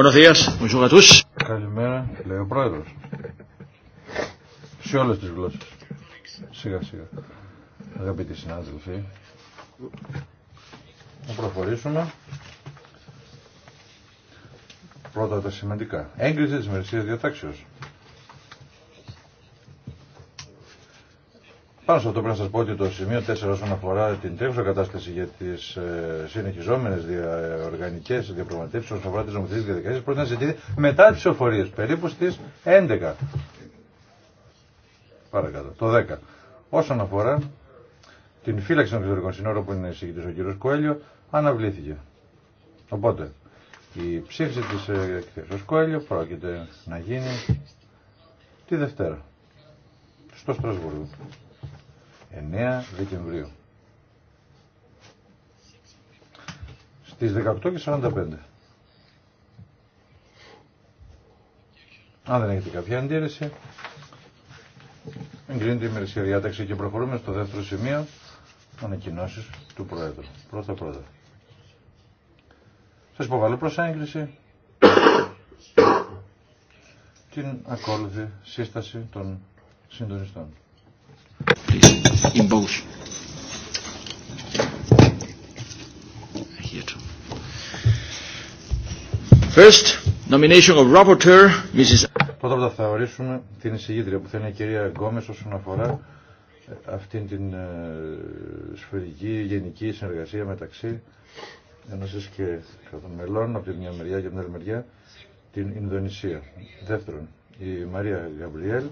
Buenos días, Καλημέρα, λέει ο πρόεδρο. Σε όλε τι γλώσσε. Σιγά σιγά. Αγαπητοί συνάδελφοι, να προχωρήσουμε. Πρώτα τα σημαντικά. Έγκριση τη μερσία διατάξεω. Πάνω σε αυτό πρέπει να σας πω ότι το σημείο 4 όσον αφορά την τρέχουσα κατάσταση για τις ε, συνεχιζόμενες διαπραγματεύσει οργανικές διαπραγματεύσεις όσον αφορά τις νομοθετικές διαδικασίες πρέπει να ζητηθεί μετά τις ψηφοφορίες, περίπου στις 11. Παρακάτω, το 10. Όσον αφορά την φύλαξη των εξωτερικών συνόρων που είναι εισηγητής ο κ. Κοέλιο, αναβλήθηκε. Οπότε, η ψήφιση της ε, εκθέσεως Κοέλιο πρόκειται να γίνει τη Δευτέρα, στο Στρασβούργο. 9 Δεκεμβρίου. Στις 18.45. Αν δεν έχετε κάποια αντίρρηση, εγκρίνεται η ημερησία διάταξη και προχωρούμε στο δεύτερο σημείο ανακοινώσεις του Προέδρου. Πρώτα πρώτα. Σας υποβαλώ προς έγκριση την ακόλουθη σύσταση των συντονιστών. First, nomination of rapporteur, Mrs. Πρώτα απ' όλα θα ορίσουμε την εισηγήτρια που θα είναι η κυρία Γκόμες όσον αφορά ε, αυτήν την ε, σφαιρική γενική συνεργασία μεταξύ ενώσεις και των μελών από τη μια μεριά και από την άλλη μεριά την Ινδονησία. Δεύτερον, η Μαρία Γαμπριέλ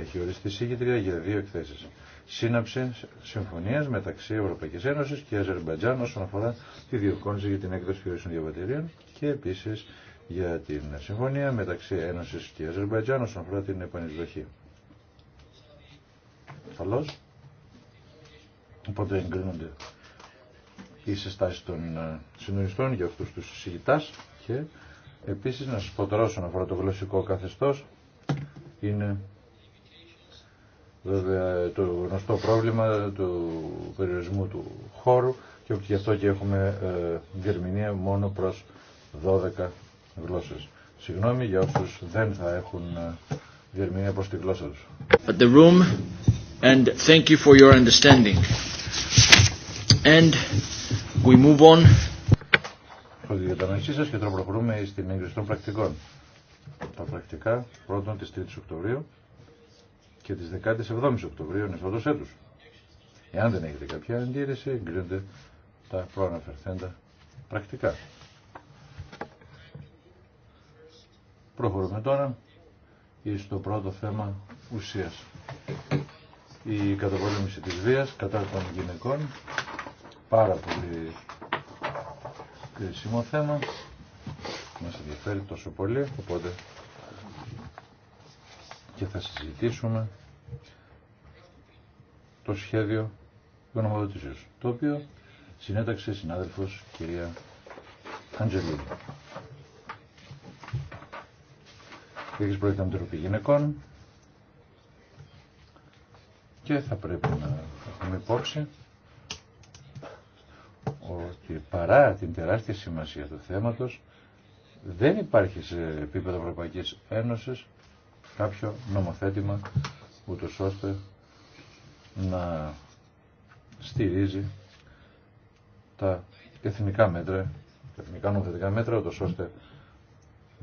έχει οριστεί σύγκεντρια για δύο εκθέσεις σύναψη συμφωνία μεταξύ Ευρωπαϊκή Ένωση και Αζερμπαϊτζάν όσον αφορά τη διευκόνηση για την έκδοση των διαβατηρίων και επίση για την συμφωνία μεταξύ Ένωση και Αζερμπαϊτζάν όσον αφορά την επανεισδοχή. Καλώ. Οπότε εγκρίνονται οι συστάσει των ε, συνοριστών για αυτού του συζητά. και επίση να σα πω τώρα όσον αφορά το γλωσσικό καθεστώ είναι βέβαια το γνωστό πρόβλημα του περιορισμού του χώρου και γι' αυτό και έχουμε ε, διερμηνία μόνο προς 12 γλώσσες. Συγγνώμη για όσους δεν θα έχουν ε, διερμηνία προς τη γλώσσα τους. At the room and thank you for your understanding. And we move on. Ευχαριστώ σας και τώρα προχωρούμε στην έγκριση των πρακτικών. Τα πρακτικά πρώτον της 3ης Οκτωβρίου και τις 17ης Οκτωβρίου ενεφόντος έτους. Εάν δεν έχετε κάποια αντίρρηση, εγκρίνονται τα προαναφερθέντα πρακτικά. Προχωρούμε τώρα στο πρώτο θέμα ουσίας. Η καταπολέμηση της βίας κατά των γυναικών, πάρα πολύ κρίσιμο θέμα, μας ενδιαφέρει τόσο πολύ, οπότε και θα συζητήσουμε το σχέδιο γνωμοδοτήσεως, το οποίο συνέταξε συνάδελφος κυρία Αντζελίδη. Έχεις προηγούμενη τροπή γυναικών και θα πρέπει να έχουμε υπόψη ότι παρά την τεράστια σημασία του θέματος δεν υπάρχει σε επίπεδο Ευρωπαϊκής Ένωσης κάποιο νομοθέτημα ούτω ώστε να στηρίζει τα εθνικά μέτρα, τα εθνικά νομοθετικά μέτρα, ούτω ώστε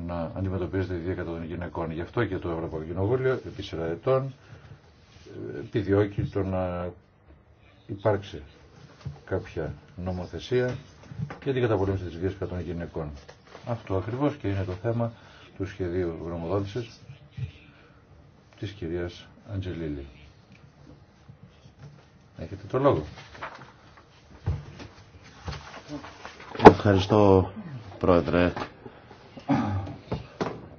να αντιμετωπίζεται η βία των γυναικών. Γι' αυτό και το Ευρωπαϊκό Κοινοβούλιο επί σειρά ετών επιδιώκει το να υπάρξει κάποια νομοθεσία για την καταπολέμηση της βίας των γυναικών. Αυτό ακριβώς και είναι το θέμα του σχεδίου γνωμοδότησης της κυρίας Αντζελίλη. Έχετε το λόγο. Ευχαριστώ Πρόεδρε.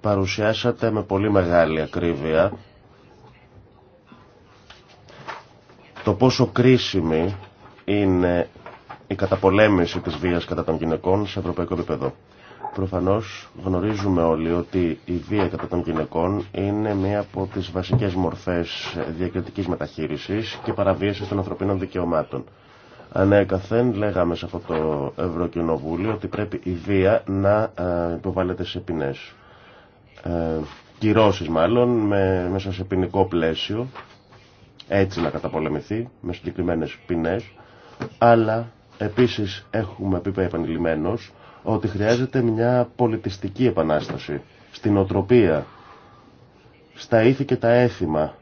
Παρουσιάσατε με πολύ μεγάλη ακρίβεια το πόσο κρίσιμη είναι η καταπολέμηση της βίας κατά των γυναικών σε ευρωπαϊκό επίπεδο. Προφανώς γνωρίζουμε όλοι ότι η βία κατά των γυναικών είναι μία από τις βασικές μορφές διακριτικής μεταχείρισης και παραβίασης των ανθρωπίνων δικαιωμάτων. Ανέκαθεν λέγαμε σε αυτό το Ευρωκοινοβούλιο ότι πρέπει η βία να ε, υποβάλλεται σε ποινές. Ε, κυρώσεις μάλλον με, μέσα σε ποινικό πλαίσιο έτσι να καταπολεμηθεί με συγκεκριμένες ποινές αλλά επίσης έχουμε πει επανειλημμένως ότι χρειάζεται μια πολιτιστική επανάσταση στην οτροπία, στα ήθη και τα έθιμα,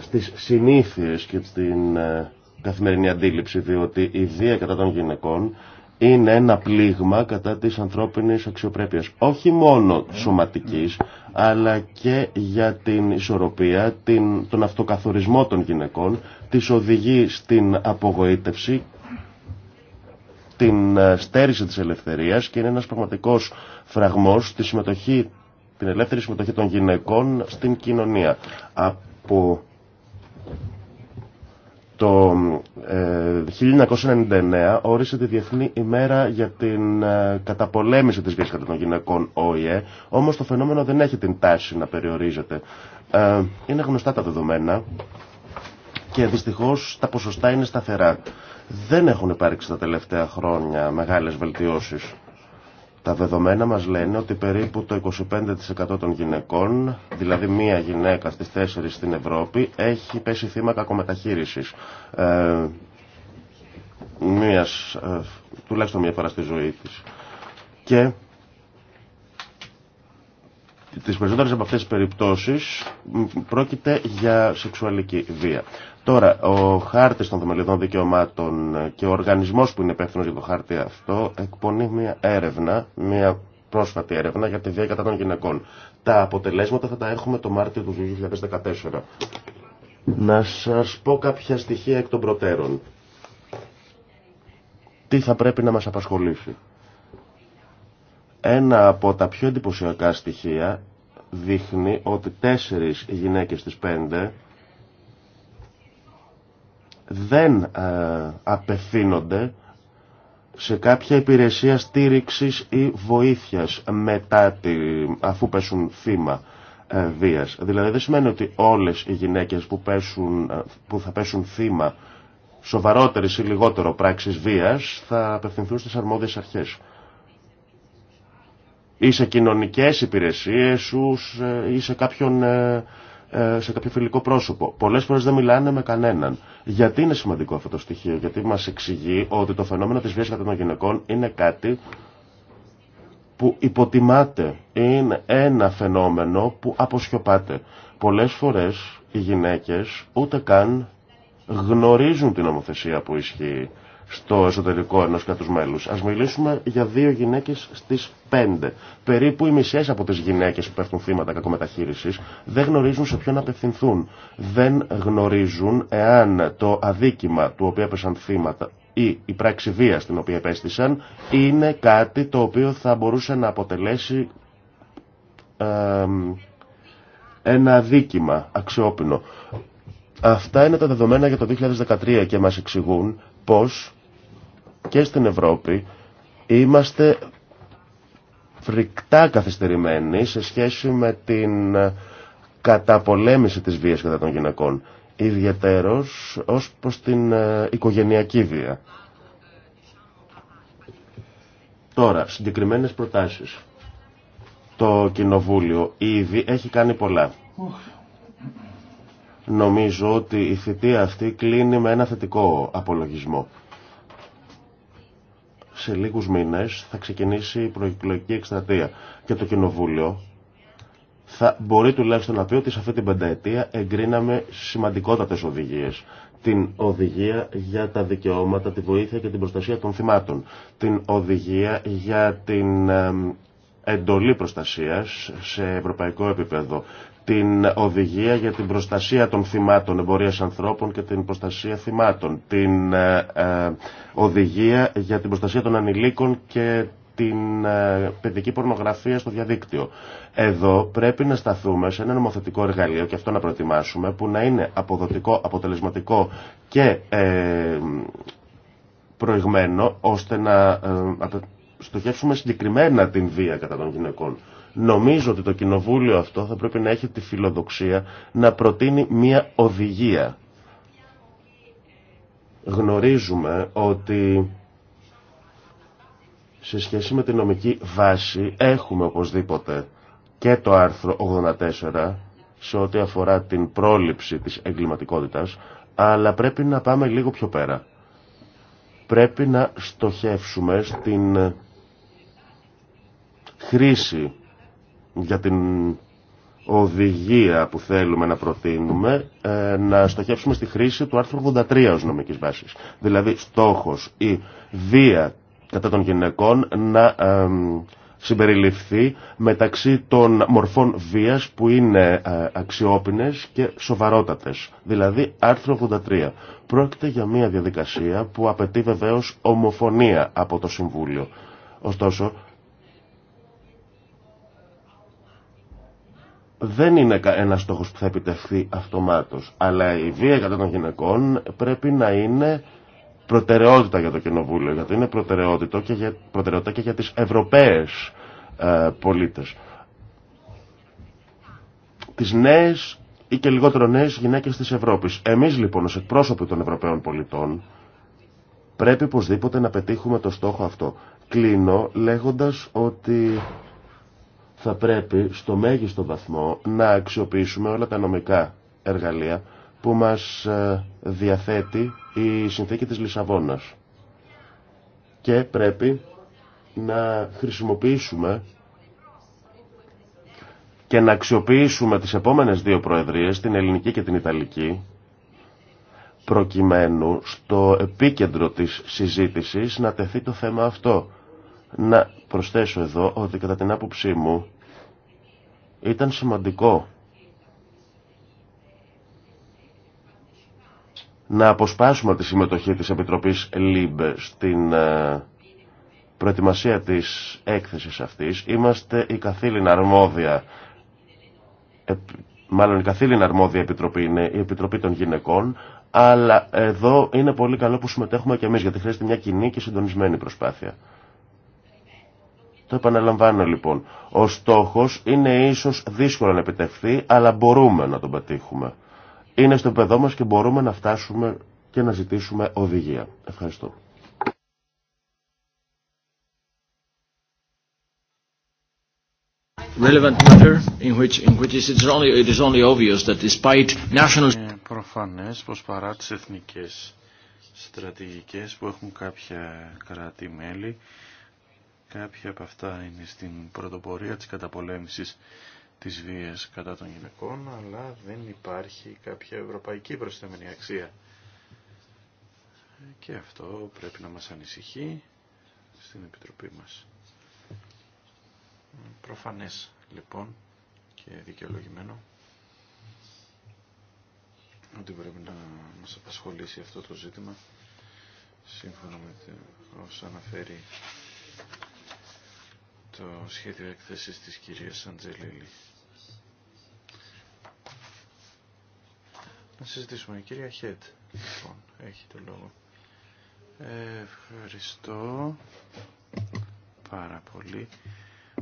στις συνήθειες και στην ε, καθημερινή αντίληψη, διότι η βία κατά των γυναικών είναι ένα πλήγμα κατά της ανθρώπινης αξιοπρέπειας. Όχι μόνο σωματικής, αλλά και για την ισορροπία, την, τον αυτοκαθορισμό των γυναικών, τις οδηγεί στην απογοήτευση την ε, στέρηση της ελευθερίας και είναι ένας πραγματικός φραγμός στη συμμετοχή, την ελεύθερη συμμετοχή των γυναικών στην κοινωνία. Από το 1999 ε, όρισε τη Διεθνή ημέρα για την ε, καταπολέμηση της βίας κατά των γυναικών ΟΗΕ, όμως το φαινόμενο δεν έχει την τάση να περιορίζεται. είναι γνωστά τα δεδομένα και δυστυχώς τα ποσοστά είναι σταθερά δεν έχουν υπάρξει τα τελευταία χρόνια μεγάλες βελτιώσεις. Τα δεδομένα μας λένε ότι περίπου το 25% των γυναικών, δηλαδή μία γυναίκα στις τέσσερις στην Ευρώπη, έχει πέσει θύμα κακομεταχείρισης. Ε, μίας, ε, τουλάχιστον μία φορά στη ζωή της. Και τις περισσότερες από αυτές τις περιπτώσεις πρόκειται για σεξουαλική βία. Τώρα, ο χάρτη των θεμελιωδών δικαιωμάτων και ο οργανισμό που είναι υπεύθυνο για το χάρτη αυτό εκπονεί μια έρευνα, μια πρόσφατη έρευνα για τη βία κατά των γυναικών. Τα αποτελέσματα θα τα έχουμε το Μάρτιο του 2014. Να σα πω κάποια στοιχεία εκ των προτέρων. Τι θα πρέπει να μα απασχολήσει. Ένα από τα πιο εντυπωσιακά στοιχεία δείχνει ότι τέσσερις γυναίκες στις πέντε δεν ε, απευθύνονται σε κάποια υπηρεσία στήριξης ή βοήθειας μετά τη, αφού πέσουν θύμα ε, βίας. Δηλαδή δεν σημαίνει ότι όλες οι γυναίκες που, πέσουν, ε, που θα πέσουν θύμα σοβαρότερης ή λιγότερο πράξης βίας θα απευθυνθούν στις αρμόδιες αρχές. Ή σε κοινωνικές υπηρεσίες ή σε κάποιον σε κάποιο φιλικό πρόσωπο. Πολλέ φορέ δεν μιλάνε με κανέναν. Γιατί είναι σημαντικό αυτό το στοιχείο, Γιατί μα εξηγεί ότι το φαινόμενο τη βία κατά των γυναικών είναι κάτι που υποτιμάται. Είναι ένα φαινόμενο που αποσιωπάται. Πολλέ φορέ οι γυναίκε ούτε καν γνωρίζουν την νομοθεσία που ισχύει στο εσωτερικό ενό κράτου μέλου. Α μιλήσουμε για δύο γυναίκε στι πέντε. Περίπου οι μισέ από τι γυναίκε που πέφτουν θύματα κακομεταχείριση δεν γνωρίζουν σε ποιον απευθυνθούν. Δεν γνωρίζουν εάν το αδίκημα του οποίου έπεσαν θύματα ή η πράξη βία στην οποία επέστησαν είναι κάτι το οποίο θα μπορούσε να αποτελέσει ε, ένα αδίκημα αξιόπινο. Αυτά είναι τα δεδομένα για το 2013 και μας εξηγούν πως και στην Ευρώπη είμαστε φρικτά καθυστερημένοι σε σχέση με την ε, καταπολέμηση της βίας κατά των γυναικών, ιδιαίτερος ως προς την ε, οικογενειακή βία. Τώρα, συγκεκριμένες προτάσεις. Το Κοινοβούλιο ήδη έχει κάνει πολλά. Νομίζω ότι η θητεία αυτή κλείνει με ένα θετικό απολογισμό σε λίγους μήνες θα ξεκινήσει η προεκλογική εκστρατεία και το Κοινοβούλιο θα μπορεί τουλάχιστον να πει ότι σε αυτή την πενταετία εγκρίναμε σημαντικότατες οδηγίες. Την οδηγία για τα δικαιώματα, τη βοήθεια και την προστασία των θυμάτων. Την οδηγία για την εντολή προστασίας σε ευρωπαϊκό επίπεδο την οδηγία για την προστασία των θυμάτων εμπορίας ανθρώπων και την προστασία θυμάτων, την ε, ε, οδηγία για την προστασία των ανηλίκων και την ε, παιδική πορνογραφία στο διαδίκτυο. Εδώ πρέπει να σταθούμε σε ένα νομοθετικό εργαλείο και αυτό να προετοιμάσουμε που να είναι αποδοτικό, αποτελεσματικό και προηγμένο ώστε να στοχεύσουμε συγκεκριμένα την βία κατά των γυναικών. Νομίζω ότι το κοινοβούλιο αυτό θα πρέπει να έχει τη φιλοδοξία να προτείνει μια οδηγία. Γνωρίζουμε ότι σε σχέση με τη νομική βάση έχουμε οπωσδήποτε και το άρθρο 84 σε ό,τι αφορά την πρόληψη της εγκληματικότητας, αλλά πρέπει να πάμε λίγο πιο πέρα. Πρέπει να στοχεύσουμε στην χρήση για την οδηγία που θέλουμε να προτείνουμε ε, να στοχεύσουμε στη χρήση του άρθρου 83 ως νομικής βάσης. Δηλαδή στόχος η βία κατά των γυναικών να συμπεριληφθεί μεταξύ των μορφών βίας που είναι ε, αξιόπινες και σοβαρότατες. Δηλαδή άρθρο 83. Πρόκειται για μια διαδικασία που απαιτεί βεβαίως ομοφωνία από το Συμβούλιο. Ωστόσο, δεν είναι ένα στόχος που θα επιτευχθεί αυτομάτως, αλλά η βία κατά των γυναικών πρέπει να είναι προτεραιότητα για το Κοινοβούλιο, γιατί είναι προτεραιότητα και για, προτεραιότητα και για τις Ευρωπαίες ε, πολίτες. Τις νέες ή και λιγότερο νέες γυναίκες της Ευρώπης. Εμείς λοιπόν ως εκπρόσωποι των Ευρωπαίων πολιτών πρέπει οπωσδήποτε να πετύχουμε το στόχο αυτό. Κλείνω λέγοντας ότι θα πρέπει στο μέγιστο βαθμό να αξιοποιήσουμε όλα τα νομικά εργαλεία που μας ε, διαθέτει η συνθήκη της Λισαβόνας. Και πρέπει να χρησιμοποιήσουμε και να αξιοποιήσουμε τις επόμενες δύο προεδρίες, την ελληνική και την ιταλική, προκειμένου στο επίκεντρο της συζήτησης να τεθεί το θέμα αυτό. Να προσθέσω εδώ ότι κατά την άποψή μου ήταν σημαντικό να αποσπάσουμε τη συμμετοχή της Επιτροπής ΛΥΜΠ στην ε, προετοιμασία της έκθεσης αυτής. Είμαστε η καθήλυνα αρμόδια, μάλλον η καθήλυνα αρμόδια επιτροπή είναι η Επιτροπή των Γυναικών, αλλά εδώ είναι πολύ καλό που συμμετέχουμε και εμείς γιατί χρειάζεται μια κοινή και συντονισμένη προσπάθεια. Το επαναλαμβάνω λοιπόν. Ο στόχος είναι ίσως δύσκολο να επιτευχθεί, αλλά μπορούμε να τον πετύχουμε. Είναι στο παιδό μας και μπορούμε να φτάσουμε και να ζητήσουμε οδηγία. Ευχαριστώ. Relevant matter in which, in which is only, it is only obvious that despite national... προφανές πως παρά τις εθνικές στρατηγικές που έχουν κάποια κράτη-μέλη, Κάποια από αυτά είναι στην πρωτοπορία της καταπολέμησης της βίας κατά των γυναικών, αλλά δεν υπάρχει κάποια ευρωπαϊκή προσθέμενη αξία. Και αυτό πρέπει να μας ανησυχεί στην Επιτροπή μας. Προφανές λοιπόν και δικαιολογημένο ότι πρέπει να μας απασχολήσει αυτό το ζήτημα σύμφωνα με όσα αναφέρει το σχέδιο έκθεσης της κυρίας Αντζελίλη. Να συζητήσουμε. Η κυρία Χέτ, λοιπόν, έχει το λόγο. Ευχαριστώ πάρα πολύ.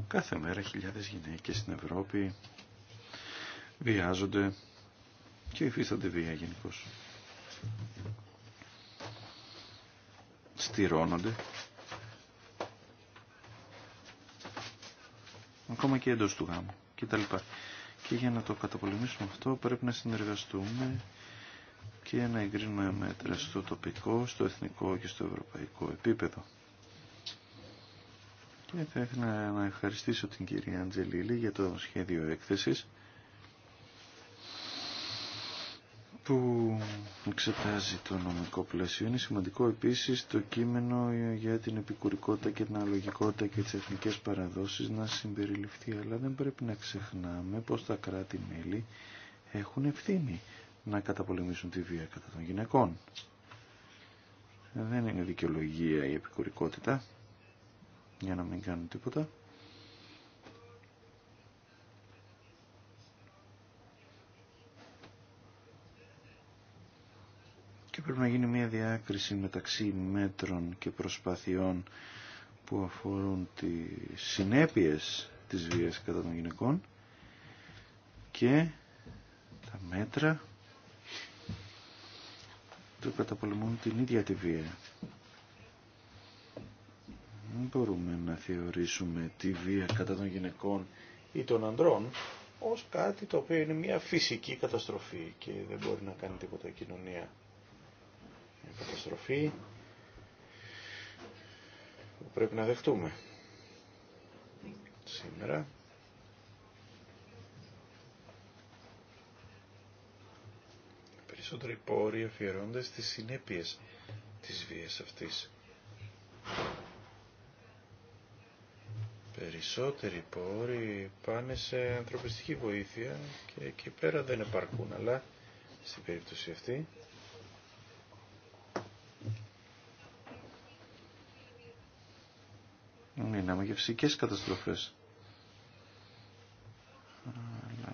Κάθε μέρα χιλιάδες γυναίκες στην Ευρώπη βιάζονται και υφίστανται βία γενικώ. Στηρώνονται ακόμα και εντός του γάμου κτλ. Και για να το καταπολεμήσουμε αυτό πρέπει να συνεργαστούμε και να εγκρίνουμε μέτρα στο τοπικό, στο εθνικό και στο ευρωπαϊκό επίπεδο. Και θα ήθελα να ευχαριστήσω την κυρία Αντζελίλη για το σχέδιο έκθεσης που εξετάζει το νομικό πλαίσιο. Είναι σημαντικό επίσης το κείμενο για την επικουρικότητα και την αλογικότητα και τις εθνικές παραδόσεις να συμπεριληφθεί, αλλά δεν πρέπει να ξεχνάμε πως τα κράτη-μέλη έχουν ευθύνη να καταπολεμήσουν τη βία κατά των γυναικών. Δεν είναι δικαιολογία η επικουρικότητα για να μην κάνουν τίποτα. πρέπει να γίνει μια διάκριση μεταξύ μέτρων και προσπαθειών που αφορούν τις συνέπειες της βίας κατά των γυναικών και τα μέτρα που καταπολεμούν την ίδια τη βία. Δεν μπορούμε να θεωρήσουμε τη βία κατά των γυναικών ή των ανδρών ως κάτι το οποίο είναι μια φυσική καταστροφή και δεν μπορεί να κάνει τίποτα η κοινωνία καταστροφή που πρέπει να δεχτούμε σήμερα. Περισσότεροι πόροι αφιερώνται στις συνέπειες της βίας αυτής. Περισσότεροι πόροι πάνε σε ανθρωπιστική βοήθεια και εκεί πέρα δεν επαρκούν, αλλά στην περίπτωση αυτή να για φυσικές καταστροφές. Ναι.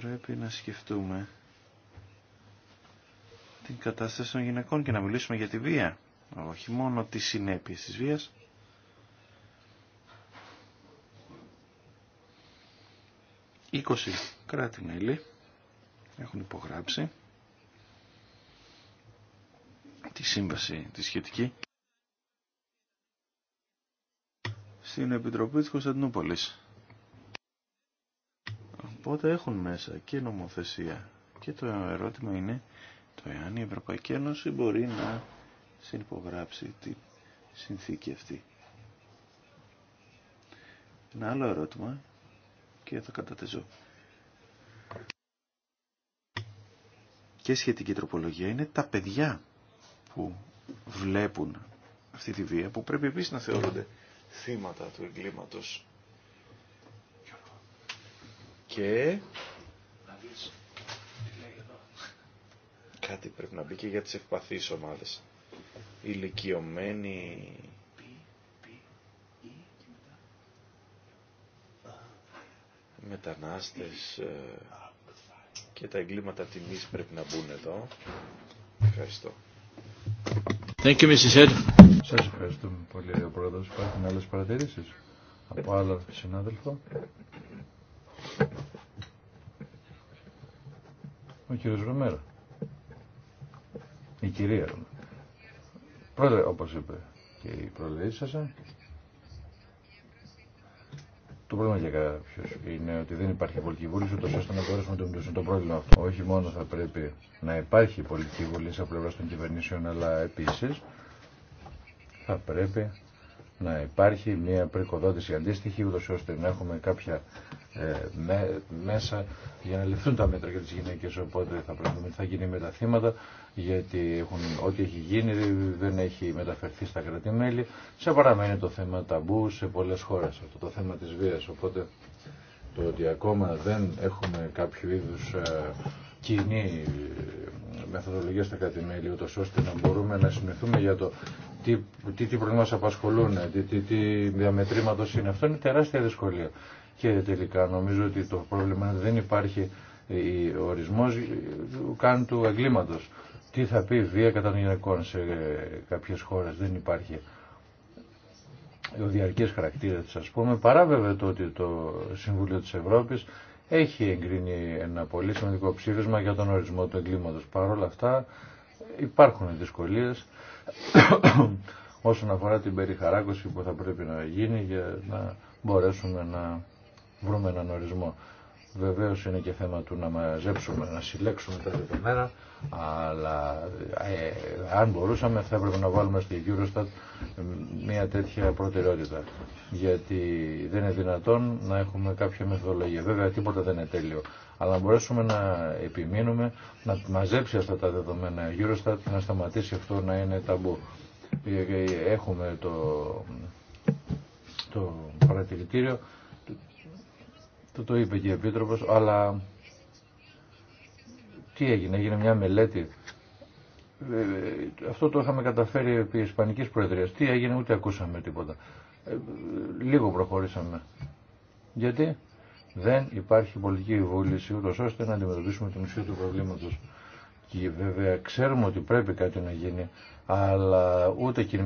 πρέπει να σκεφτούμε την κατάσταση των γυναικών και να μιλήσουμε για τη βία. Όχι μόνο τις συνέπειες της βίας. Είκοσι κράτη-μέλη έχουν υπογράψει τη σύμβαση τη σχετική στην Επιτροπή της Κωνσταντινούπολης. Οπότε έχουν μέσα και νομοθεσία. Και το ερώτημα είναι το εάν η Ευρωπαϊκή Ένωση μπορεί να συνυπογράψει τη συνθήκη αυτή. Ένα άλλο ερώτημα και θα κατατεζώ. Και σχετική τροπολογία είναι τα παιδιά που βλέπουν αυτή τη βία που πρέπει επίσης να θεωρούνται θύματα του εγκλήματος. Και κάτι πρέπει να μπει και για τις ευπαθείς ομάδες. Ηλικιωμένοι μετανάστες ε, και τα εγκλήματα τιμής πρέπει να μπουν εδώ. Ευχαριστώ. Thank you, Mrs. Σας ευχαριστούμε πολύ, ο Πρόεδρο. Υπάρχουν άλλε παρατηρήσει από άλλο συνάδελφο. Ο κύριος Ρομέρο. Η κυρία Ρομέρο. Πρόεδρε, όπως είπε και η προλαλή το πρόβλημα για κάποιο. είναι ότι δεν υπάρχει πολιτική βούληση, ούτω ώστε να μπορέσουμε να αντιμετωπίσουμε το πρόβλημα αυτό. Όχι μόνο θα πρέπει να υπάρχει πολιτική βούληση από πλευρά των κυβερνήσεων, αλλά επίση θα πρέπει να υπάρχει μια πρικοδότηση αντίστοιχη, ούτως ώστε να έχουμε κάποια ε, μέσα για να ληφθούν τα μέτρα για τις γυναίκες, οπότε θα πρέπει να θα γίνει με τα θύματα, γιατί ό,τι έχει γίνει δεν έχει μεταφερθεί στα κρατημέλη. Σε παραμένει το θέμα ταμπού σε πολλές χώρες, αυτό το θέμα της βίας, οπότε το ότι ακόμα δεν έχουμε κάποιο είδους ε, κοινή μεθοδολογία στα κράτη-μέλη, ώστε να μπορούμε να συνηθούμε για το τι, τι, τι προβλήματα μας απασχολούν, τι, τι, τι διαμετρήματος είναι. Αυτό είναι τεράστια δυσκολία. Και τελικά νομίζω ότι το πρόβλημα είναι ότι δεν υπάρχει ο ε, ορισμός καν του εγκλήματος. Τι θα πει βία κατά των γυναικών σε ε, κάποιες χώρες, δεν υπάρχει ο διαρκής χαρακτήρας, ας πούμε, παρά βέβαια το ότι το Συμβούλιο της Ευρώπης έχει εγκρίνει ένα πολύ σημαντικό ψήφισμα για τον ορισμό του εγκλήματος. Παρ' όλα αυτά υπάρχουν δυσκολίες όσον αφορά την περιχαράκωση που θα πρέπει να γίνει για να μπορέσουμε να βρούμε έναν ορισμό. Βεβαίως είναι και θέμα του να μαζέψουμε, να συλλέξουμε τα δεδομένα αλλά ε, αν μπορούσαμε θα έπρεπε να βάλουμε στη Eurostat μια τέτοια προτεραιότητα. Γιατί δεν είναι δυνατόν να έχουμε κάποια μεθοδολογία. Βέβαια τίποτα δεν είναι τέλειο. Αλλά να μπορέσουμε να επιμείνουμε, να μαζέψει αυτά τα δεδομένα Eurostat να σταματήσει αυτό να είναι ταμπού. Ε, ε, έχουμε το, το παρατηρητήριο, το, το είπε και η Επίτροπος, αλλά τι έγινε, έγινε μια μελέτη. Ε, αυτό το είχαμε καταφέρει επί Ισπανικής Προεδρίας. Τι έγινε, ούτε ακούσαμε τίποτα. Ε, λίγο προχωρήσαμε. Γιατί δεν υπάρχει πολιτική βούληση ούτως ώστε να αντιμετωπίσουμε την ουσία του προβλήματος. Και βέβαια ξέρουμε ότι πρέπει κάτι να γίνει, αλλά ούτε κοινή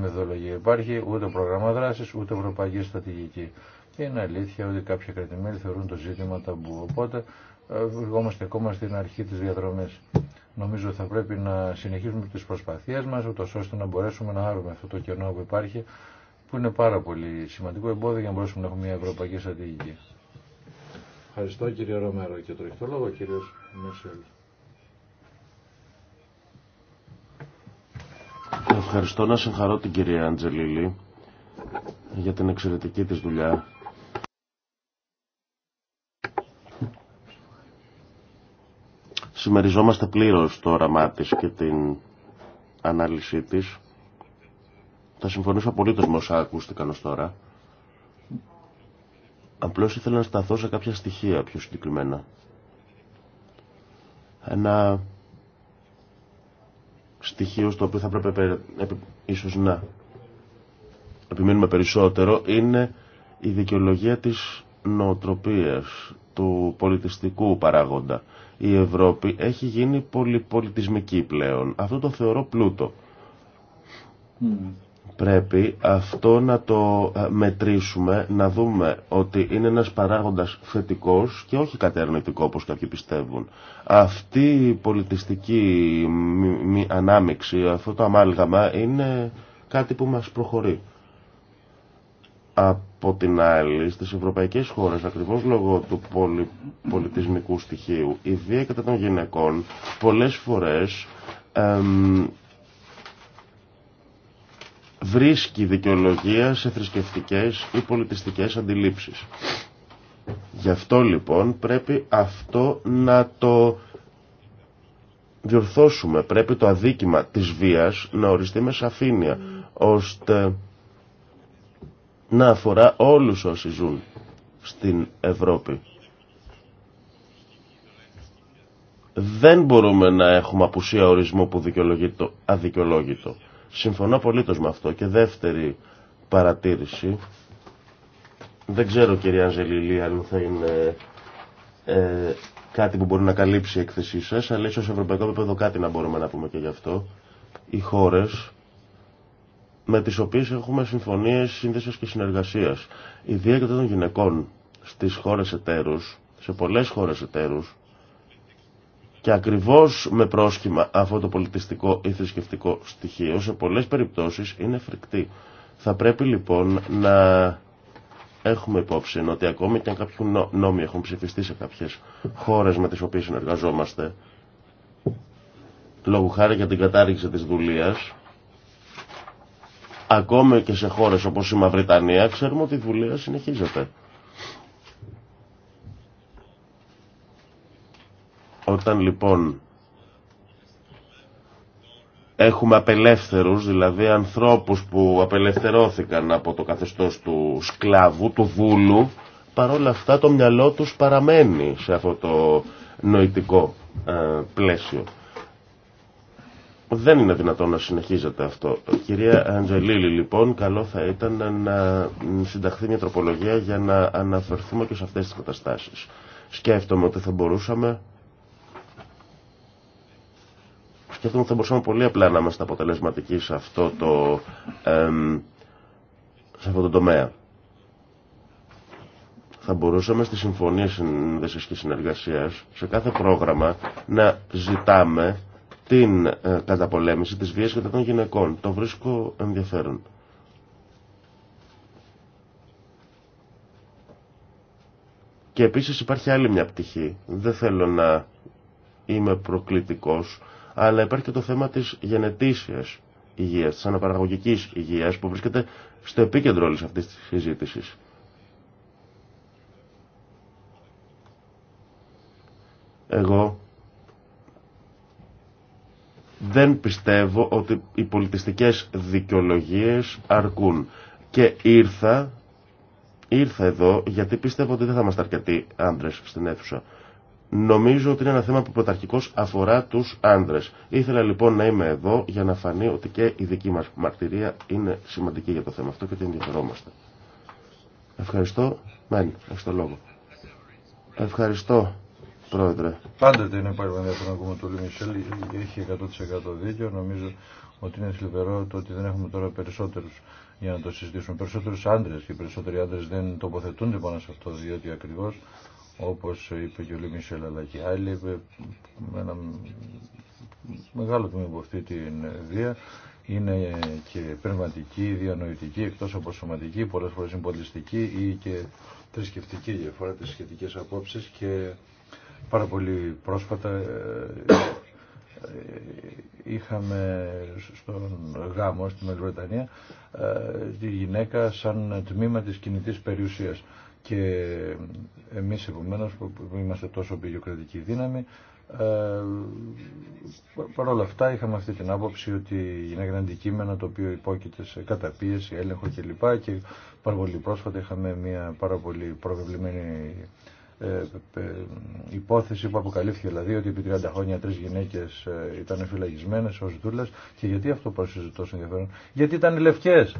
υπάρχει, ούτε πρόγραμμα δράση, ούτε ευρωπαϊκή στρατηγική. είναι αλήθεια ότι κάποια κρατημέλη θεωρούν το ζήτημα ταμπού. Οπότε βρισκόμαστε ακόμα στην αρχή της διαδρομής. Νομίζω θα πρέπει να συνεχίσουμε τις προσπαθίες μας, ούτως ώστε να μπορέσουμε να άρουμε αυτό το κενό που υπάρχει, που είναι πάρα πολύ σημαντικό εμπόδιο για να μπορέσουμε να έχουμε μια ευρωπαϊκή στρατηγική. Ευχαριστώ κύριε Ρομέρο και το έχει το λόγο κύριος Ευχαριστώ να συγχαρώ την κυρία Αντζελίλη για την εξαιρετική της δουλειά Συμμεριζόμαστε πλήρως το όραμά της και την ανάλυση της. Θα συμφωνήσω απολύτως με όσα ακούστηκαν ως τώρα. Απλώς ήθελα να σταθώ σε κάποια στοιχεία πιο συγκεκριμένα. Ένα στοιχείο στο οποίο θα πρέπει ίσως να επιμείνουμε περισσότερο είναι η δικαιολογία της νοοτροπίας, του πολιτιστικού παράγοντα. Η Ευρώπη έχει γίνει πολυπολιτισμική πλέον. Αυτό το θεωρώ πλούτο. Mm. Πρέπει αυτό να το ε, μετρήσουμε, να δούμε ότι είναι ένας παράγοντας θετικός και όχι κατερνητικό όπως κάποιοι πιστεύουν. Αυτή η πολιτιστική ανάμειξη, αυτό το αμάλγαμα είναι κάτι που μας προχωρεί. Από από την άλλη στις ευρωπαϊκές χώρες ακριβώς λόγω του πολιτισμικού στοιχείου η βία κατά των γυναικών πολλές φορές βρίσκει δικαιολογία σε θρησκευτικές ή πολιτιστικές αντιλήψεις. Γι' αυτό λοιπόν πρέπει αυτό να το διορθώσουμε. Πρέπει το αδίκημα της βίας να οριστεί με σαφήνεια ώστε να αφορά όλους όσοι ζουν στην Ευρώπη. Δεν μπορούμε να έχουμε απουσία ορισμού που δικαιολογεί το αδικαιολόγητο. Συμφωνώ απολύτως με αυτό. Και δεύτερη παρατήρηση. Δεν ξέρω κυρία Ανζελίλη αν θα είναι ε, κάτι που μπορεί να καλύψει η έκθεσή σας, αλλά ίσως σε ευρωπαϊκό επίπεδο κάτι να μπορούμε να πούμε και γι' αυτό. Οι χώρες με τις οποίες έχουμε συμφωνίες σύνδεσης και συνεργασίας. Ιδιαίτερα των γυναικών στις χώρες εταίρους, σε πολλές χώρες εταίρους, και ακριβώς με πρόσχημα αυτό το πολιτιστικό ή θρησκευτικό στοιχείο, σε πολλές περιπτώσεις είναι φρικτή. Θα πρέπει λοιπόν να έχουμε υπόψη ότι ακόμη και αν κάποιοι νόμοι έχουν ψηφιστεί σε κάποιες χώρες με τις οποίες συνεργαζόμαστε, λόγω χάρη για την κατάργηση της δουλείας, Ακόμη και σε χώρες όπως η Μαυριτανία ξέρουμε ότι η δουλεία συνεχίζεται. Όταν λοιπόν έχουμε απελεύθερους, δηλαδή ανθρώπους που απελευθερώθηκαν από το καθεστώς του σκλάβου, του βούλου, παρόλα αυτά το μυαλό τους παραμένει σε αυτό το νοητικό ε, πλαίσιο. Δεν είναι δυνατόν να συνεχίζεται αυτό. Κυρία Αντζελίλη, λοιπόν, καλό θα ήταν να συνταχθεί μια τροπολογία για να αναφερθούμε και σε αυτές τις καταστάσεις. Σκέφτομαι ότι θα μπορούσαμε... Σκέφτομαι ότι θα μπορούσαμε πολύ απλά να είμαστε αποτελεσματικοί σε αυτό το, σε αυτό το τομέα. Θα μπορούσαμε στη Συμφωνία Συνδέσεις και Συνεργασίας, σε κάθε πρόγραμμα, να ζητάμε την ε, καταπολέμηση της βίας κατά των γυναικών. Το βρίσκω ενδιαφέρον. Και επίσης υπάρχει άλλη μια πτυχή. Δεν θέλω να είμαι προκλητικός, αλλά υπάρχει και το θέμα της γενετήσιας υγείας, της αναπαραγωγικής υγείας που βρίσκεται στο επίκεντρο όλης αυτής της συζήτησης. Εγώ δεν πιστεύω ότι οι πολιτιστικές δικαιολογίες αρκούν. Και ήρθα, εδώ γιατί πιστεύω ότι δεν θα είμαστε αρκετοί άντρες στην αίθουσα. Νομίζω ότι είναι ένα θέμα που πρωταρχικώς αφορά τους άντρες. Ήθελα λοιπόν να είμαι εδώ για να φανεί ότι και η δική μας μαρτυρία είναι σημαντική για το θέμα αυτό και ότι ενδιαφερόμαστε. Ευχαριστώ. Μένει, έχει το λόγο. Ευχαριστώ Πρόεδρε. Πάντοτε είναι πολύ ενδιαφέρον να ακούμε τον Λιμισελ. Έχει 100% δίκιο. Νομίζω ότι είναι θλιβερό το ότι δεν έχουμε τώρα περισσότερου για να το συζητήσουμε. Περισσότερου άντρε και περισσότεροι άντρε δεν τοποθετούνται πάνω σε αυτό, διότι ακριβώ όπω είπε και ο Λιμισελ αλλά και άλλοι, είπε με ένα μεγάλο τμήμα από αυτή την βία είναι και πνευματική, διανοητική, εκτό από σωματική, πολλέ φορέ συμπολιστική ή και θρησκευτική για φορά τι σχετικέ απόψει και Πάρα πολύ πρόσφατα ε, ε, είχαμε στον γάμο στη Μελβρετανία ε, τη γυναίκα σαν τμήμα της κινητής περιουσίας και εμείς επομένως που είμαστε τόσο πηγιοκρατική δύναμη Παρ' όλα αυτά είχαμε αυτή την άποψη ότι η γυναίκα αντικείμενο το οποίο υπόκειται σε καταπίεση, έλεγχο κλπ. Και πάρα πολύ πρόσφατα είχαμε μια πάρα πολύ προβεβλημένη ε, ε, υπόθεση που αποκαλύφθηκε δηλαδή ότι επί 30 χρόνια τρεις γυναίκες ε, ήταν φυλαγισμένες ως δούλες και γιατί αυτό παρουσίαζε τόσο ενδιαφέρον γιατί ήταν λευκέ.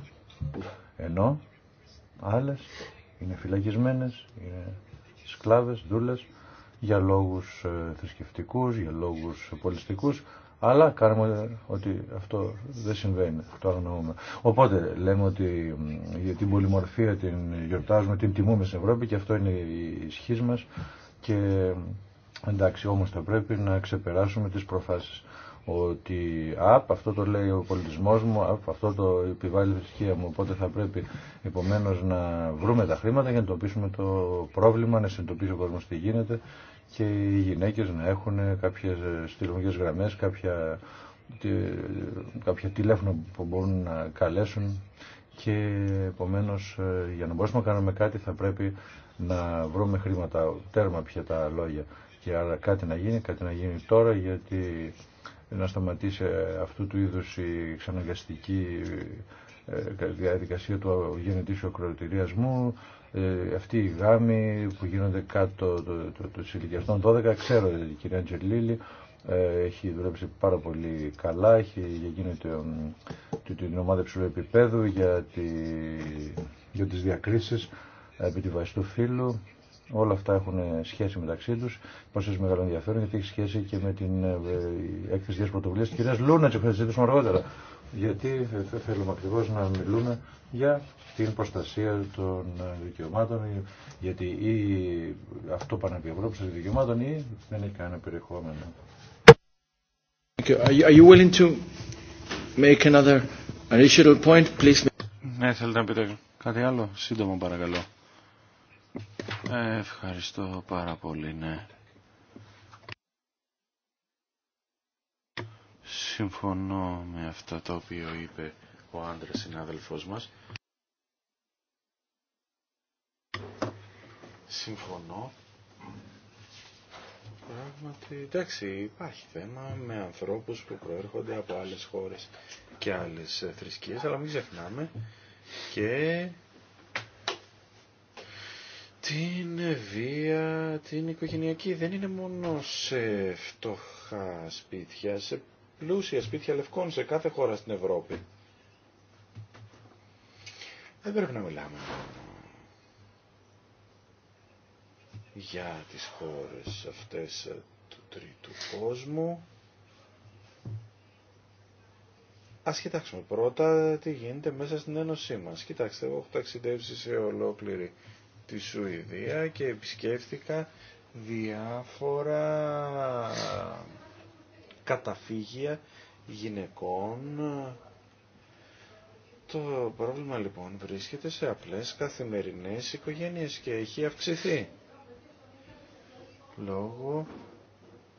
ενώ άλλε είναι φυλαγισμένες είναι σκλάβες, δούλες για λόγους θρησκευτικούς, για λόγους πολιστικούς αλλά κάνουμε ότι αυτό δεν συμβαίνει, το αγνοούμε. Οπότε λέμε ότι για την πολυμορφία την γιορτάζουμε, την τιμούμε στην Ευρώπη και αυτό είναι η ισχύ μα και εντάξει όμως θα πρέπει να ξεπεράσουμε τις προφάσεις ότι αυτό το λέει ο πολιτισμός μου, αυτό το επιβάλλει η θρησκεία μου, οπότε θα πρέπει επομένω να βρούμε τα χρήματα για να εντοπίσουμε το πρόβλημα, να συνειδητοποιήσει ο κόσμος τι γίνεται και οι γυναίκες να έχουν κάποιες τηλεφωνικές γραμμές, κάποια, κάποια τηλέφωνα που μπορούν να καλέσουν και επομένω ε, για να μπορέσουμε να κάνουμε κάτι θα πρέπει να βρούμε χρήματα, τέρμα πια τα λόγια και άρα κάτι να γίνει, κάτι να γίνει τώρα γιατί να σταματήσει ε, αυτού του είδους η ξαναγκαστική ε, διαδικασία του γενετήσιου ακροτηριασμού ε, αυτή η γάμοι που γίνονται κάτω των ηλικία 12, ξέρω ότι η κυρία Τζελίλη ε, έχει δουλέψει πάρα πολύ καλά, έχει γίνει ε, την ομάδα υψηλού επίπεδου για, τη, για τις διακρίσεις επί τη βάση του φύλου. Όλα αυτά έχουν σχέση μεταξύ του, Πόσο μεγάλο ενδιαφέρον γιατί έχει σχέση και με την έκθεση τη πρωτοβουλία τη κυρία Λούνα, που θα συζητήσουμε αργότερα. Γιατί θέλουμε ακριβώ να μιλούμε για την προστασία των δικαιωμάτων, γιατί ή αυτό πανεπιευρώπηση δικαιωμάτων ή δεν έχει κανένα περιεχόμενο. Are you willing to make another additional point, please? Ναι, θέλετε να πείτε κάτι άλλο, σύντομα παρακαλώ. Ε, ευχαριστώ πάρα πολύ, ναι. Συμφωνώ με αυτό το οποία είπε ο άντρας συνάδελφός μας συμφωνώ. Πράγματι, εντάξει, υπάρχει θέμα με ανθρώπους που προέρχονται από άλλες χώρες και άλλες ε, θρησκείες, αλλά μην ξεχνάμε και την βία, την οικογενειακή. Δεν είναι μόνο σε φτωχά σπίτια, σε πλούσια σπίτια λευκών, σε κάθε χώρα στην Ευρώπη. Δεν πρέπει να μιλάμε για τις χώρες αυτές του τρίτου κόσμου. Ας κοιτάξουμε πρώτα τι γίνεται μέσα στην Ένωσή μας. Κοιτάξτε, εγώ έχω ταξιδεύσει σε ολόκληρη τη Σουηδία και επισκέφθηκα διάφορα καταφύγια γυναικών. Το πρόβλημα λοιπόν βρίσκεται σε απλές καθημερινές οικογένειες και έχει αυξηθεί λόγω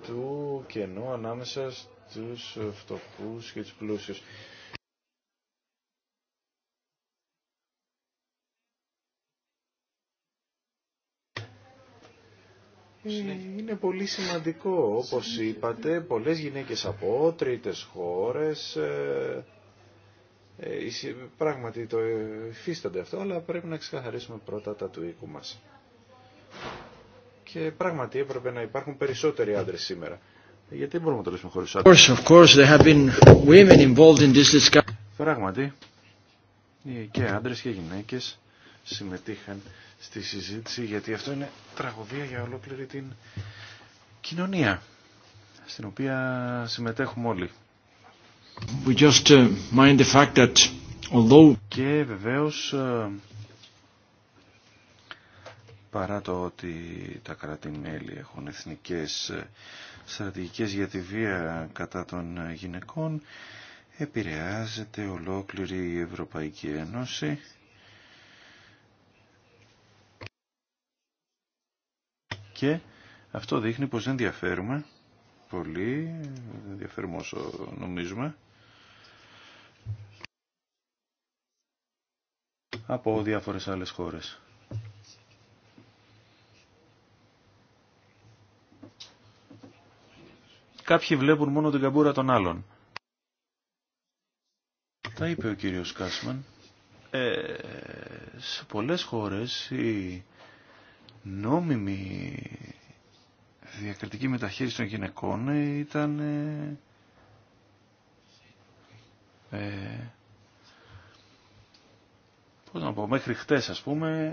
του κενού ανάμεσα στους φτωχούς και τους πλούσιους. Ε, είναι πολύ σημαντικό. Όπως είπατε, πολλές γυναίκες από τρίτες χώρες ε, ε πράγματι το υφίστανται αυτό, αλλά πρέπει να ξεκαθαρίσουμε πρώτα τα του οίκου μας και πράγματι έπρεπε να υπάρχουν περισσότεροι άντρες σήμερα. Γιατί μπορούμε να το λύσουμε χωρίς άντρες. Of course, there have been women involved in this discussion. Πράγματι, και άντρες και γυναίκες συμμετείχαν στη συζήτηση γιατί αυτό είναι τραγωδία για ολόκληρη την κοινωνία στην οποία συμμετέχουμε όλοι. We just uh, mind the fact that although... Και βεβαίως ε, παρά το ότι τα κράτη-μέλη έχουν εθνικές στρατηγικές για τη βία κατά των γυναικών, επηρεάζεται ολόκληρη η Ευρωπαϊκή Ένωση. Και αυτό δείχνει πως δεν διαφέρουμε πολύ, δεν διαφέρουμε όσο νομίζουμε, από διάφορες άλλες χώρες. Κάποιοι βλέπουν μόνο την καμπούρα των άλλων. Τα είπε ο κύριος Κάσμαν. Ε, σε πολλές χώρες η νόμιμη διακριτική μεταχείριση των γυναικών ήταν ε, ε πώς να πω, μέχρι χτες ας πούμε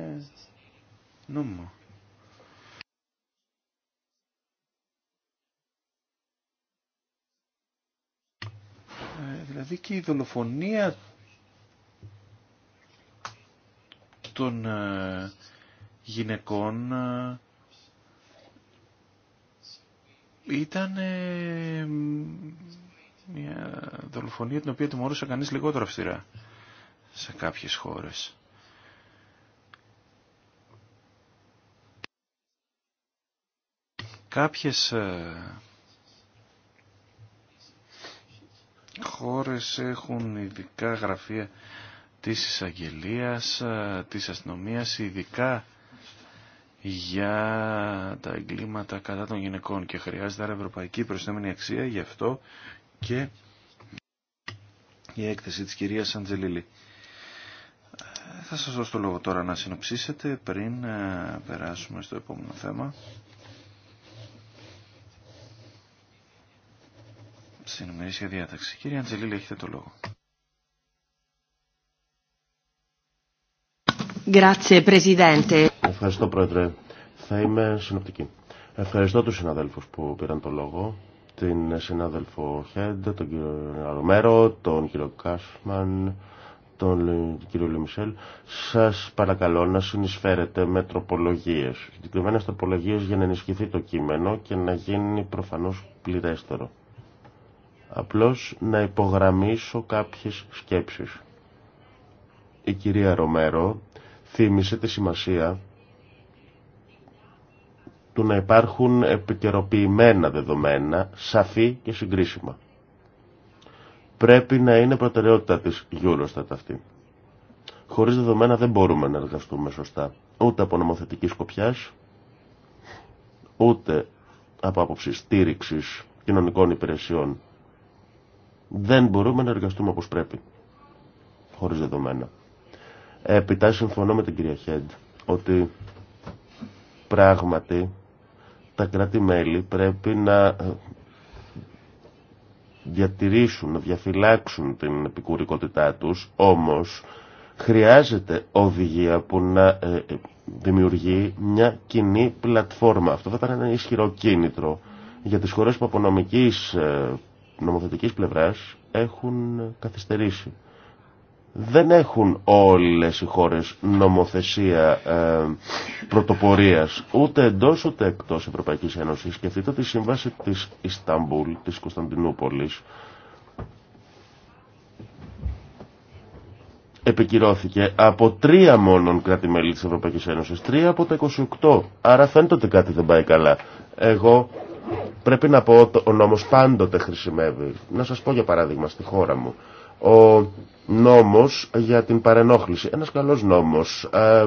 νόμιμο. Δηλαδή και η δολοφονία των ε, γυναικών ε, ήταν μια δολοφονία την οποία τιμωρούσε κανείς λιγότερο αυστηρά σε κάποιες χώρες. Κάποιες ε, χώρες έχουν ειδικά γραφεία της εισαγγελία, ε, της αστυνομίας, ειδικά για τα εγκλήματα κατά των γυναικών και χρειάζεται άρα ευρωπαϊκή προσθέμενη αξία γι' αυτό και η έκθεση της κυρίας Αντζελίλη. Ε, θα σας δώσω το λόγο τώρα να συνοψίσετε πριν ε, περάσουμε στο επόμενο θέμα. στην διάταξη. Κύριε Αντζελίλη, έχετε το λόγο. Ευχαριστώ, Πρόεδρε. Θα είμαι συνοπτική. Ευχαριστώ τους συναδέλφους που πήραν το λόγο. Την συνάδελφο Χέντ, τον κύριο Ρομέρο, τον κύριο Κάσμαν, τον κύριο Λιμισελ. σας παρακαλώ να συνεισφέρετε με τροπολογίες, συγκεκριμένες τροπολογίες για να ενισχυθεί το κείμενο και να γίνει προφανώς πληρέστερο απλώς να υπογραμμίσω κάποιες σκέψεις. Η κυρία Ρομέρο θύμισε τη σημασία του να υπάρχουν επικαιροποιημένα δεδομένα, σαφή και συγκρίσιμα. Πρέπει να είναι προτεραιότητα της Eurostat αυτή. Χωρίς δεδομένα δεν μπορούμε να εργαστούμε σωστά, ούτε από νομοθετική σκοπιάς, ούτε από άποψη στήριξης κοινωνικών υπηρεσιών δεν μπορούμε να εργαστούμε όπως πρέπει, χωρίς δεδομένα. Επιτά συμφωνώ με την κυρία Χέντ ότι πράγματι τα κράτη-μέλη πρέπει να ε, διατηρήσουν, να διαφυλάξουν την επικουρικότητά τους, όμως χρειάζεται οδηγία που να ε, ε, δημιουργεί μια κοινή πλατφόρμα. Αυτό θα ήταν ένα ισχυρό κίνητρο για τις χώρες που από νομοθετικής πλευράς έχουν καθυστερήσει. Δεν έχουν όλες οι χώρες νομοθεσία ε, πρωτοπορίας, ούτε εντός ούτε εκτός Ευρωπαϊκής Ένωσης. Σκεφτείτε τη σύμβαση της Ισταμπούλ, της Κωνσταντινούπολης, επικυρώθηκε από τρία μόνον κράτη-μέλη της Ευρωπαϊκής Ένωσης, τρία από τα 28. Άρα φαίνεται ότι κάτι δεν πάει καλά. Εγώ Πρέπει να πω ότι ο νόμος πάντοτε χρησιμεύει. Να σας πω για παράδειγμα στη χώρα μου. Ο νόμος για την παρενόχληση, ένας καλός νόμος ε,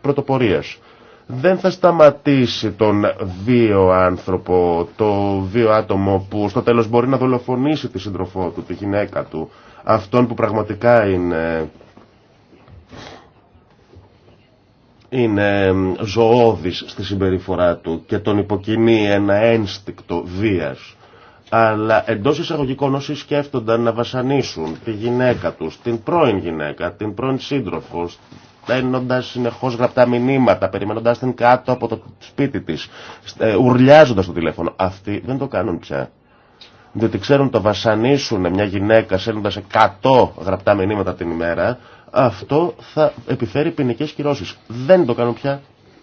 πρωτοπορίας, δεν θα σταματήσει τον βίο άνθρωπο, το βίο άτομο που στο τέλος μπορεί να δολοφονήσει τη σύντροφό του, τη γυναίκα του, αυτόν που πραγματικά είναι είναι ζωώδης στη συμπεριφορά του και τον υποκινεί ένα ένστικτο βίας. Αλλά εντός εισαγωγικών όσοι σκέφτονταν να βασανίσουν τη γυναίκα τους, την πρώην γυναίκα, την πρώην σύντροφο, παίρνοντα συνεχώ γραπτά μηνύματα, περιμένοντα την κάτω από το σπίτι τη, ε, ουρλιάζοντα το τηλέφωνο. Αυτοί δεν το κάνουν πια. Διότι ξέρουν το βασανίσουν μια γυναίκα σέρνοντα 100 γραπτά μηνύματα την ημέρα, αυτό θα επιφέρει ποινικέ κυρώσει. Δεν το κάνουν πια,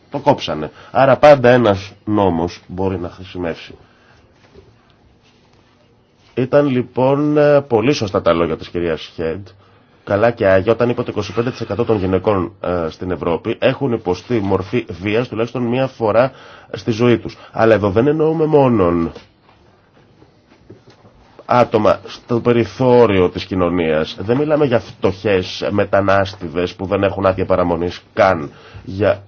το κόψανε. Άρα πάντα ένας νόμος μπορεί να χρησιμεύσει. Ήταν λοιπόν ε, πολύ σωστά τα λόγια της κυρία Χέντ. Καλά και άγια όταν είπε ότι 25% των γυναικών ε, στην Ευρώπη έχουν υποστεί μορφή βία τουλάχιστον μία φορά στη ζωή τους. Αλλά εδώ δεν εννοούμε μόνον άτομα στο περιθώριο της κοινωνίας. Δεν μιλάμε για φτωχές μετανάστηδες που δεν έχουν άδεια παραμονής καν, για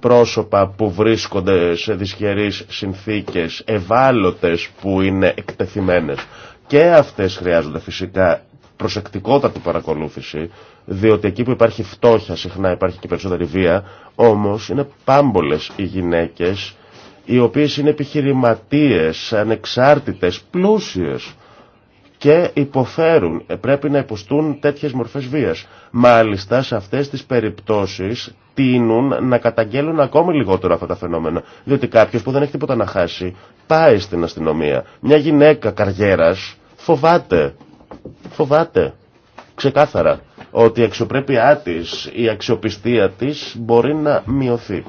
πρόσωπα που βρίσκονται σε δυσχερείς συνθήκες, ευάλωτες που είναι εκτεθειμένες. Και αυτές χρειάζονται φυσικά προσεκτικότατη παρακολούθηση, διότι εκεί που υπάρχει φτώχεια συχνά υπάρχει και περισσότερη βία, όμως είναι πάμπολες οι γυναίκες οι οποίες είναι επιχειρηματίες, ανεξάρτητες, πλούσιες και υποφέρουν, ε, πρέπει να υποστούν τέτοιες μορφές βίας. Μάλιστα σε αυτές τις περιπτώσεις τείνουν να καταγγέλουν ακόμη λιγότερο αυτά τα φαινόμενα. Διότι κάποιος που δεν έχει τίποτα να χάσει πάει στην αστυνομία. Μια γυναίκα καριέρας φοβάται, φοβάται ξεκάθαρα ότι η αξιοπρέπειά της, η αξιοπιστία της μπορεί να μειωθεί.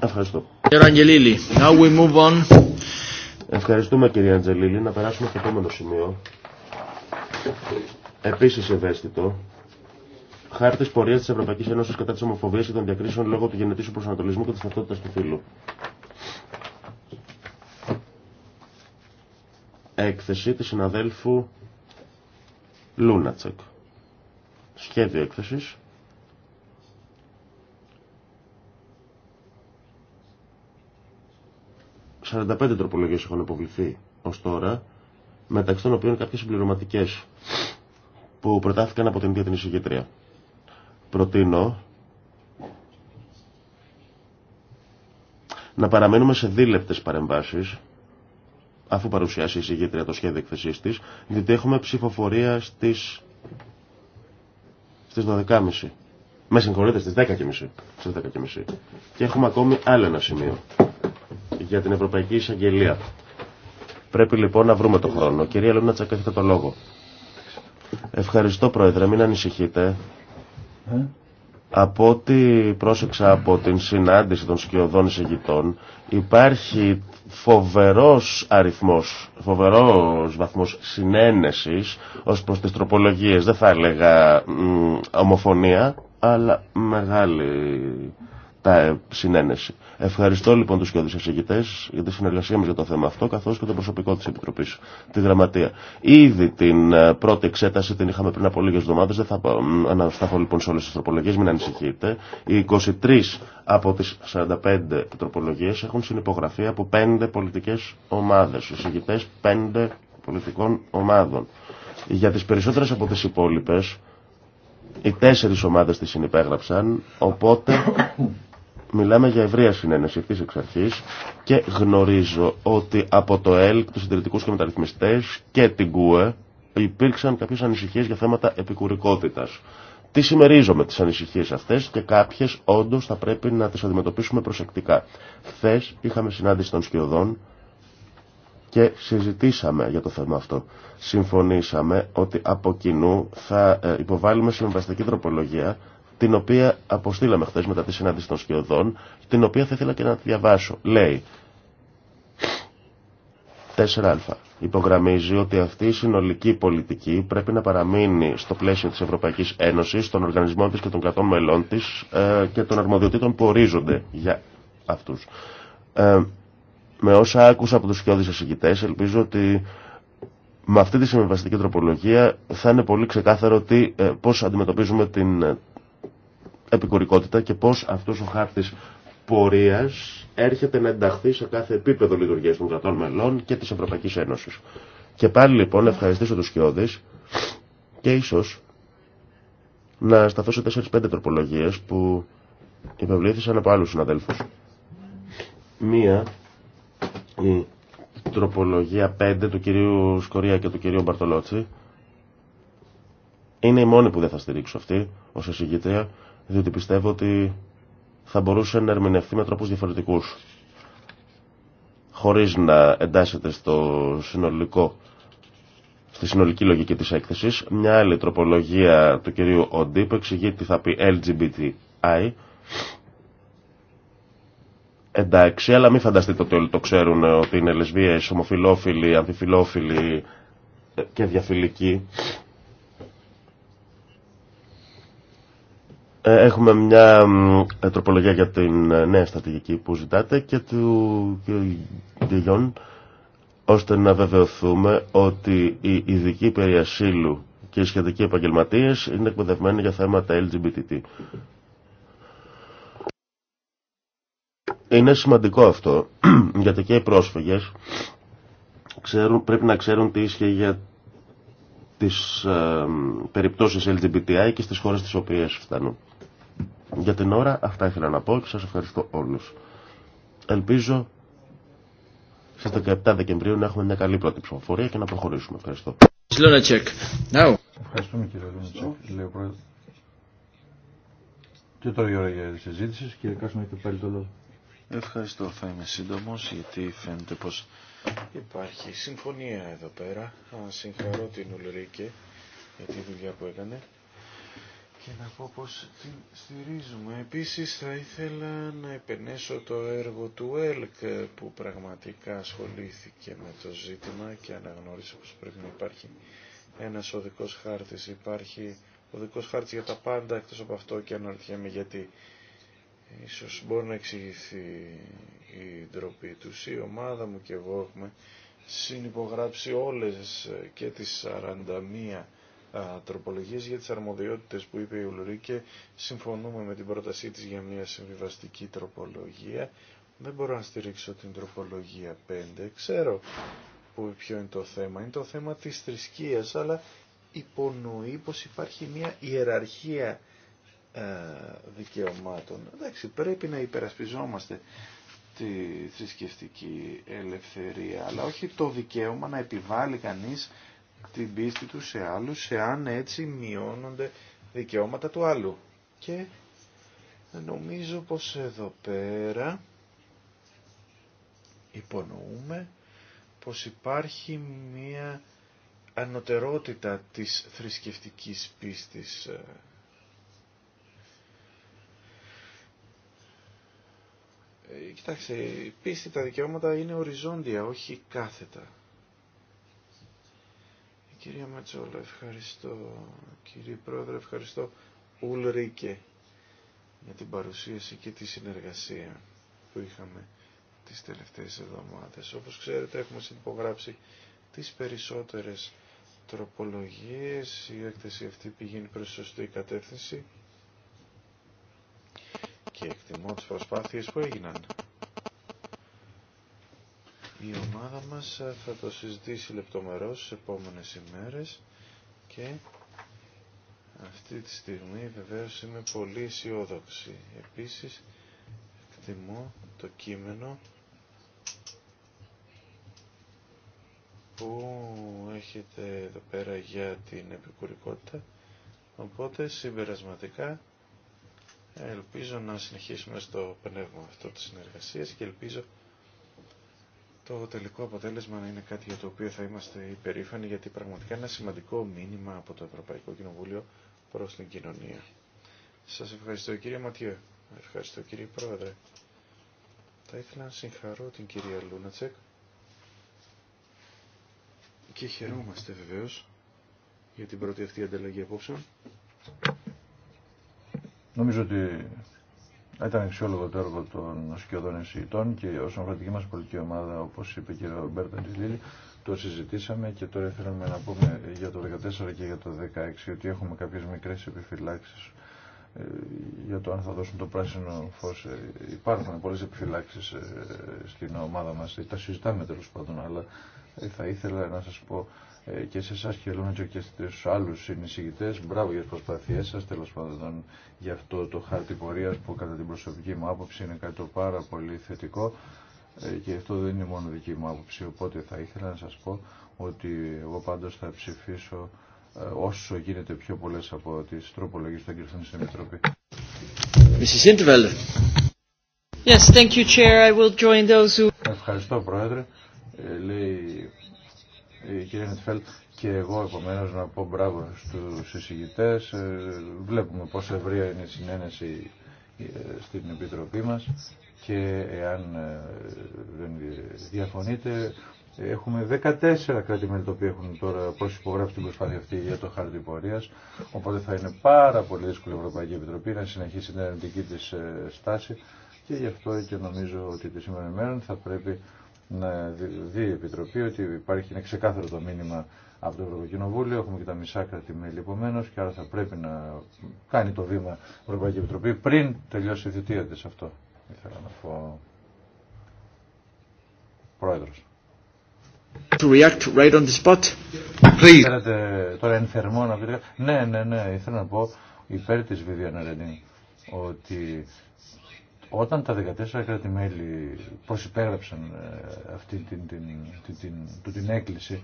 Ευχαριστώ. Ευχαριστούμε κύριε Αντζελίλη. Να περάσουμε στο επόμενο σημείο. Επίσης ευαίσθητο, χάρτη πορεία τη Ευρωπαϊκή Ένωση κατά τη ομοφοβία και των διακρίσεων λόγω του γενετήσου προσανατολισμού και τη ταυτότητα του φύλου. Έκθεση τη συναδέλφου Λούνατσεκ. Σχέδιο έκθεση. «45 τροπολογίες έχουν υποβληθεί ω τώρα μεταξύ των οποίων κάποιε συμπληρωματικέ που προτάθηκαν από την ίδια την εισηγήτρια. Προτείνω να παραμένουμε σε δίλεπτες παρεμβάσει, αφού παρουσιάσει η εισηγήτρια το σχέδιο εκθεσή τη, διότι έχουμε ψηφοφορία στι στις 12.30. Με συγχωρείτε, στις 10.30. Στις 10.30. Και έχουμε ακόμη άλλο ένα σημείο για την Ευρωπαϊκή Εισαγγελία. Πρέπει λοιπόν να βρούμε τον χρόνο. Κυρία Λούνατσα, έχετε το λόγο. Ευχαριστώ Πρόεδρε, μην ανησυχείτε. Ε? Από ό,τι πρόσεξα από την συνάντηση των σκιωδών εισηγητών, υπάρχει φοβερός αριθμός, φοβερός βαθμός συνένεσης ως προς τις τροπολογίες. Δεν θα έλεγα ομοφωνία, αλλά μεγάλη τα ε, συνένεση. Ευχαριστώ λοιπόν τους τους εισηγητές για τη συνεργασία μας για το θέμα αυτό, καθώς και το προσωπικό της Επιτροπής, τη Γραμματεία. Ήδη την ε, πρώτη εξέταση την είχαμε πριν από λίγες εβδομάδες, δεν θα ε, ανασταθώ λοιπόν σε όλες τις τροπολογίες, μην ανησυχείτε. Οι 23 από τις 45 τροπολογίες έχουν συνυπογραφεί από 5 πολιτικές ομάδες, εισηγητές 5 πολιτικών ομάδων. Για τις περισσότερες από τις υπόλοιπε, οι τέσσερις ομάδες τις συνυπέγραψαν, οπότε Μιλάμε για ευρεία συνένεση αυτή εξ αρχή και γνωρίζω ότι από το ΕΛΚ, του συντηρητικού και μεταρρυθμιστέ και την ΚΟΕ υπήρξαν κάποιε ανησυχίε για θέματα επικουρικότητα. Τι συμμερίζομαι τι ανησυχίε αυτέ και κάποιε όντω θα πρέπει να τι αντιμετωπίσουμε προσεκτικά. Χθε είχαμε συνάντηση των σκιωδών και συζητήσαμε για το θέμα αυτό. Συμφωνήσαμε ότι από κοινού θα ε, υποβάλουμε συμβαστική τροπολογία την οποία αποστήλαμε χθε μετά τη συνάντηση των σκιωδών, την οποία θα ήθελα και να τη διαβάσω. Λέει 4α. Υπογραμμίζει ότι αυτή η συνολική πολιτική πρέπει να παραμείνει στο πλαίσιο της Ευρωπαϊκής Ένωσης, των οργανισμών της και των κρατών μελών της ε, και των αρμοδιοτήτων που ορίζονται για αυτούς. Ε, με όσα άκουσα από τους σκιώδεις εισηγητές, ελπίζω ότι με αυτή τη συμβαστική τροπολογία θα είναι πολύ ξεκάθαρο τι, ε, πώς αντιμετωπίζουμε την επικουρικότητα και πώς αυτός ο χάρτης πορείας έρχεται να ενταχθεί σε κάθε επίπεδο λειτουργίας των κρατών μελών και της Ευρωπαϊκής Ένωσης. Και πάλι λοιπόν ευχαριστήσω τους Σκιώδης και ίσως να σταθώ σε 4-5 τροπολογίες που υπευλήθησαν από άλλους συναδέλφους. Μία, η τροπολογία 5 του κυρίου Σκορία και του κυρίου Μπαρτολότσι, είναι η μόνη που δεν θα στηρίξω αυτή ως εισηγήτρια διότι πιστεύω ότι θα μπορούσε να ερμηνευτεί με τρόπους διαφορετικούς χωρίς να εντάσσεται στο συνολικό στη συνολική λογική της έκθεσης μια άλλη τροπολογία του κυρίου Οντί που εξηγεί τι θα πει LGBTI εντάξει αλλά μην φανταστείτε ότι όλοι το ξέρουν ότι είναι λεσβίες, ομοφιλόφιλοι, ανθιφιλόφιλοι και διαφιλικοί Ε, έχουμε μια ε, τροπολογία για την ε, νέα στρατηγική που ζητάτε και του κ. Γιον, ώστε να βεβαιωθούμε ότι οι ειδικοί περί και οι σχετικοί επαγγελματίε είναι εκπαιδευμένοι για θέματα LGBT. Είναι σημαντικό αυτό, γιατί και οι πρόσφυγες ξέρουν, πρέπει να ξέρουν τι ίσχυε για τις ε, περιπτώσεις LGBTI και στις χώρες τις οποίες φτάνουν. Για την ώρα αυτά ήθελα να πω και σας ευχαριστώ όλους. Ελπίζω στις 17 Δεκεμβρίου να έχουμε μια καλή πρώτη ψηφοφορία και να προχωρήσουμε. Ευχαριστώ. Ευχαριστούμε κύριε Λούνατσεκ. Και τώρα η ώρα για τη συζήτηση. Κύριε Κάσμα, έχετε πάλι το λόγο. Ευχαριστώ. Θα είμαι σύντομο γιατί φαίνεται πως υπάρχει συμφωνία εδώ πέρα. συγχαρώ την Ουλρίκε για τη δουλειά που έκανε και να πω πως την στηρίζουμε. Επίσης θα ήθελα να επενέσω το έργο του ΕΛΚ που πραγματικά ασχολήθηκε με το ζήτημα και αναγνώρισε πως πρέπει να υπάρχει ένας οδικός χάρτης. Υπάρχει οδικός χάρτης για τα πάντα εκτός από αυτό και αναρωτιέμαι γιατί ίσως μπορεί να εξηγηθεί η ντροπή του. Η ομάδα μου και εγώ έχουμε συνυπογράψει όλες και τις 41 Τροπολογίε για τι αρμοδιότητε που είπε η και Συμφωνούμε με την πρότασή της για μια συμβιβαστική τροπολογία. Δεν μπορώ να στηρίξω την τροπολογία 5. Ξέρω που, ποιο είναι το θέμα. Είναι το θέμα τη θρησκεία, αλλά υπονοεί πως υπάρχει μια ιεραρχία ε, δικαιωμάτων. Εντάξει, πρέπει να υπερασπιζόμαστε τη θρησκευτική ελευθερία, αλλά όχι το δικαίωμα να επιβάλλει κανείς την πίστη του σε άλλους, εάν έτσι μειώνονται δικαιώματα του άλλου. Και νομίζω πως εδώ πέρα υπονοούμε πως υπάρχει μία ανωτερότητα της θρησκευτικής πίστης. Ε, κοιτάξτε, η πίστη τα δικαιώματα είναι οριζόντια, όχι κάθετα. Κυρία Ματσόλα, ευχαριστώ. Κύριε Πρόεδρε, ευχαριστώ. Ουλρίκε για την παρουσίαση και τη συνεργασία που είχαμε τις τελευταίες εβδομάδες. Όπως ξέρετε έχουμε συνυπογράψει τις περισσότερες τροπολογίες. Η έκθεση αυτή πηγαίνει προς σωστή κατεύθυνση και εκτιμώ τις προσπάθειες που έγιναν. Η ομάδα μας ε, θα το συζητήσει λεπτομερώς στις επόμενες ημέρες και αυτή τη στιγμή βεβαίως είμαι πολύ αισιόδοξη. Επίσης εκτιμώ το κείμενο που έχετε εδώ πέρα για την επικουρικότητα. Οπότε συμπερασματικά ελπίζω να συνεχίσουμε στο πνεύμα αυτό της συνεργασίας και ελπίζω το τελικό αποτέλεσμα είναι κάτι για το οποίο θα είμαστε υπερήφανοι γιατί πραγματικά είναι ένα σημαντικό μήνυμα από το Ευρωπαϊκό Κοινοβούλιο προς την κοινωνία. Σας ευχαριστώ κύριε Ματιέ. Ευχαριστώ κύριε Πρόεδρε. Θα ήθελα να συγχαρώ την κυρία Λούνατσεκ και χαιρόμαστε βεβαίως για την πρώτη αυτή ανταλλαγή απόψεων. Νομίζω ότι ήταν αξιόλογο το έργο των σκιωδών εισηγητών και όσον αφορά τη μα πολιτική ομάδα, όπω είπε και ο Μπέρτα Λίλη, το συζητήσαμε και τώρα θέλουμε να πούμε για το 2014 και για το 2016 ότι έχουμε κάποιε μικρέ επιφυλάξει ε, για το αν θα δώσουν το πράσινο φω. Ε, υπάρχουν πολλέ επιφυλάξει ε, στην ομάδα μα, τα συζητάμε τέλο πάντων, αλλά θα ήθελα να σα πω ε, και σε εσά και και στου άλλου συνεισηγητέ. Μπράβο για τι προσπάθειέ σα, τέλο πάντων, για αυτό το χάρτη πορεία που κατά την προσωπική μου άποψη είναι κάτι το πάρα πολύ θετικό ε, και αυτό δεν είναι μόνο δική μου άποψη. Οπότε θα ήθελα να σα πω ότι εγώ πάντω θα ψηφίσω ε, όσο γίνεται πιο πολλέ από τι τροπολογίε που θα κρυφθούν στην Επιτροπή. Yes, thank you, Chair. I will join those who... Ευχαριστώ, Πρόεδρε. λέει ε, κύριε κυρία Νιτφέλ και εγώ επομένω να πω μπράβο στους συζητητέ. Ε, βλέπουμε πόσο ευρεία είναι η συνένεση ε, στην Επιτροπή μας και εάν δεν διαφωνείτε έχουμε 14 κράτη-μέλη τα οποία έχουν τώρα προσυπογράψει την προσπάθεια αυτή για το χάρτη πορείας οπότε θα είναι πάρα πολύ δύσκολη η Ευρωπαϊκή Επιτροπή να συνεχίσει την αρνητική τη στάση και γι' αυτό και νομίζω ότι τη σήμερα μέρα θα πρέπει να δει η Επιτροπή ότι υπάρχει ένα ξεκάθαρο το μήνυμα από το Ευρωκοινοβούλιο. Έχουμε και τα μισά κρατημέλη επομένω και άρα θα πρέπει να κάνει το βήμα η Ευρωπαϊκή Επιτροπή πριν τελειώσει η θητεία τη. Αυτό ήθελα να πω. Πρόεδρος. To react right on the spot. Θέλετε τώρα ενθερμό να πείτε. Ναι, ναι, ναι, ήθελα να πω υπέρ τη Vivian ότι όταν τα 14 κράτη-μέλη προσυπέγραψαν ε, αυτή την, την, την, την, την έκκληση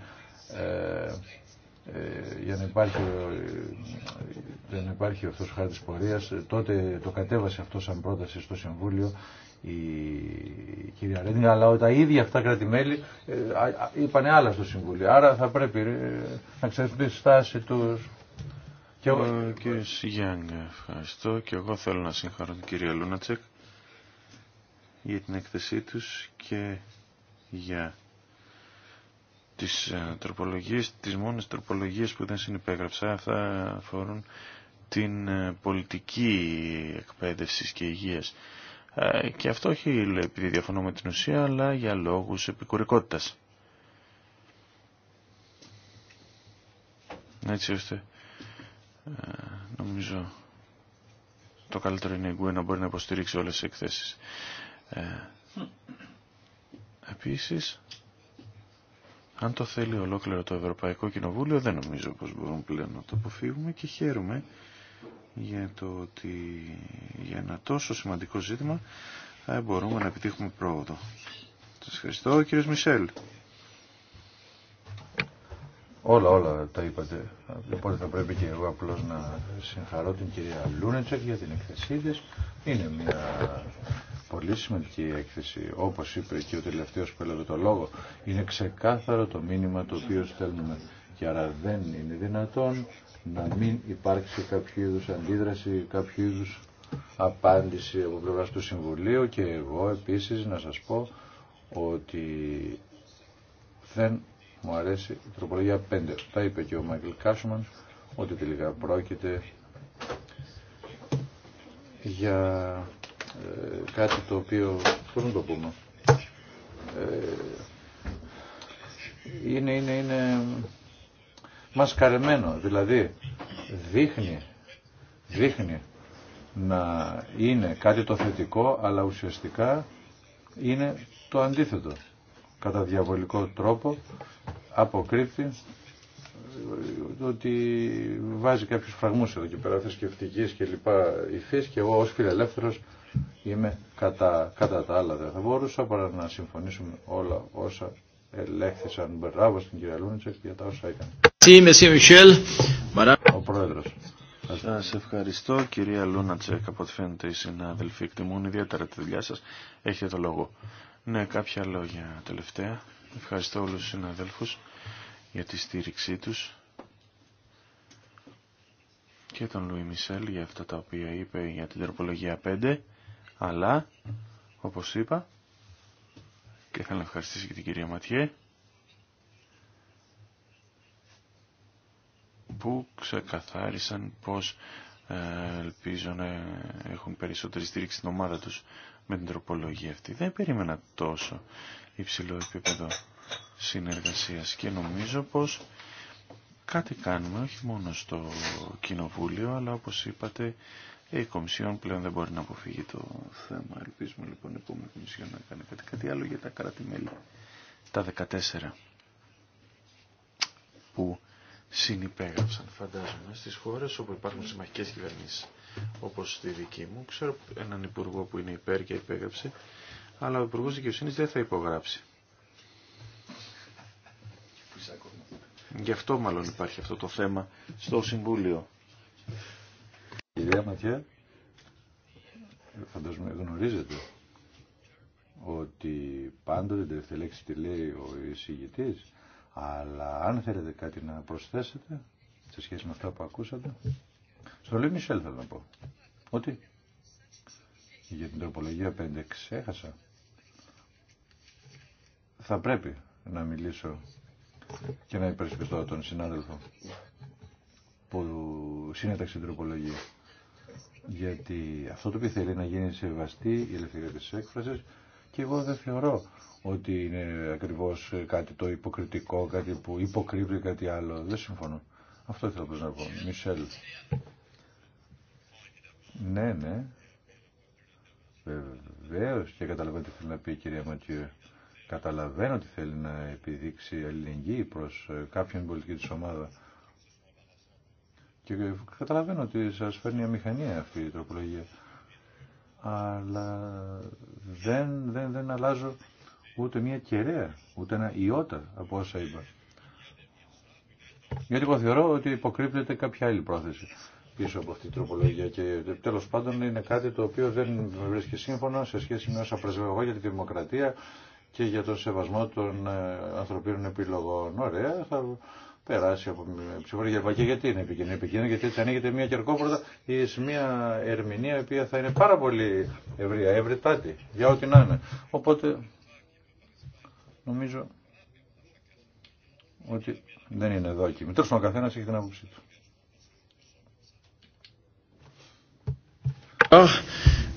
ε, ε, για να υπάρχει, ε, αυτός ο χάρτης πορείας, ε, τότε το κατέβασε αυτό σαν πρόταση στο Συμβούλιο η, η κυρία Ρέντινγκ, αλλά τα ίδια αυτά κράτη-μέλη ε, άλλα στο Συμβούλιο. Άρα θα πρέπει ε, να ξέρουν τη στάση τους. Και Κύριε Σιγιάνγκ, ευχαριστώ και εγώ θέλω να συγχαρώ την κυρία Λούνατσεκ για την έκθεσή τους και για τις ε, τροπολογίες, τις μόνες τροπολογίες που δεν συνυπέγραψα, αυτά αφορούν την ε, πολιτική εκπαίδευση και υγείας. Ε, και αυτό όχι επειδή διαφωνώ με την ουσία, αλλά για λόγους επικουρικότητας. Έτσι ώστε νομίζω το καλύτερο είναι η να μπορεί να υποστηρίξει όλες τις εκθέσεις. Ε, επίσης, αν το θέλει ολόκληρο το Ευρωπαϊκό Κοινοβούλιο, δεν νομίζω πως μπορούμε πλέον να το αποφύγουμε και χαίρομαι για το ότι για ένα τόσο σημαντικό ζήτημα θα ε, μπορούμε να επιτύχουμε πρόοδο. Σας ευχαριστώ, κύριος Μισελ. Όλα, όλα τα είπατε. Λοιπόν, θα πρέπει και εγώ απλώς να συγχαρώ την κυρία Λούνετσεκ για την εκθεσή της. Είναι μια πολύ σημαντική έκθεση. Όπως είπε και ο τελευταίος που έλεγε το λόγο, είναι ξεκάθαρο το μήνυμα το οποίο στέλνουμε. Και άρα δεν είναι δυνατόν να μην υπάρξει κάποιο είδους αντίδραση, κάποιο είδους απάντηση από πλευράς του Συμβουλίου και εγώ επίσης να σας πω ότι δεν μου αρέσει η τροπολογία 5. Τα είπε και ο Μάικλ Κάσμαν ότι τελικά πρόκειται για ε, κάτι το οποίο, πώς να το πούμε, ε, είναι, είναι, είναι μασκαρεμένο, δηλαδή δείχνει, δείχνει να είναι κάτι το θετικό, αλλά ουσιαστικά είναι το αντίθετο. Κατά διαβολικό τρόπο αποκρύπτει ε, ότι βάζει κάποιους φραγμούς εδώ και πέρα θρησκευτικής και λοιπά υφής και εγώ ως φιλελεύθερος Είμαι κατά, κατά τα άλλα δεν θα μπορούσα παρά να συμφωνήσουμε όλα όσα ελέγχθησαν. Μπράβο στην κυρία Λούνιτσεκ για τα όσα έκανε. Ο πρόεδρος. Σας ευχαριστώ κυρία Λούνατσεκ από ό,τι φαίνεται οι συνάδελφοι εκτιμούν ιδιαίτερα τη δουλειά σα, Έχετε το λόγο. Ναι, κάποια λόγια τελευταία. Ευχαριστώ όλους του συναδέλφους για τη στήριξή του και τον Λουί Μισελ για αυτά τα οποία είπε για την τροπολογία 5 αλλά όπως είπα και θέλω να ευχαριστήσω και την κυρία Ματιέ που ξεκαθάρισαν πως ε, ελπίζω να έχουν περισσότερη στήριξη στην ομάδα τους με την τροπολογία αυτή. Δεν περίμενα τόσο υψηλό επίπεδο συνεργασίας και νομίζω πως κάτι κάνουμε όχι μόνο στο κοινοβούλιο αλλά όπως είπατε η Κομισιόν πλέον δεν μπορεί να αποφύγει το θέμα. Ελπίζουμε λοιπόν η επόμενη Κομισιόν να κάνει κάτι, άλλο για τα κράτη-μέλη. Τα 14 που συνυπέγραψαν φαντάζομαι στις χώρες όπου υπάρχουν συμμαχικές κυβερνήσεις όπως στη δική μου. Ξέρω έναν υπουργό που είναι υπέρ και υπέγραψε αλλά ο υπουργό Δικαιοσύνης δεν θα υπογράψει. Γι' αυτό μάλλον υπάρχει αυτό το θέμα στο Συμβούλιο κυρία ματιά φαντάζομαι γνωρίζετε ότι πάντοτε τελευταία λέξη τη λέει ο εισηγητής, αλλά αν θέλετε κάτι να προσθέσετε σε σχέση με αυτά που ακούσατε, στο λέει Μισελ θέλω να πω. Ότι για την τροπολογία 5 ξέχασα. Θα πρέπει να μιλήσω και να υπερισπιστώ τον συνάδελφο που συνέταξε την τροπολογία γιατί αυτό το οποίο θέλει να γίνει σεβαστή η ελευθερία της έκφρασης και εγώ δεν θεωρώ ότι είναι ακριβώς κάτι το υποκριτικό, κάτι που υποκρύπτει κάτι άλλο. Δεν συμφωνώ. Αυτό ήθελα να πω. Μισελ. Ναι, ναι. Βεβαίω και καταλαβαίνω τι θέλει να πει η κυρία Ματιού. Καταλαβαίνω ότι θέλει να επιδείξει αλληλεγγύη προς κάποιον πολιτική της ομάδα. Και καταλαβαίνω ότι σας φέρνει αμηχανία αυτή η τροπολογία. Αλλά δεν, δεν, δεν αλλάζω ούτε μια κεραία, ούτε ένα ιότα από όσα είπα. Γιατί εγώ θεωρώ ότι υποκρύπτεται κάποια άλλη πρόθεση πίσω από αυτή την τροπολογία και τέλος πάντων είναι κάτι το οποίο δεν βρίσκει σύμφωνο σε σχέση με όσα πρεσβεύω για τη δημοκρατία και για τον σεβασμό των ε, ανθρωπίνων επιλογών. Ωραία, θα περάσει από ψηφορία και γιατί είναι επικίνδυνο. Επικίνδυνο γιατί έτσι ανοίγεται μια κερκόπορτα ή μια ερμηνεία η οποία θα είναι πάρα πολύ ευρία ευρετάτη, για ό,τι να είναι. Οπότε νομίζω ότι δεν είναι δόκιμη. Τέλο ο καθένα έχει την άποψή του. Oh,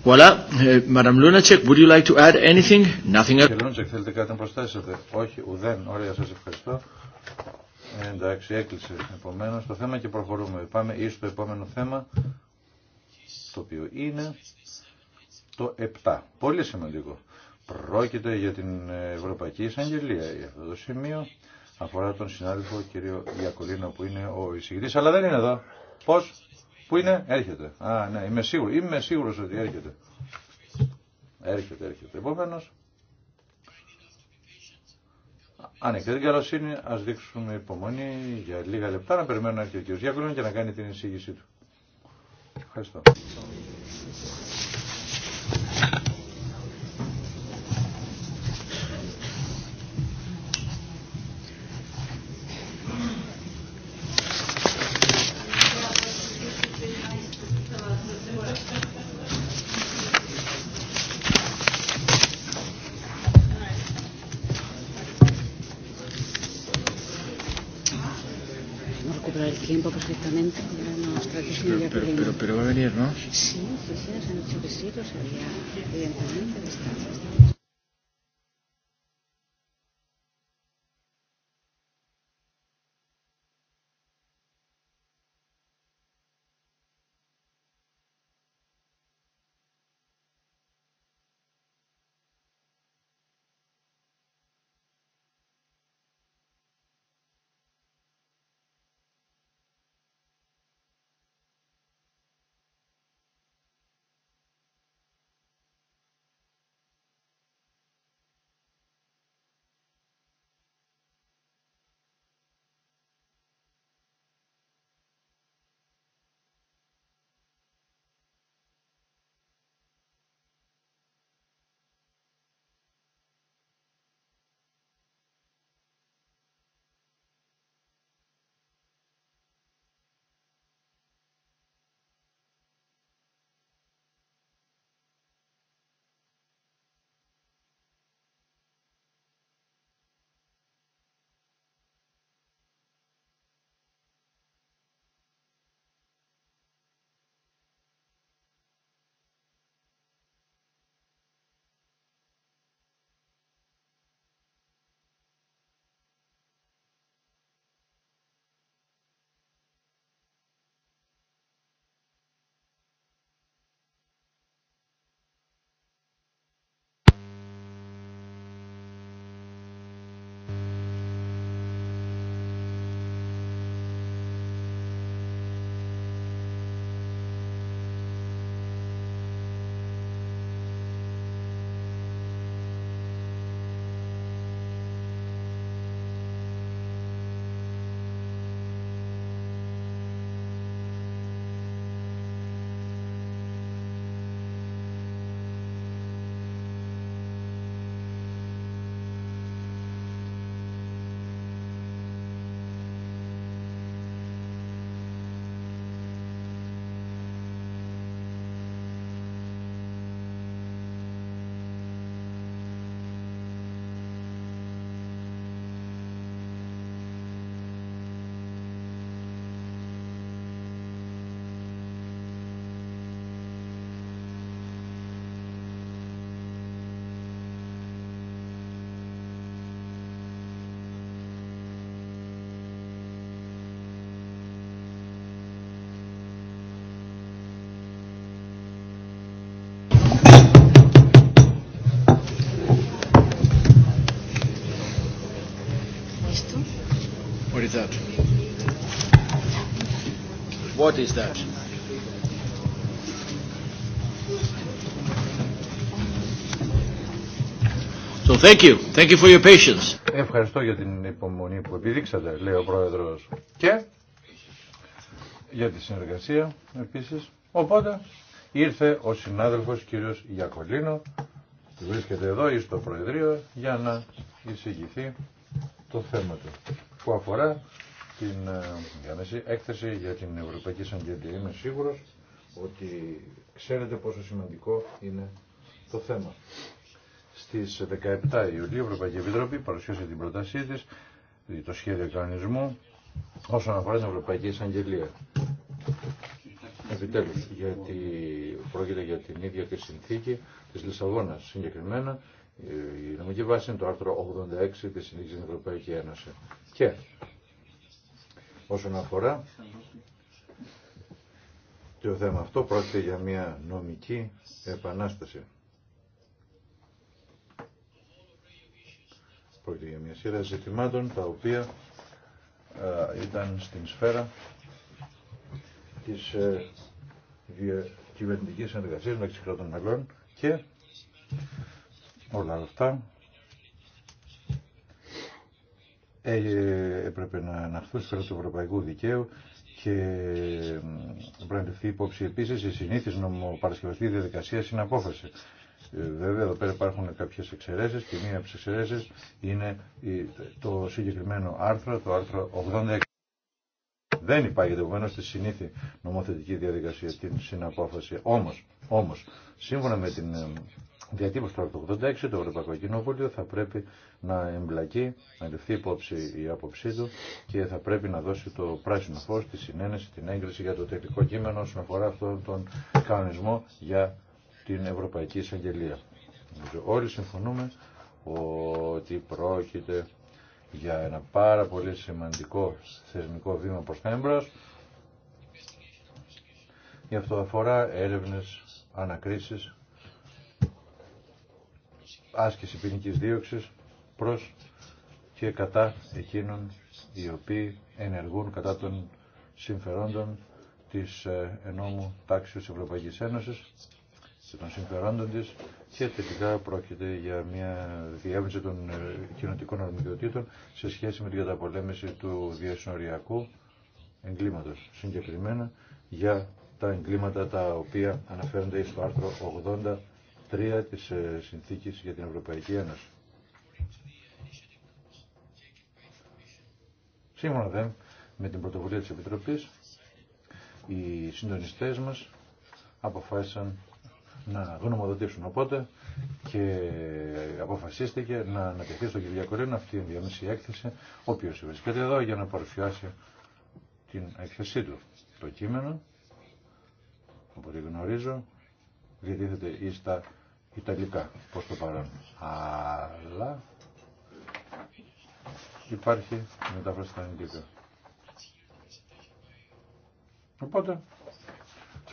voilà. Ε, Madame Lunacek, would you like to add anything? Nothing else. θέλετε Όχι, ευχαριστώ. Ε, εντάξει, έκλεισε επομένω το θέμα και προχωρούμε. Πάμε ή στο επόμενο θέμα, το οποίο είναι το 7. Πολύ σημαντικό. Πρόκειται για την Ευρωπαϊκή Εισαγγελία. Για αυτό το σημείο αφορά τον συνάδελφο κύριο Γιακολίνο που είναι ο εισηγητή, αλλά δεν είναι εδώ. Πώς, πού είναι, έρχεται. Α, ναι, είμαι σίγουρο είμαι σίγουρος ότι έρχεται. Έρχεται, έρχεται. Επομένως, αν την καλοσύνη, ας δείξουμε υπομονή για λίγα λεπτά να περιμένουμε να έρθει ο κ. Γιάκουλον και να κάνει την εισήγησή του. Ευχαριστώ. Ευχαριστώ. Ευχαριστώ. Ευχαριστώ. Ευχαριστώ. Ευχαριστώ. Ευχαριστώ. So thank you. Thank you Ευχαριστώ για την υπομονή που επιδείξατε, λέει ο Πρόεδρος. Και για τη συνεργασία επίσης. Οπότε ήρθε ο συνάδελφος κύριος Γιακολίνο που βρίσκεται εδώ ή στο Προεδρείο για να εισηγηθεί το θέμα του που αφορά την ε, διάμεση έκθεση για την Ευρωπαϊκή Σαγγελία. Είμαι σίγουρος ότι ξέρετε πόσο σημαντικό είναι το θέμα. Στις 17 Ιουλίου η Ευρωπαϊκή Επιτροπή παρουσίασε την πρότασή της, το σχέδιο κανονισμού όσον αφορά την Ευρωπαϊκή Εισαγγελία. Επιτέλους, γιατί πρόκειται για την ίδια τη συνθήκη της Λισαβόνας συγκεκριμένα, η νομική βάση είναι το άρθρο 86 της Συνήθειας στην Ευρωπαϊκή Ένωση όσον αφορά το θέμα αυτό πρόκειται για μια νομική επανάσταση. Πρόκειται για μια σειρά ζητημάτων τα οποία ήταν στην σφαίρα της ε, κυβερνητικής να μεταξύ κρατών μελών και όλα αυτά Ε, έπρεπε να αναχθούν στο του ευρωπαϊκού δικαίου και πρέπει να ληφθεί υπόψη επίσης η συνήθις νομοπαρασκευαστική διαδικασία Ε, Βέβαια, εδώ πέρα υπάρχουν κάποιες εξαιρέσεις και μία από τις εξαιρέσεις είναι το συγκεκριμένο άρθρο, το άρθρο 86. Δεν υπάρχει επομένω στη συνήθεια νομοθετική διαδικασία την συναπόφαση. Όμω, όμως, σύμφωνα με την ε, διατύπωση του 86, το Ευρωπαϊκό Κοινοβούλιο θα πρέπει να εμπλακεί, να ληφθεί υπόψη η άποψή του και θα πρέπει να δώσει το πράσινο φω, τη συνένεση, την έγκριση για το τελικό κείμενο όσον αφορά αυτόν τον κανονισμό για την Ευρωπαϊκή Εισαγγελία. Όλοι συμφωνούμε ότι πρόκειται για ένα πάρα πολύ σημαντικό θεσμικό βήμα προς τα Γι' αυτό αφορά έρευνες, ανακρίσεις, άσκηση ποινική δίωξης προς και κατά εκείνων οι οποίοι ενεργούν κατά των συμφερόντων της ε, ενόμου τάξης της Ευρωπαϊκής Ένωσης των συμφερόντων της και τελικά πρόκειται για μια διεύρυνση των ε, κοινωτικών αρμοδιοτήτων σε σχέση με την καταπολέμηση του διασυνοριακού εγκλήματος συγκεκριμένα για τα εγκλήματα τα οποία αναφέρονται στο άρθρο 83 της ε, Συνθήκης για την Ευρωπαϊκή Ένωση. Σύμφωνα με την πρωτοβουλία της Επιτροπής, οι συντονιστές μας αποφάσισαν να γνωμοδοτήσουν. Οπότε και αποφασίστηκε να ανατεθεί στο Κυριακό αυτή η διαμεσή έκθεση, ο οποίο βρίσκεται εδώ για να παρουσιάσει την έκθεσή του. Το κείμενο, από ό,τι γνωρίζω, διατίθεται ή στα Ιταλικά πώ το παρόν. Αλλά υπάρχει μετάφραση στα Αγγλικά. Οπότε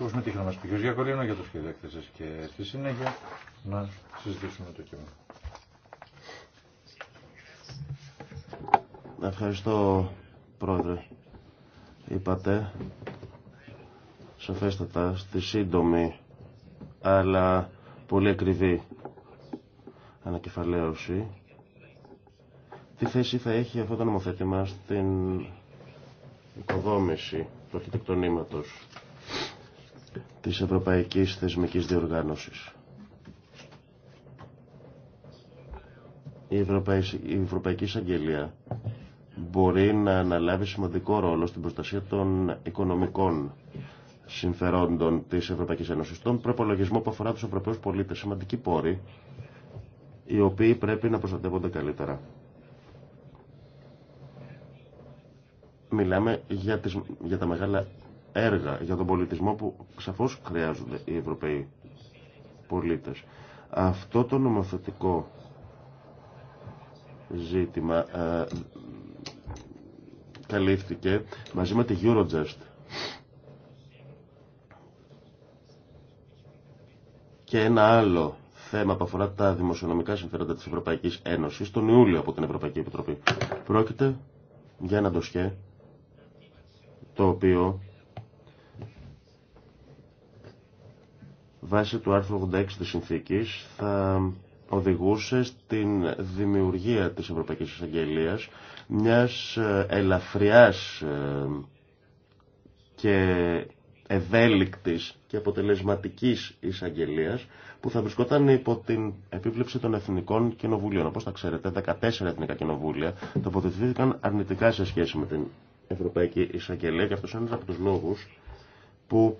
ακούσουμε με είχε να μας πει ο Γιακολίνο για το σχέδιο έκθεσης και στη συνέχεια να συζητήσουμε το κείμενο. Ευχαριστώ Πρόεδρε. Είπατε σαφέστατα στη σύντομη αλλά πολύ ακριβή ανακεφαλαίωση τι θέση θα έχει αυτό το νομοθέτημα στην οικοδόμηση του αρχιτεκτονήματος της Ευρωπαϊκής Θεσμικής Διοργάνωσης. Η Ευρωπαϊκή Εισαγγελία μπορεί να αναλάβει σημαντικό ρόλο στην προστασία των οικονομικών συμφερόντων της Ευρωπαϊκής Ένωσης, τον προπολογισμό που αφορά τους Ευρωπαίους πολίτες, σημαντικοί πόροι, οι οποίοι πρέπει να προστατεύονται καλύτερα. Μιλάμε για, τις, για τα μεγάλα έργα για τον πολιτισμό που σαφώς χρειάζονται οι Ευρωπαίοι πολίτες. Αυτό το νομοθετικό ζήτημα ε, καλύφθηκε μαζί με τη Eurojust. Και ένα άλλο θέμα που αφορά τα δημοσιονομικά συμφέροντα της Ευρωπαϊκής Ένωσης τον Ιούλιο από την Ευρωπαϊκή Επιτροπή. Πρόκειται για ένα ντοσχέ το οποίο βάσει του άρθρου 86 της συνθήκης θα οδηγούσε στην δημιουργία της Ευρωπαϊκής Εισαγγελίας μιας ε, ελαφριάς ε, και ευέλικτης και αποτελεσματικής εισαγγελία που θα βρισκόταν υπό την επίβλεψη των εθνικών κοινοβουλίων. Όπως τα ξέρετε, 14 εθνικά κοινοβούλια τοποθετήθηκαν αρνητικά σε σχέση με την Ευρωπαϊκή Εισαγγελία και αυτός είναι ένας από τους λόγους που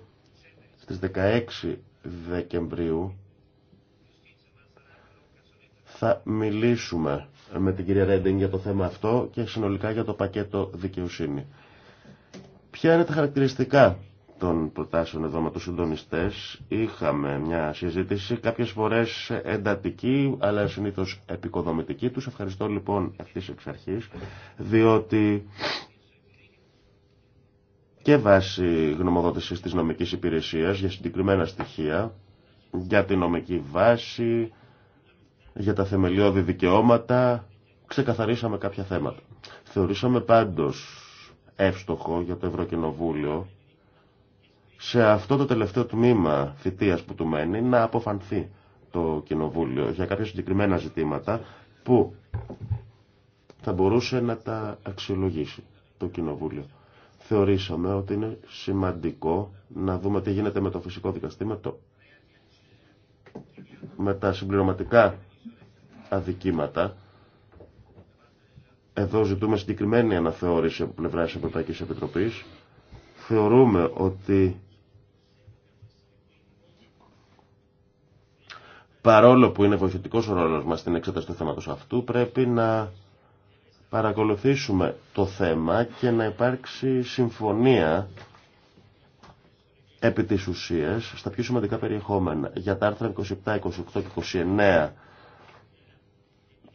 στις 16 Δεκεμβρίου θα μιλήσουμε με την κυρία Ρέντινγκ για το θέμα αυτό και συνολικά για το πακέτο δικαιοσύνη. Ποια είναι τα χαρακτηριστικά των προτάσεων εδώ με τους συντονιστές. Είχαμε μια συζήτηση κάποιες φορές εντατική αλλά συνήθως επικοδομητική. Τους ευχαριστώ λοιπόν αυτής εξ αρχής διότι και βάσει γνωμοδότησης της νομικής υπηρεσίας για συγκεκριμένα στοιχεία, για τη νομική βάση, για τα θεμελιώδη δικαιώματα, ξεκαθαρίσαμε κάποια θέματα. Θεωρήσαμε πάντως εύστοχο για το Ευρωκοινοβούλιο σε αυτό το τελευταίο τμήμα θητείας που του μένει να αποφανθεί το Κοινοβούλιο για κάποια συγκεκριμένα ζητήματα που θα μπορούσε να τα αξιολογήσει το Κοινοβούλιο θεωρήσαμε ότι είναι σημαντικό να δούμε τι γίνεται με το φυσικό δικαστήματο, με τα συμπληρωματικά αδικήματα. Εδώ ζητούμε συγκεκριμένη αναθεώρηση από πλευρά της Ευρωπαϊκής Επιτροπής. Θεωρούμε ότι παρόλο που είναι βοηθητικός ο ρόλος μας στην εξέταση του θέματος αυτού, πρέπει να παρακολουθήσουμε το θέμα και να υπάρξει συμφωνία επί της ουσίας στα πιο σημαντικά περιεχόμενα. Για τα άρθρα 27, 28 και 29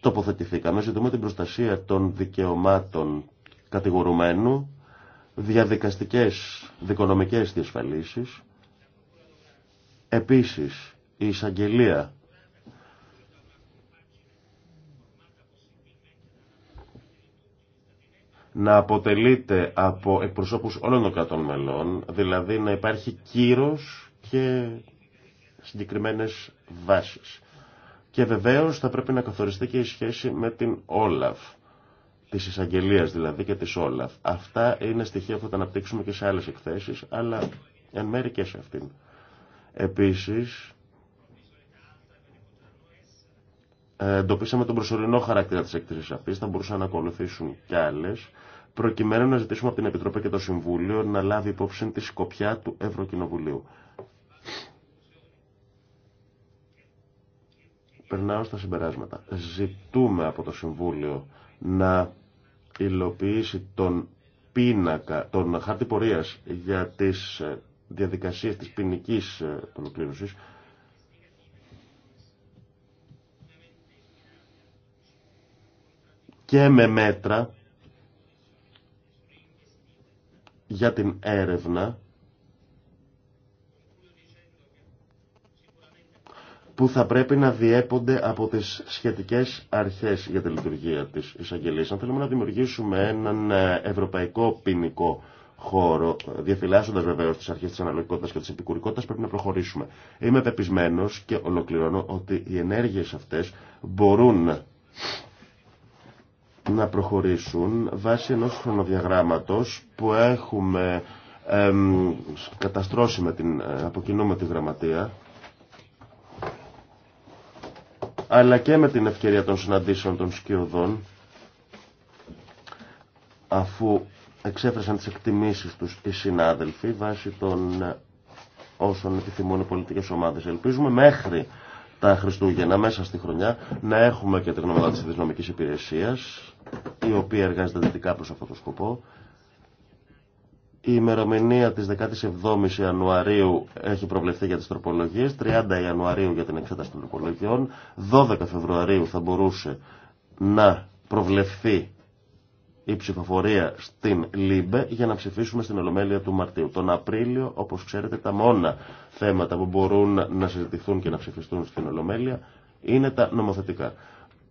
τοποθετηθήκαμε, ζητούμε την προστασία των δικαιωμάτων κατηγορουμένου, διαδικαστικές δικονομικές διασφαλίσεις, επίσης η εισαγγελία να αποτελείται από εκπροσώπους όλων των κρατών μελών, δηλαδή να υπάρχει κύρος και συγκεκριμένες βάσεις. Και βεβαίως θα πρέπει να καθοριστεί και η σχέση με την Όλαφ, της εισαγγελία δηλαδή και της Όλαφ. Αυτά είναι στοιχεία που θα τα αναπτύξουμε και σε άλλες εκθέσεις, αλλά εν μέρη και σε αυτήν. Επίσης, εντοπίσαμε τον προσωρινό χαρακτήρα της έκθεση αυτή. θα μπορούσαν να ακολουθήσουν κι άλλες, προκειμένου να ζητήσουμε από την Επιτροπή και το Συμβούλιο να λάβει υπόψη τη σκοπιά του Ευρωκοινοβουλίου. Περνάω στα συμπεράσματα. Ζητούμε από το Συμβούλιο να υλοποιήσει τον πίνακα, τον χάρτη πορείας για τις ε, διαδικασίες της ποινική ολοκλήρωσης, ε, και με μέτρα για την έρευνα που θα πρέπει να διέπονται από τις σχετικές αρχές για τη λειτουργία της εισαγγελίας. Αν θέλουμε να δημιουργήσουμε έναν ε, ευρωπαϊκό ποινικό χώρο, διαφυλάσσοντας βεβαίως τις αρχές της αναλογικότητας και της επικουρικότητας, πρέπει να προχωρήσουμε. Είμαι πεπισμένος και ολοκληρώνω ότι οι ενέργειες αυτές μπορούν να προχωρήσουν βάσει ενός χρονοδιαγράμματος που έχουμε καταστρώσει την, ε, από κοινού με τη γραμματεία αλλά και με την ευκαιρία των συναντήσεων των σκιωδών αφού εξέφρασαν τις εκτιμήσεις τους οι συνάδελφοι βάσει των ε, όσων επιθυμούν οι πολιτικές ομάδες. Ελπίζουμε μέχρι τα Χριστούγεννα μέσα στη χρονιά να έχουμε και την ομάδα της Ιδης Υπηρεσίας η οποία εργάζεται δυτικά προς αυτό το σκοπό. Η ημερομηνία της 17ης Ιανουαρίου έχει προβλεφθεί για τις τροπολογίες, 30 Ιανουαρίου για την εξέταση των τροπολογιών, 12 Φεβρουαρίου θα μπορούσε να προβλεφθεί η ψηφοφορία στην ΛΥΜΠΕ για να ψηφίσουμε στην Ολομέλεια του Μαρτίου. Τον Απρίλιο, όπως ξέρετε, τα μόνα θέματα που μπορούν να συζητηθούν και να ψηφιστούν στην Ολομέλεια είναι τα νομοθετικά.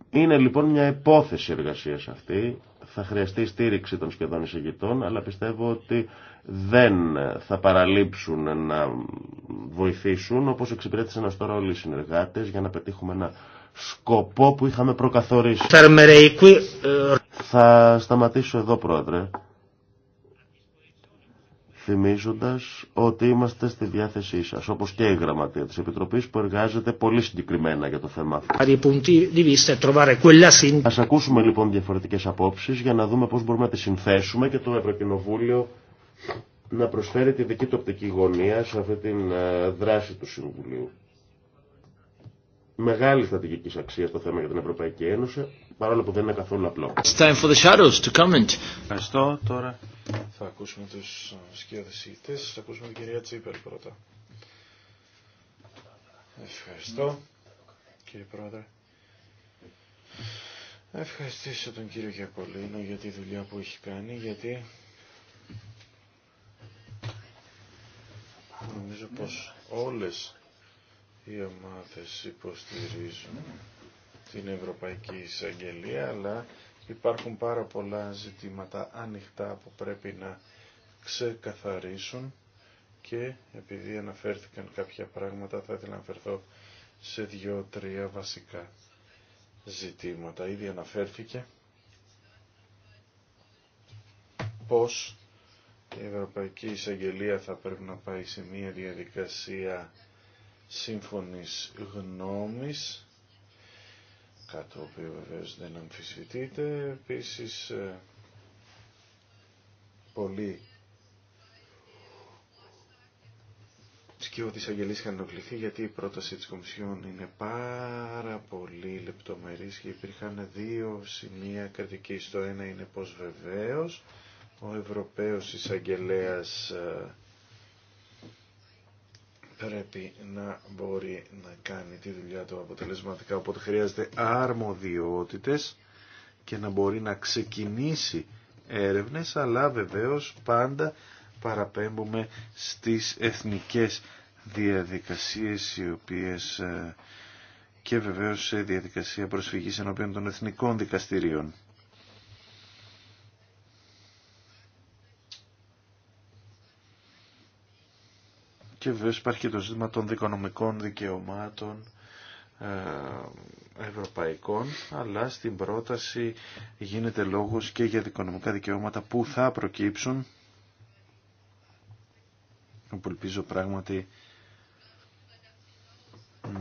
Είναι λοιπόν μια υπόθεση εργασίας αυτή. Θα χρειαστεί στήριξη των σχεδόν εισηγητών, αλλά πιστεύω ότι δεν θα παραλείψουν να βοηθήσουν, όπως εξυπηρέτησαν ως τώρα όλοι οι συνεργάτες, για να πετύχουμε ένα σκοπό που είχαμε προκαθορίσει. Θα σταματήσω εδώ πρόεδρε θυμίζοντας ότι είμαστε στη διάθεσή σας, όπως και η Γραμματεία της Επιτροπής που εργάζεται πολύ συγκεκριμένα για το θέμα αυτό. E Ας ακούσουμε λοιπόν διαφορετικές απόψεις για να δούμε πώς μπορούμε να τις συνθέσουμε και το Ευρωκοινοβούλιο να προσφέρει τη δική του οπτική γωνία σε αυτή τη ε, δράση του Συμβουλίου μεγάλη στρατηγική αξία το θέμα για την Ευρωπαϊκή Ένωση, παρόλο που δεν είναι καθόλου απλό. Ευχαριστώ. Τώρα θα ακούσουμε του σκιαδεσίτε. Θα ακούσουμε την κυρία Τσίπερ πρώτα. Ευχαριστώ, κύριε Πρόεδρε. Ευχαριστήσω τον κύριο Γιακολίνο για τη δουλειά που έχει κάνει, γιατί νομίζω πως όλες οι ομάδες υποστηρίζουν την Ευρωπαϊκή Εισαγγελία, αλλά υπάρχουν πάρα πολλά ζητήματα ανοιχτά που πρέπει να ξεκαθαρίσουν και επειδή αναφέρθηκαν κάποια πράγματα θα ήθελα να αναφερθώ σε δύο-τρία βασικά ζητήματα. Ήδη αναφέρθηκε πως η Ευρωπαϊκή Εισαγγελία θα πρέπει να πάει σε μια διαδικασία σύμφωνης γνώμης, κάτι το οποίο βεβαίως δεν αμφισβητείται. Επίσης, ε, πολλοί σκιώδης αγγελής είχαν ενοχληθεί γιατί η πρόταση της Κομισιόν είναι πάρα πολύ λεπτομερής και υπήρχαν δύο σημεία κριτική. Το ένα είναι πως βεβαίως ο Ευρωπαίος εισαγγελέας ε, πρέπει να μπορεί να κάνει τη δουλειά του αποτελεσματικά. Οπότε χρειάζεται αρμοδιότητες και να μπορεί να ξεκινήσει έρευνες, αλλά βεβαίως πάντα παραπέμπουμε στις εθνικές διαδικασίες οι οποίες ε, και βεβαίως σε διαδικασία προσφυγής ενώπιον των εθνικών δικαστηρίων. Και βέβαια υπάρχει και το ζήτημα των δικονομικών δικαιωμάτων ε, ευρωπαϊκών, αλλά στην πρόταση γίνεται λόγος και για δικονομικά δικαιώματα που θα προκύψουν, όπου ελπίζω πράγματι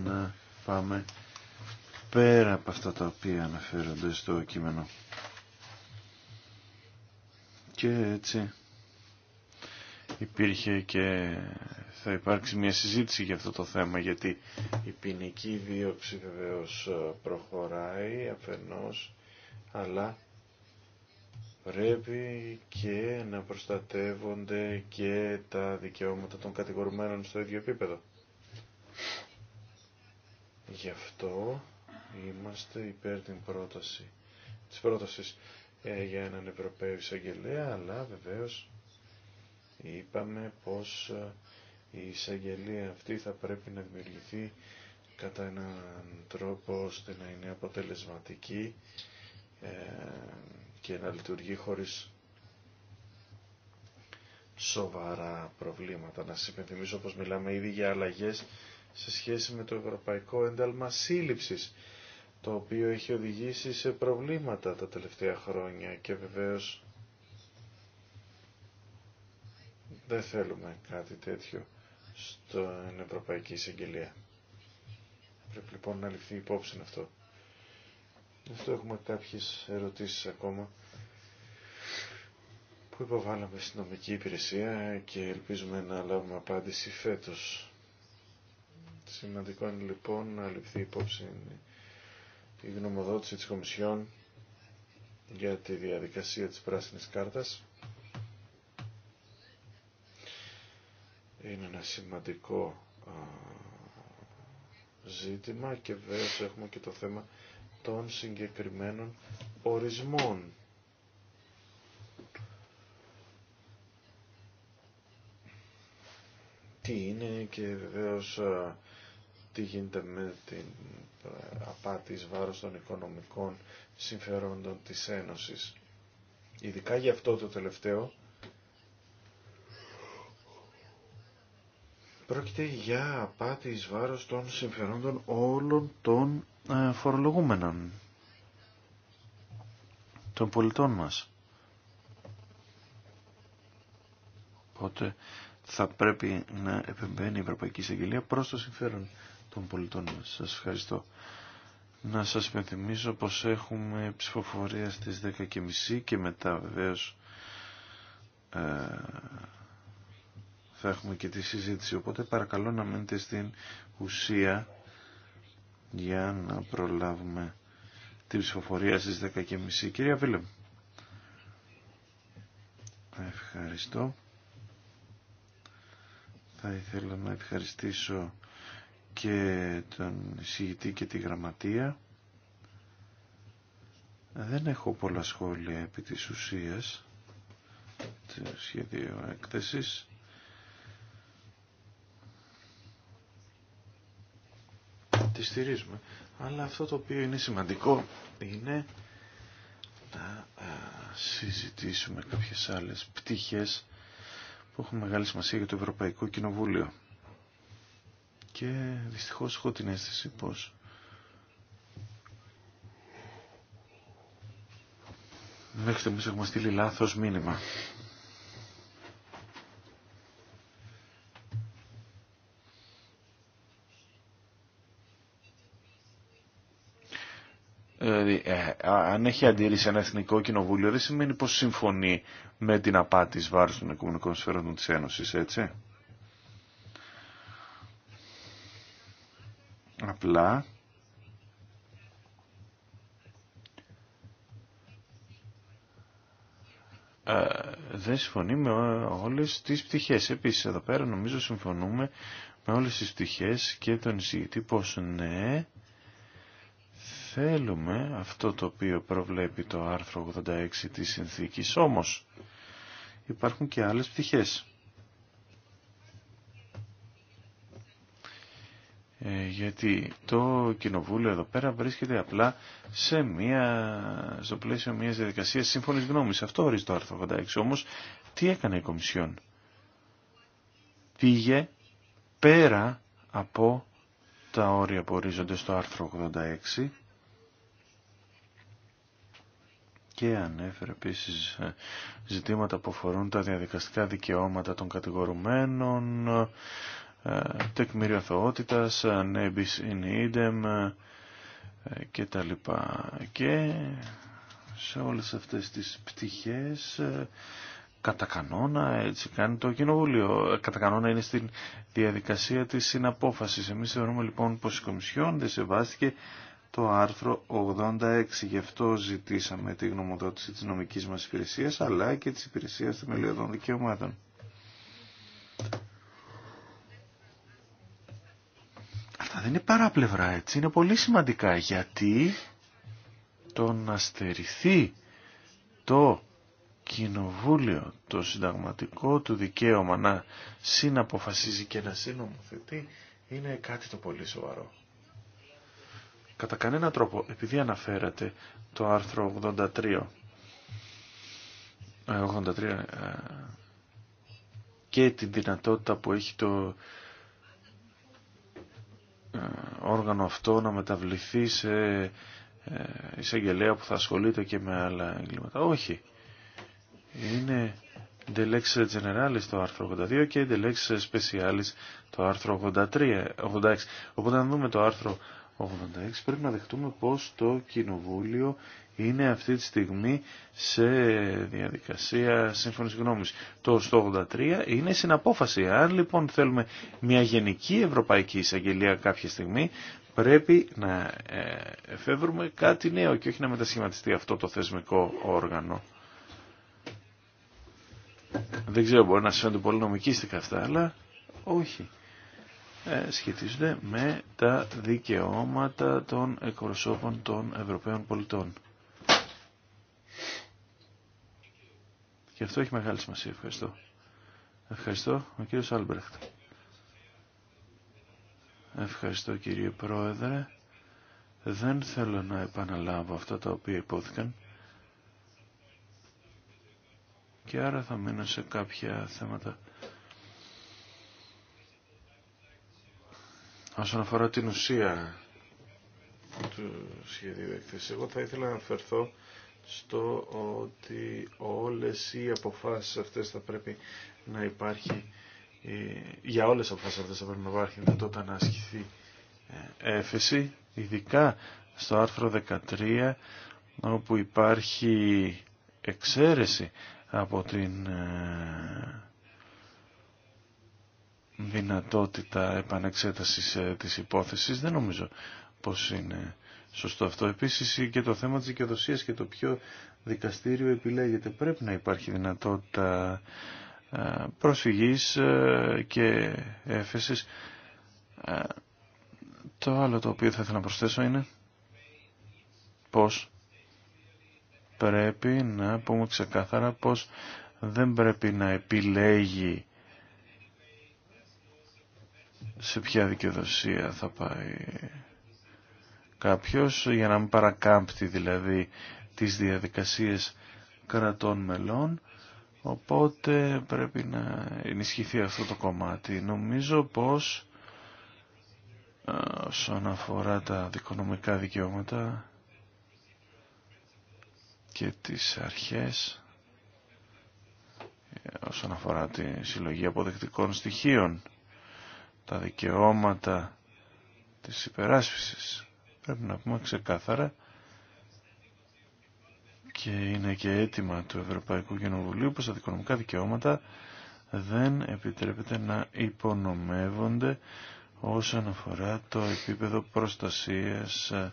να πάμε πέρα από αυτά τα οποία αναφέρονται στο κείμενο. Και έτσι υπήρχε και θα υπάρξει μια συζήτηση για αυτό το θέμα γιατί η ποινική δίωξη βεβαίω ε, προχωράει αφενός αλλά πρέπει και να προστατεύονται και τα δικαιώματα των κατηγορουμένων στο ίδιο επίπεδο. Γι' αυτό είμαστε υπέρ την πρόταση, της πρότασης ε, για έναν Ευρωπαίο εισαγγελέα, αλλά βεβαίως είπαμε πως ε, η εισαγγελία αυτή θα πρέπει να δημιουργηθεί κατά έναν τρόπο ώστε να είναι αποτελεσματική ε, και να λειτουργεί χωρίς σοβαρά προβλήματα. Να σας υπενθυμίσω πως μιλάμε ήδη για αλλαγές σε σχέση με το Ευρωπαϊκό Ένταλμα Σύλληψης, το οποίο έχει οδηγήσει σε προβλήματα τα τελευταία χρόνια και βεβαίως δεν θέλουμε κάτι τέτοιο στην Ευρωπαϊκή Εισαγγελία. Πρέπει λοιπόν να ληφθεί υπόψη αυτό. Γι' αυτό έχουμε κάποιες ερωτήσεις ακόμα που υποβάλαμε στην νομική υπηρεσία και ελπίζουμε να λάβουμε απάντηση φέτος. Σημαντικό είναι λοιπόν να ληφθεί υπόψη η γνωμοδότηση της Κομισιόν για τη διαδικασία της πράσινης κάρτας είναι ένα σημαντικό ζήτημα και βέβαια έχουμε και το θέμα των συγκεκριμένων ορισμών. Τι είναι και βεβαίως τι γίνεται με την απάτη εις βάρος των οικονομικών συμφερόντων της Ένωσης. Ειδικά για αυτό το τελευταίο Πρόκειται για απάτη εις βάρος των συμφερόντων όλων των ε, φορολογούμενων, των πολιτών μας. Οπότε θα πρέπει να επεμβαίνει η Ευρωπαϊκή Εισαγγελία προς το συμφέρον των πολιτών μας. Σας ευχαριστώ. Να σας υπενθυμίσω πως έχουμε ψηφοφορία στις 10.30 και μετά βεβαίως ε, θα έχουμε και τη συζήτηση. Οπότε παρακαλώ να μείνετε στην ουσία για να προλάβουμε την ψηφοφορία στις 10.30. Κυρία Βίλεμ. Ευχαριστώ. Θα ήθελα να ευχαριστήσω και τον εισηγητή και τη γραμματεία. Δεν έχω πολλά σχόλια επί της ουσίας του σχεδίου έκθεσης. τη στηρίζουμε. Αλλά αυτό το οποίο είναι σημαντικό είναι να ε, συζητήσουμε κάποιες άλλες πτυχές που έχουν μεγάλη σημασία για το Ευρωπαϊκό Κοινοβούλιο. Και δυστυχώς έχω την αίσθηση πως μέχρι στιγμής έχουμε στείλει λάθος μήνυμα. Δηλαδή, ε, αν έχει αντίρρηση ένα εθνικό κοινοβούλιο, δεν σημαίνει πως συμφωνεί με την απάτη βάρους των οικονομικών σφαίρων της Ένωσης, έτσι. Απλά... Ε, δεν συμφωνεί με όλες τις πτυχές. Επίσης, εδώ πέρα νομίζω συμφωνούμε με όλες τις πτυχές και τον εισηγητή πως ναι, θέλουμε αυτό το οποίο προβλέπει το άρθρο 86 της συνθήκης, όμως υπάρχουν και άλλες πτυχές. Ε, γιατί το κοινοβούλιο εδώ πέρα βρίσκεται απλά σε μια, στο πλαίσιο μιας διαδικασίας σύμφωνης γνώμης. Αυτό ορίζει το άρθρο 86. Όμως τι έκανε η Κομισιόν. Πήγε πέρα από τα όρια που ορίζονται στο άρθρο 86 και ανέφερε επίσης ε, ζητήματα που αφορούν τα διαδικαστικά δικαιώματα των κατηγορουμένων, ε, τεκμήριο αθωότητας, ε, νέμπις in idem και τα λοιπά. Και σε όλες αυτές τις πτυχές κατά κανόνα έτσι κάνει το κοινοβούλιο. Κατά κανόνα είναι στην διαδικασία της συναπόφασης. Εμείς θεωρούμε λοιπόν πως η Κομισιόν δεν σεβάστηκε το άρθρο 86. Γι' αυτό ζητήσαμε τη γνωμοδότηση της νομικής μας υπηρεσίας, αλλά και της υπηρεσίας θεμελιωδών δικαιωμάτων. Αυτά δεν είναι παράπλευρα, έτσι. Είναι πολύ σημαντικά, γιατί το να στερηθεί το κοινοβούλιο το συνταγματικό του δικαίωμα να συναποφασίζει και να συνομοθετεί είναι κάτι το πολύ σοβαρό κατά κανένα τρόπο, επειδή αναφέρατε το άρθρο 83, 83 ε, ε, και την δυνατότητα που έχει το ε, όργανο αυτό να μεταβληθεί σε εισαγγελέα που θα ασχολείται και με άλλα εγκλήματα. Όχι. Είναι de Generalis το άρθρο 82 και de Specialis το άρθρο 83, 86. Οπότε να δούμε το άρθρο 86 πρέπει να δεχτούμε πως το Κοινοβούλιο είναι αυτή τη στιγμή σε διαδικασία σύμφωνης γνώμης. Το 83 είναι συναπόφαση. Αν λοιπόν θέλουμε μια γενική ευρωπαϊκή εισαγγελία κάποια στιγμή πρέπει να ε, εφεύρουμε κάτι νέο και όχι να μετασχηματιστεί αυτό το θεσμικό όργανο. Δεν ξέρω, μπορεί να σας φαίνονται πολύ νομικίστικα αυτά, αλλά όχι. Ε, σχετίζονται με τα δικαιώματα των εκπροσώπων των Ευρωπαίων πολιτών. Και αυτό έχει μεγάλη σημασία. Ευχαριστώ. Ευχαριστώ. Ο κύριος Άλμπρεχτ. Ευχαριστώ κύριε Πρόεδρε. Δεν θέλω να επαναλάβω αυτά τα οποία υπόθηκαν και άρα θα μείνω σε κάποια θέματα Όσον αφορά την ουσία του σχεδίου έκθεση, εγώ θα ήθελα να αναφερθώ στο ότι όλες οι αποφάσεις αυτές θα πρέπει να υπάρχει ε, για όλες τις αποφάσεις αυτές θα πρέπει να υπάρχει δυνατότητα να ασκηθεί ε, έφεση, ειδικά στο άρθρο 13 όπου υπάρχει εξαίρεση από την ε, δυνατότητα επανεξέτασης ε, της υπόθεσης. Δεν νομίζω πως είναι σωστό αυτό. Επίσης και το θέμα της δικαιοδοσίας και το ποιο δικαστήριο επιλέγεται. Πρέπει να υπάρχει δυνατότητα ε, προσφυγής ε, και έφεσης. Το άλλο το οποίο θα ήθελα να προσθέσω είναι πως πρέπει να πούμε ξεκάθαρα πως δεν πρέπει να επιλέγει σε ποια δικαιοδοσία θα πάει κάποιος για να μην παρακάμπτει δηλαδή τις διαδικασίες κρατών μελών οπότε πρέπει να ενισχυθεί αυτό το κομμάτι. Νομίζω πως όσον αφορά τα δικονομικά δικαιώματα και τις αρχές ε, όσον αφορά τη συλλογή αποδεκτικών στοιχείων τα δικαιώματα της υπεράσπισης. Πρέπει να πούμε ξεκάθαρα και είναι και αίτημα του Ευρωπαϊκού Κοινοβουλίου πως τα δικονομικά δικαιώματα δεν επιτρέπεται να υπονομεύονται όσον αφορά το επίπεδο προστασίας ε,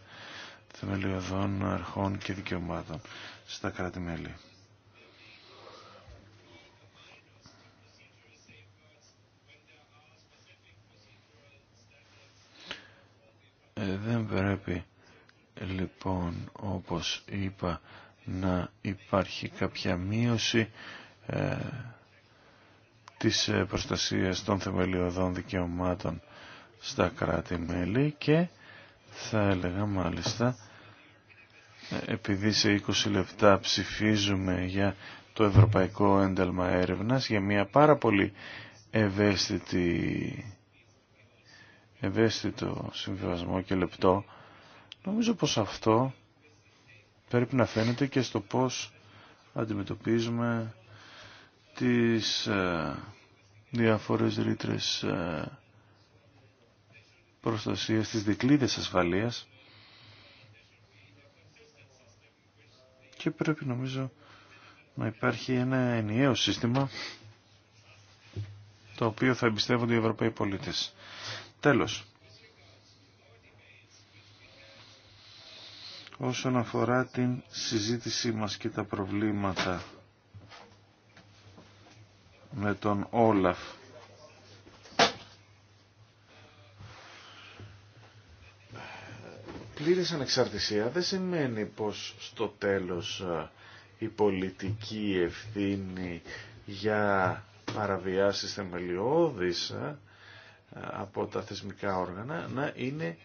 θεμελιωδών αρχών και δικαιωμάτων στα κράτη-μέλη. Ε, δεν πρέπει λοιπόν όπως είπα να υπάρχει κάποια μείωση ε, της ε, προστασίας των θεμελιωδών δικαιωμάτων στα κράτη-μέλη και θα έλεγα μάλιστα ε, επειδή σε 20 λεπτά ψηφίζουμε για το Ευρωπαϊκό Ένταλμα Έρευνας για μια πάρα πολύ ευαίσθητη ευαίσθητο συμβιβασμό και λεπτό, νομίζω πως αυτό πρέπει να φαίνεται και στο πώς αντιμετωπίζουμε τις ε, διάφορες ρήτρες ε, προστασίας, τις δικλείδες ασφαλείας και πρέπει νομίζω να υπάρχει ένα ενιαίο σύστημα το οποίο θα εμπιστεύονται οι Ευρωπαίοι πολίτες. Τέλος. Όσον αφορά την συζήτησή μας και τα προβλήματα με τον Όλαφ. Πλήρης ανεξαρτησία δεν σημαίνει πως στο τέλος η πολιτική ευθύνη για παραβιάσεις θεμελιώδης ε, από τα θεσμικά όργανα να είναι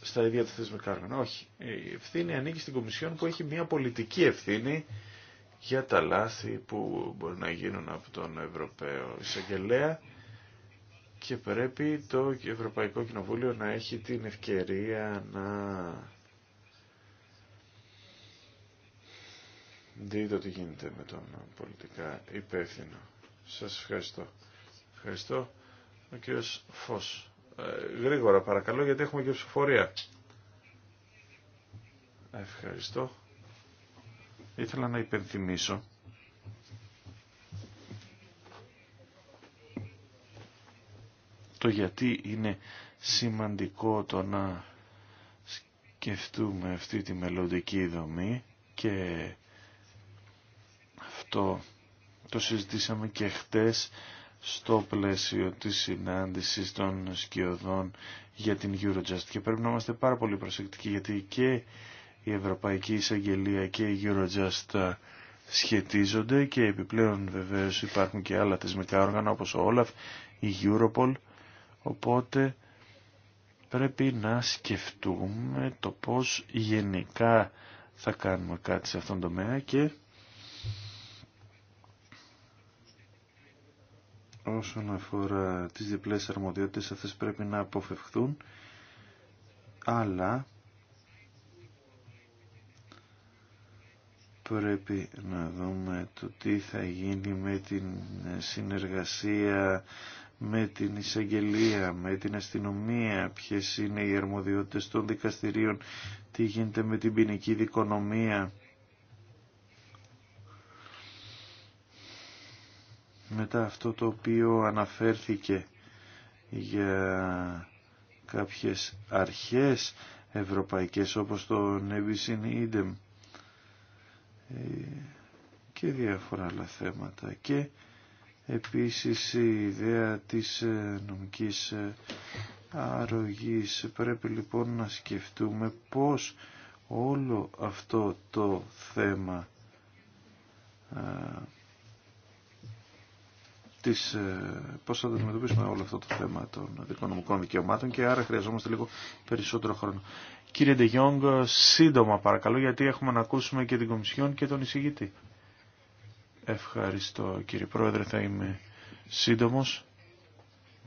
στα ίδια τα θεσμικά όργανα. Όχι. Η ευθύνη ανήκει στην Κομισιόν που έχει μια πολιτική ευθύνη για τα λάθη που μπορεί να γίνουν από τον Ευρωπαίο Εισαγγελέα και πρέπει το Ευρωπαϊκό Κοινοβούλιο να έχει την ευκαιρία να δείτε το τι γίνεται με τον πολιτικά υπεύθυνο. Σας ευχαριστώ. Ευχαριστώ. Ο κύριος Φως. Ε, γρήγορα παρακαλώ γιατί έχουμε και ψηφοφορία. Ευχαριστώ. Ήθελα να υπενθυμίσω το γιατί είναι σημαντικό το να σκεφτούμε αυτή τη μελλοντική δομή και αυτό το συζητήσαμε και χτες στο πλαίσιο της συνάντησης των σκιωδών για την Eurojust και πρέπει να είμαστε πάρα πολύ προσεκτικοί γιατί και η Ευρωπαϊκή Εισαγγελία και η Eurojust σχετίζονται και επιπλέον βεβαίως υπάρχουν και άλλα θεσμικά όργανα όπως ο Όλαφ, η Europol οπότε πρέπει να σκεφτούμε το πώς γενικά θα κάνουμε κάτι σε αυτόν τον τομέα και όσον αφορά τις διπλές αρμοδιότητες αυτές πρέπει να αποφευχθούν αλλά πρέπει να δούμε το τι θα γίνει με την συνεργασία με την εισαγγελία, με την αστυνομία, ποιες είναι οι αρμοδιότητες των δικαστηρίων, τι γίνεται με την ποινική δικονομία Μετά αυτό το οποίο αναφέρθηκε για κάποιες αρχές ευρωπαϊκές όπως το in Idem ε, και διάφορα άλλα θέματα και επίσης η ιδέα της ε, νομικής ε, αρρωγής πρέπει λοιπόν να σκεφτούμε πως όλο αυτό το θέμα Πώ ε, πώς θα αντιμετωπίσουμε όλο αυτό το θέμα των δικονομικών δικαιωμάτων και άρα χρειαζόμαστε λίγο περισσότερο χρόνο. Κύριε Ντεγιόγκ, σύντομα παρακαλώ, γιατί έχουμε να ακούσουμε και την Κομισιόν και τον εισηγητή. Ευχαριστώ κύριε Πρόεδρε, θα είμαι σύντομος.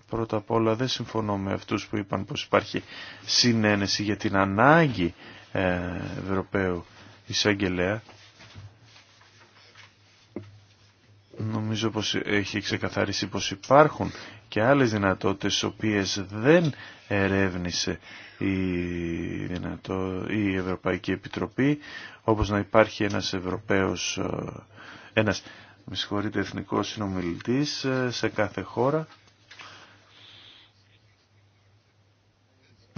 Πρώτα απ' όλα δεν συμφωνώ με αυτούς που είπαν πως υπάρχει συνένεση για την ανάγκη ε, Ευρωπαίου εισαγγελέα Νομίζω πως έχει ξεκαθαρίσει πως υπάρχουν και άλλες δυνατότητες τις οποίες δεν ερεύνησε η, δυνατό, η Ευρωπαϊκή Επιτροπή όπως να υπάρχει ένας Ευρωπαίος, ε, ένας με συγχωρείτε εθνικός συνομιλητής ε, σε κάθε χώρα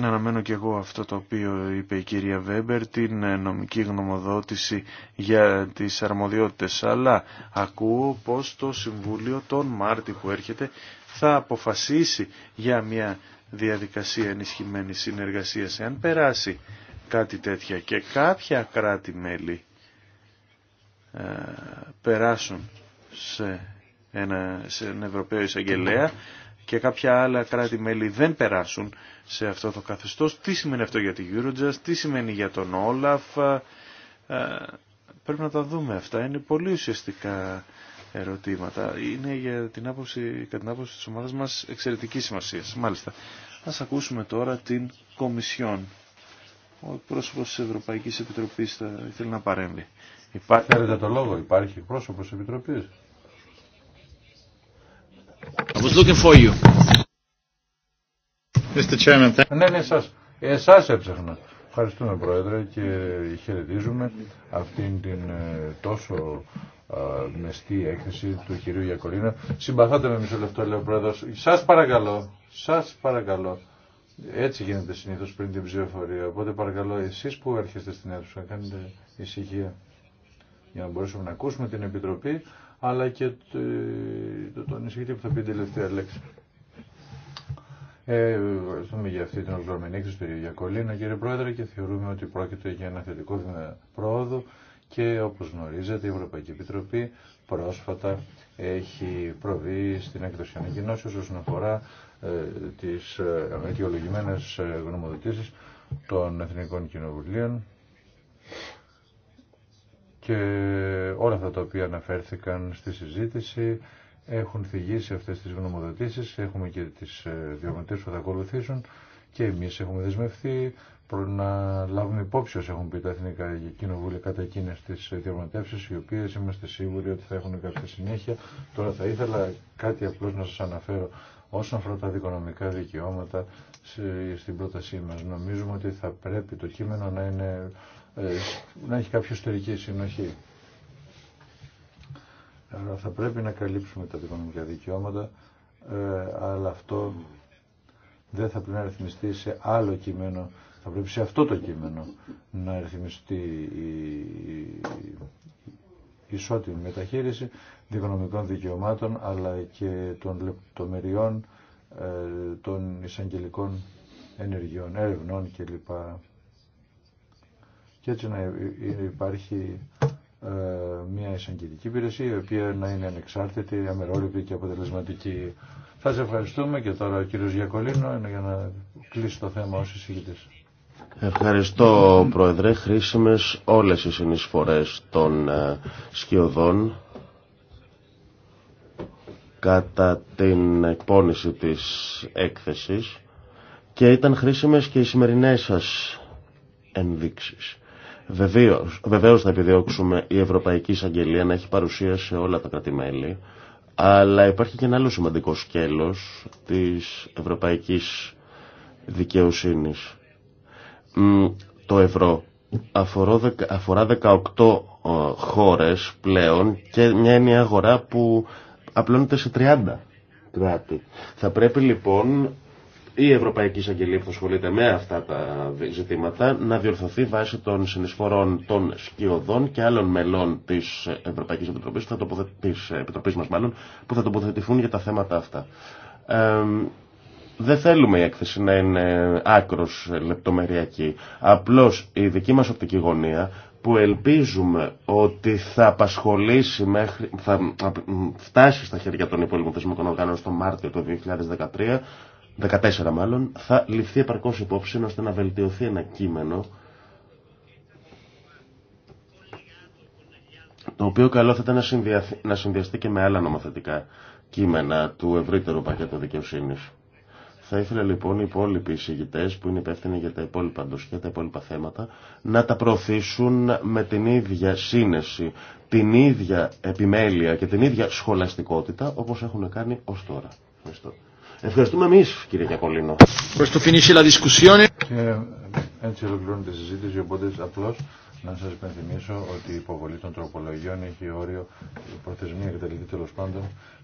αναμένω και εγώ αυτό το οποίο είπε η κυρία Βέμπερ, την ε, νομική γνωμοδότηση για τις αρμοδιότητες, αλλά ακούω πως το Συμβούλιο τον Μάρτι που έρχεται θα αποφασίσει για μια διαδικασία ενισχυμένης συνεργασίας, εάν περάσει κάτι τέτοια και κάποια κράτη-μέλη ε, περάσουν σε, ένα, Ευρωπαίο εισαγγελέα, και κάποια άλλα κράτη-μέλη δεν περάσουν σε αυτό το καθεστώς. Τι σημαίνει αυτό για τη Eurojust, τι σημαίνει για τον Όλαφ. Ε, πρέπει να τα δούμε αυτά. Είναι πολύ ουσιαστικά ερωτήματα. Είναι για την άποψη, κατά την άποψη της ομάδας μας εξαιρετική σημασία. Μάλιστα. Ας ακούσουμε τώρα την Κομισιόν. Ο πρόσωπος της Ευρωπαϊκής Επιτροπής θα ήθελε να παρέμβει. Θέλετε το λόγο, υπάρχει πρόσωπος της Επιτροπής. I was looking for you. Mr. Chairman, thank... Ναι, ναι, εσάς. Εσάς Ευχαριστούμε Πρόεδρε και χαιρετίζουμε αυτήν την ε, τόσο μεστή έκθεση του κυρίου Γιακολίνα. Συμπαθάτε με μισό λεπτό, λέει ο Πρόεδρος. Σας παρακαλώ, σας παρακαλώ. Έτσι γίνεται συνήθω πριν την ψηφοφορία. Οπότε παρακαλώ εσεί που έρχεστε στην αίθουσα κάνετε ησυχία για να μπορέσουμε να ακούσουμε την Επιτροπή αλλά και το, τον εισηγητή που θα πει τελευταία λέξη. Ε, ευχαριστούμε για αυτή την ολοκληρωμένη έκθεση του Ιακολίνα, κύριε Πρόεδρε, και θεωρούμε ότι πρόκειται για ένα θετικό βήμα πρόοδο και όπως γνωρίζετε η Ευρωπαϊκή Επιτροπή πρόσφατα έχει προβεί στην έκδοση ανακοινώσεως όσον αφορά ε, τις ε, αιτιολογημένες ε, γνωμοδοτήσεις των Εθνικών Κοινοβουλίων και όλα αυτά τα οποία αναφέρθηκαν στη συζήτηση έχουν θυγεί αυτές τις γνωμοδοτήσεις, έχουμε και τις ε, διοργανωτές που θα ακολουθήσουν και εμείς έχουμε δεσμευτεί να λάβουμε υπόψη όσο έχουν πει τα Εθνικά Κοινοβούλια κατά εκείνες τι ε, διαπραγματεύσει, οι οποίε είμαστε σίγουροι ότι θα έχουν κάποια συνέχεια. Τώρα θα ήθελα κάτι απλώ να σα αναφέρω όσον αφορά τα δικονομικά δικαιώματα στην πρότασή μα. Νομίζουμε ότι θα πρέπει το κείμενο να είναι ε, να έχει κάποια ιστορική συνοχή. Άρα θα πρέπει να καλύψουμε τα δικονομικά δικαιώματα, ε, αλλά αυτό δεν θα πρέπει να ρυθμιστεί σε άλλο κείμενο. Θα πρέπει σε αυτό το κείμενο να ρυθμιστεί η ισότιμη μεταχείριση δικονομικών δικαιωμάτων, αλλά και των λεπτομεριών ε, των εισαγγελικών ενεργειών, έρευνών κλπ και έτσι να υπάρχει ε, μια εισαγγελική υπηρεσία η οποία να είναι ανεξάρτητη, αμερόληπτη και αποτελεσματική. Θα σε ευχαριστούμε και τώρα ο κύριος Γιακολίνο για να κλείσει το θέμα ως εισηγητής. Ευχαριστώ Πρόεδρε. Χρήσιμες όλες οι συνεισφορές των ε, σκιωδών κατά την εκπόνηση της έκθεσης και ήταν χρήσιμες και οι σημερινές σας ενδείξεις. Βεβαίω θα επιδιώξουμε η Ευρωπαϊκή Εισαγγελία να έχει παρουσία σε όλα τα κρατημέλη, αλλά υπάρχει και ένα άλλο σημαντικό σκέλος της ευρωπαϊκής δικαιοσύνης. Το ευρώ αφορά 18 ε, χώρες πλέον και μια είναι αγορά που απλώνεται σε 30 κράτη. Θα πρέπει λοιπόν η Ευρωπαϊκή Εισαγγελία που ασχολείται με αυτά τα ζητήματα να διορθωθεί βάσει των συνεισφορών των σκιωδών και άλλων μελών της Ευρωπαϊκής Επιτροπής, θα μα μάλλον, που θα τοποθετηθούν για τα θέματα αυτά. Ε, δεν θέλουμε η έκθεση να είναι άκρο λεπτομεριακή. απλώ η δική μα οπτική γωνία που ελπίζουμε ότι θα απασχολήσει μέχρι, θα φτάσει στα χέρια των υπόλοιπων θεσμικών οργάνων στο Μάρτιο του 2013 14 μάλλον, θα ληφθεί επαρκώς υπόψη ώστε να βελτιωθεί ένα κείμενο το οποίο καλό θα ήταν να συνδυαστεί και με άλλα νομοθετικά κείμενα του ευρύτερου πακέτου δικαιοσύνης. Θα ήθελα λοιπόν οι υπόλοιποι εισηγητέ που είναι υπεύθυνοι για τα υπόλοιπα ντοσιά, τα υπόλοιπα θέματα, να τα προωθήσουν με την ίδια σύνεση, την ίδια επιμέλεια και την ίδια σχολαστικότητα όπως έχουν κάνει ως τώρα. Ευχαριστώ. Ευχαριστούμε εμεί, κύριε Γιακολίνο. Ε, έτσι ολοκληρώνεται η συζήτηση, οπότε απλώ να σα υπενθυμίσω ότι η υποβολή των τροπολογιών έχει όριο προθεσμία και τελική τέλο πάντων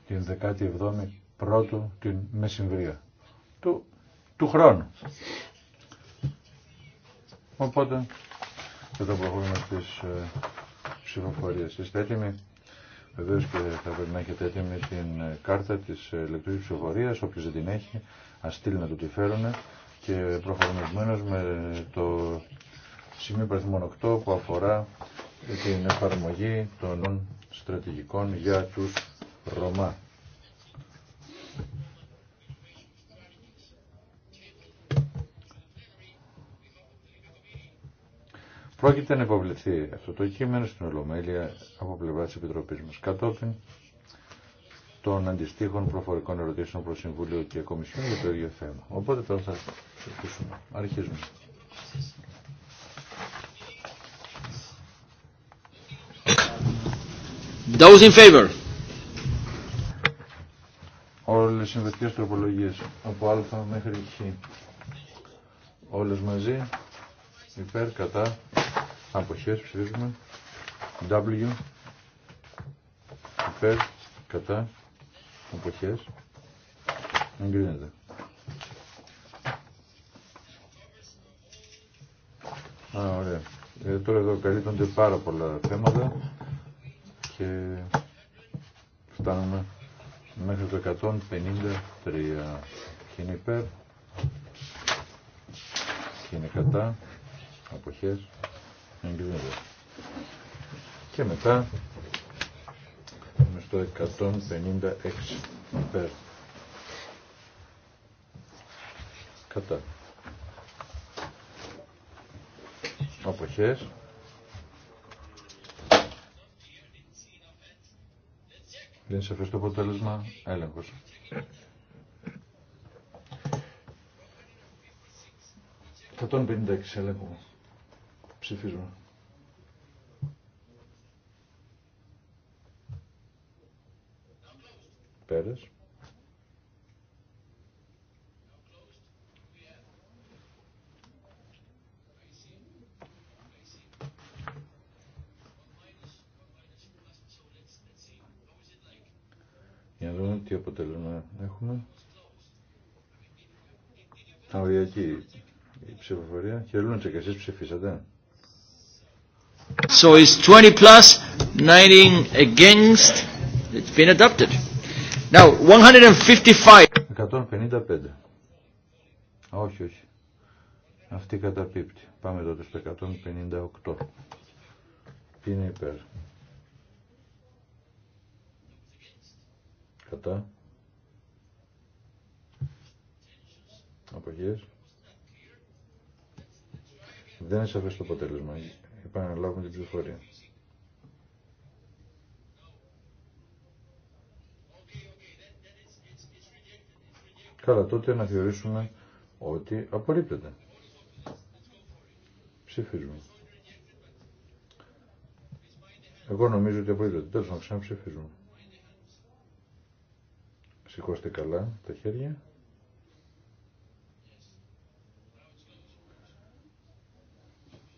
την 17η πρώτου την μεσημβρία του, του χρόνου. Οπότε, εδώ προχωρούμε στι ε, ψηφοφορίε Είστε έτοιμοι. Βεβαίω και θα πρέπει να έχετε έτοιμη την ε, κάρτα τη ηλεκτρικής ε, ψηφοφορία. Όποιο δεν την έχει, α στείλει να του τη φέρουν. Και προχωρημένο με το σημείο παριθμών 8 που αφορά την εφαρμογή των στρατηγικών για του Ρωμά. Πρόκειται να υποβληθεί αυτό το κείμενο στην Ολομέλεια από πλευρά τη Επιτροπή μα κατόπιν των αντιστοίχων προφορικών ερωτήσεων προ Συμβούλιο και Κομισιόν για το ίδιο θέμα. Οπότε τώρα θα αρχίσουμε. Αρχίζουμε. Those in favor. Όλες οι τροπολογίε από α μέχρι χ. όλε μαζί υπέρ, κατά, αποχές ψηφίζουμε. W, υπέρ, κατά, αποχές, εγκρίνεται. Α, ωραία. Ε, τώρα εδώ καλύπτονται πάρα πολλά θέματα και φτάνουμε μέχρι το 153 και είναι υπέρ είναι κατά αποχές Και μετά είμαστε στο 156 υπέρ. Κατά. Αποχές. Δεν σε το αποτέλεσμα έλεγχος. 156 έλεγχο. Ψηφίζουμε. Πέρας. Για να δούμε τι αποτέλεσμα έχουμε. Αγωγιακή η ψηφοφορία. Χαιρετούμε και εσείς ψηφίσατε. So it's 20 plus, 19 against. It's been adopted. Now, 155. 155. Όχι, όχι. Αυτή καταπίπτει. Πάμε τότε στο 158. Τι είναι υπέρ. Κατά. Απογείες. Δεν είναι σαφές το αποτέλεσμα επαναλάβουμε την ψηφοφορία. Καλά, τότε να θεωρήσουμε ότι απορρίπτεται. Ψηφίζουμε. Εγώ νομίζω ότι απορρίπτεται. Τέλος να ξαναψηφίζουμε. Σηκώστε καλά τα χέρια.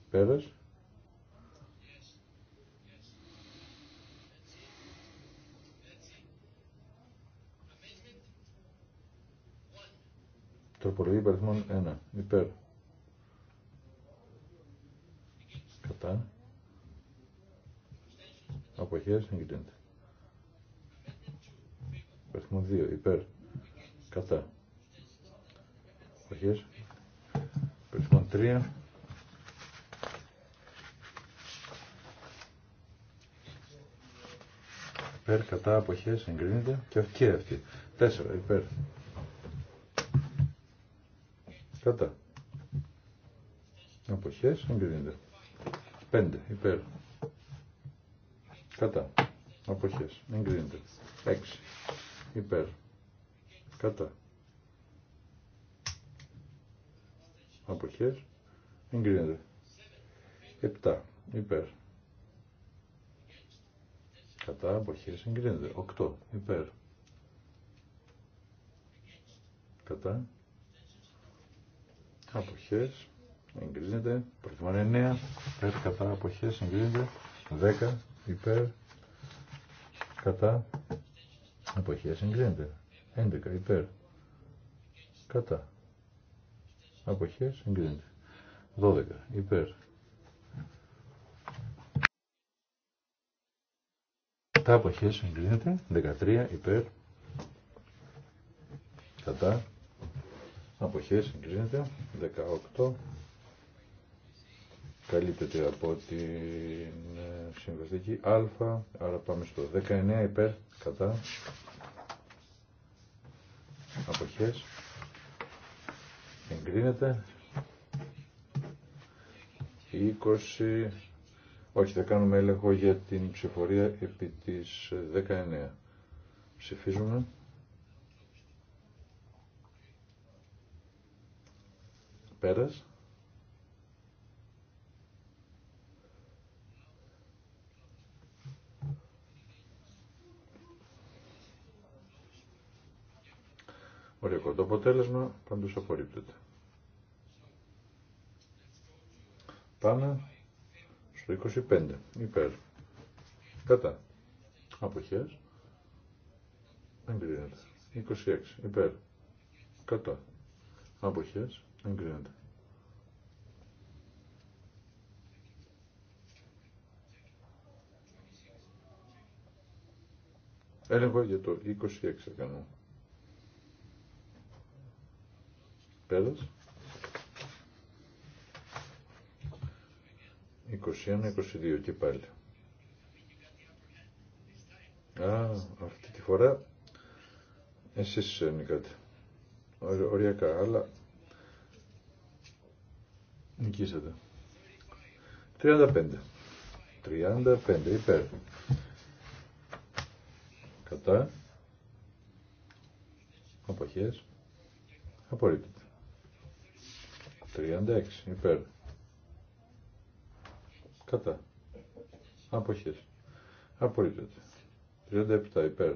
Πέρας. Τροπολογία υπαριθμών 1. Υπέρ. Κατά. Αποχές εγκρίνεται. Υπαριθμό 2. Υπέρ. Κατά. Αποχές. Υπαριθμό 3. Υπέρ, κατά, αποχές, εγκρίνεται και αυτή. Τέσσερα, υπέρ. Κατά. Αποχές εγκρίνεται. 5 υπέρ. Κατά. Αποχές εγκρίνεται. 6 υπέρ. Κατά. Αποχές εγκρίνεται. 7 υπέρ. Κατά. Αποχές εγκρίνεται. 8 υπέρ. Κατά αποχές εγκρίνεται προθυμόν 9 υπέρ κατά αποχές εγκρίνεται 10 υπέρ κατά αποχές εγκρίνεται 11 υπέρ κατά αποχές εγκρίνεται 12 υπέρ κατά αποχές εγκρίνεται 13 υπέρ κατά αποχές εγκρίνεται 18 καλύπτεται από την ε, συμβαστική α, άρα πάμε στο 19 υπέρ, κατά, αποχές, εγκρίνεται, 20, όχι θα κάνουμε έλεγχο για την ψηφορία επί της 19. Ψηφίζουμε. Πέρας. Οριακό το αποτέλεσμα πάντως απορρίπτεται. Πάμε στο 25. Υπέρ. Κατά. Αποχές. Εγκρίνεται. 26. Υπέρ. Κατά. Αποχές. Εγκρίνεται. Έλεγχο για το 26 κάνω. Πέρας. 21-22 και πάλι. Α, αυτή τη φορά εσείς νικάτε. ωριακά, αλλά Νικήσατε. 35. 35 υπέρ. Κατά. Αποχές. Απορρίπτεται. 36 υπέρ. Κατά. Αποχές. Απορρίπτεται. 37 υπέρ.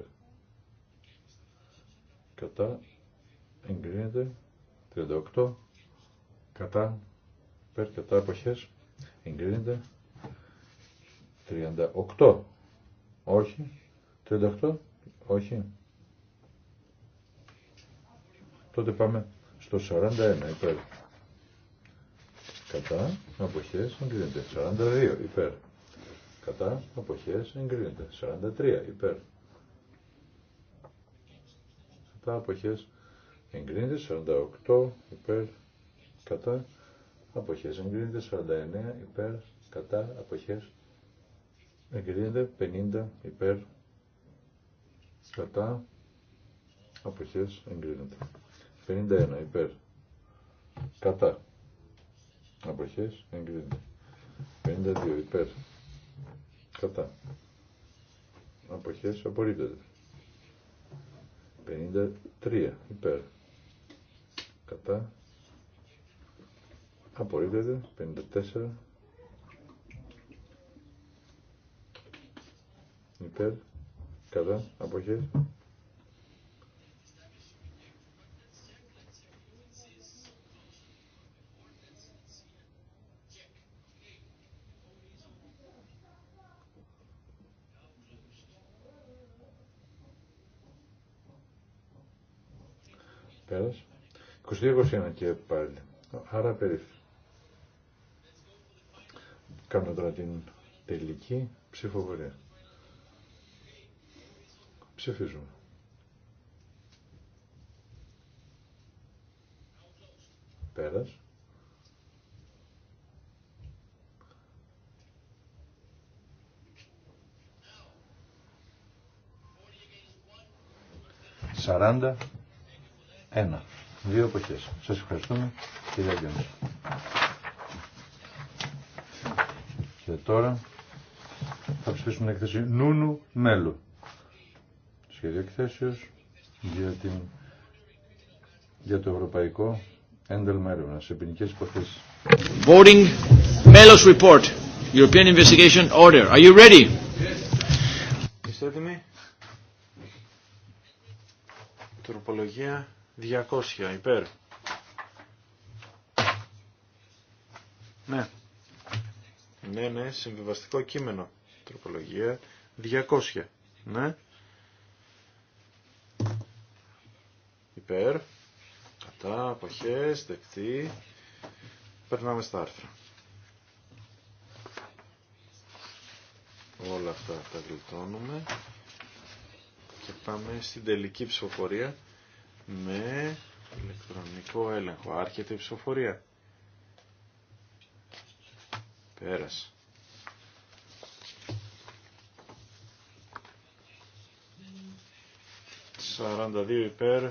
Κατά. Εγκρίνεται. 38. Κατά υπέρ κατά αποχές εγκρίνεται 38 όχι 38 όχι τότε πάμε στο 41 υπέρ κατά αποχές εγκρίνεται 42 υπέρ κατά αποχές εγκρίνεται 43 υπέρ κατά αποχές εγκρίνεται 48 υπέρ κατά αποχές εγκρίνεται 49 υπέρ κατά αποχές εγκρίνεται 50 υπέρ κατά αποχές εγκρίνεται 51 υπέρ κατά αποχές εγκρίνεται 52 υπέρ κατά αποχές απορρίπτεται 53 υπέρ κατά Απορρίπτεται. 54. Υπέρ. Κατά. Αποχές. Πέρας. 22-21 και πάλι. Άρα περίφθη. Κάνουμε τώρα την τελική ψηφοφορία. Ψηφίζουμε. Πέρας. Σαράντα. Ένα. Δύο εποχές. Σας ευχαριστούμε. Κύριε Γιάννη. Και τώρα θα ψηφίσουμε την εκθέση Νούνου Μέλου. Σχέδιο εκθέσεω για, την, για το ευρωπαϊκό ένταλμα έρευνα σε ποινικές υποθέσει. Voting Melos Report, European Investigation Order. Are you ready? Είστε έτοιμοι? Τροπολογία 200, υπέρ. Ναι. Ναι, ναι, συμβιβαστικό κείμενο. Τροπολογία 200. Ναι. Υπέρ. Κατά, αποχές, δεκτή. Περνάμε στα άρθρα. Όλα αυτά τα γλιτώνουμε. Και πάμε στην τελική ψηφοφορία με ηλεκτρονικό έλεγχο. Άρχεται η ψηφοφορία. Πέρασε. Σαράντα δύο υπέρ.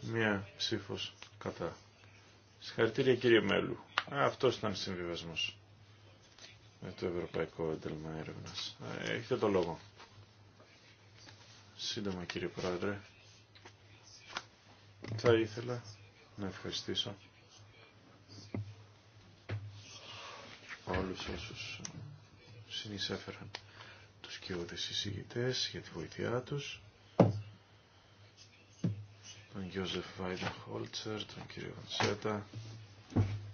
Μία ψήφος κατά. Συγχαρητήρια κύριε Μέλου. Α, αυτός ήταν συμβιβασμός με το Ευρωπαϊκό Έντελμα Έρευνα. Έχετε το λόγο. Σύντομα κύριε Πρόεδρε. Θα ήθελα να ευχαριστήσω όλους όσους συνεισέφεραν τους οι εισηγητές για τη βοήθειά τους τον Γιώζεφ Βάιντα Χόλτσερ, τον κύριο Βανσέτα,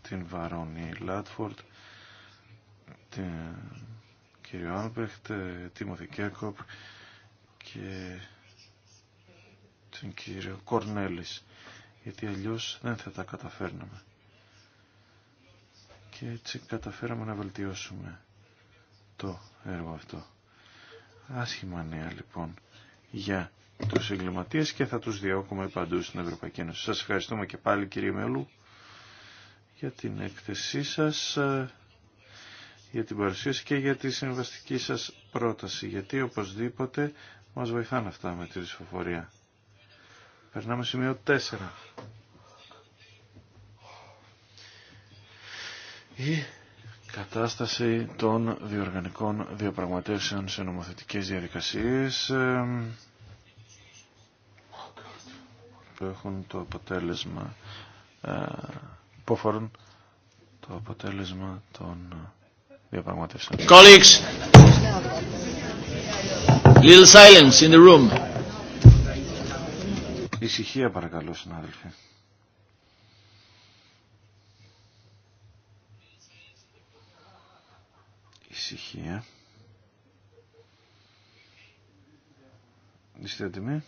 την Βαρόνι Λάτφορντ, την κύριο Άλμπρεχτ, Τίμωθη και τον κύριο Κορνέλης, γιατί αλλιώς δεν θα τα καταφέρναμε και έτσι καταφέραμε να βελτιώσουμε το έργο αυτό. Άσχημα νέα λοιπόν για τους εγκληματίες και θα τους διώκουμε παντού στην Ευρωπαϊκή Ένωση. Σας ευχαριστούμε και πάλι κύριε Μελού για την έκθεσή σας, για την παρουσίαση και για τη συμβαστική σας πρόταση, γιατί οπωσδήποτε μας βοηθάνε αυτά με τη ρησφοφορία. Περνάμε σημείο 4. η κατάσταση των διοργανικών διαπραγματεύσεων σε νομοθετικές διαδικασίες που έχουν το αποτέλεσμα ε, που το αποτέλεσμα των διαπραγματεύσεων. Colleagues, little silence in the room. Ησυχία παρακαλώ συνάδελφοι. ησυχία. Είστε έτοιμοι.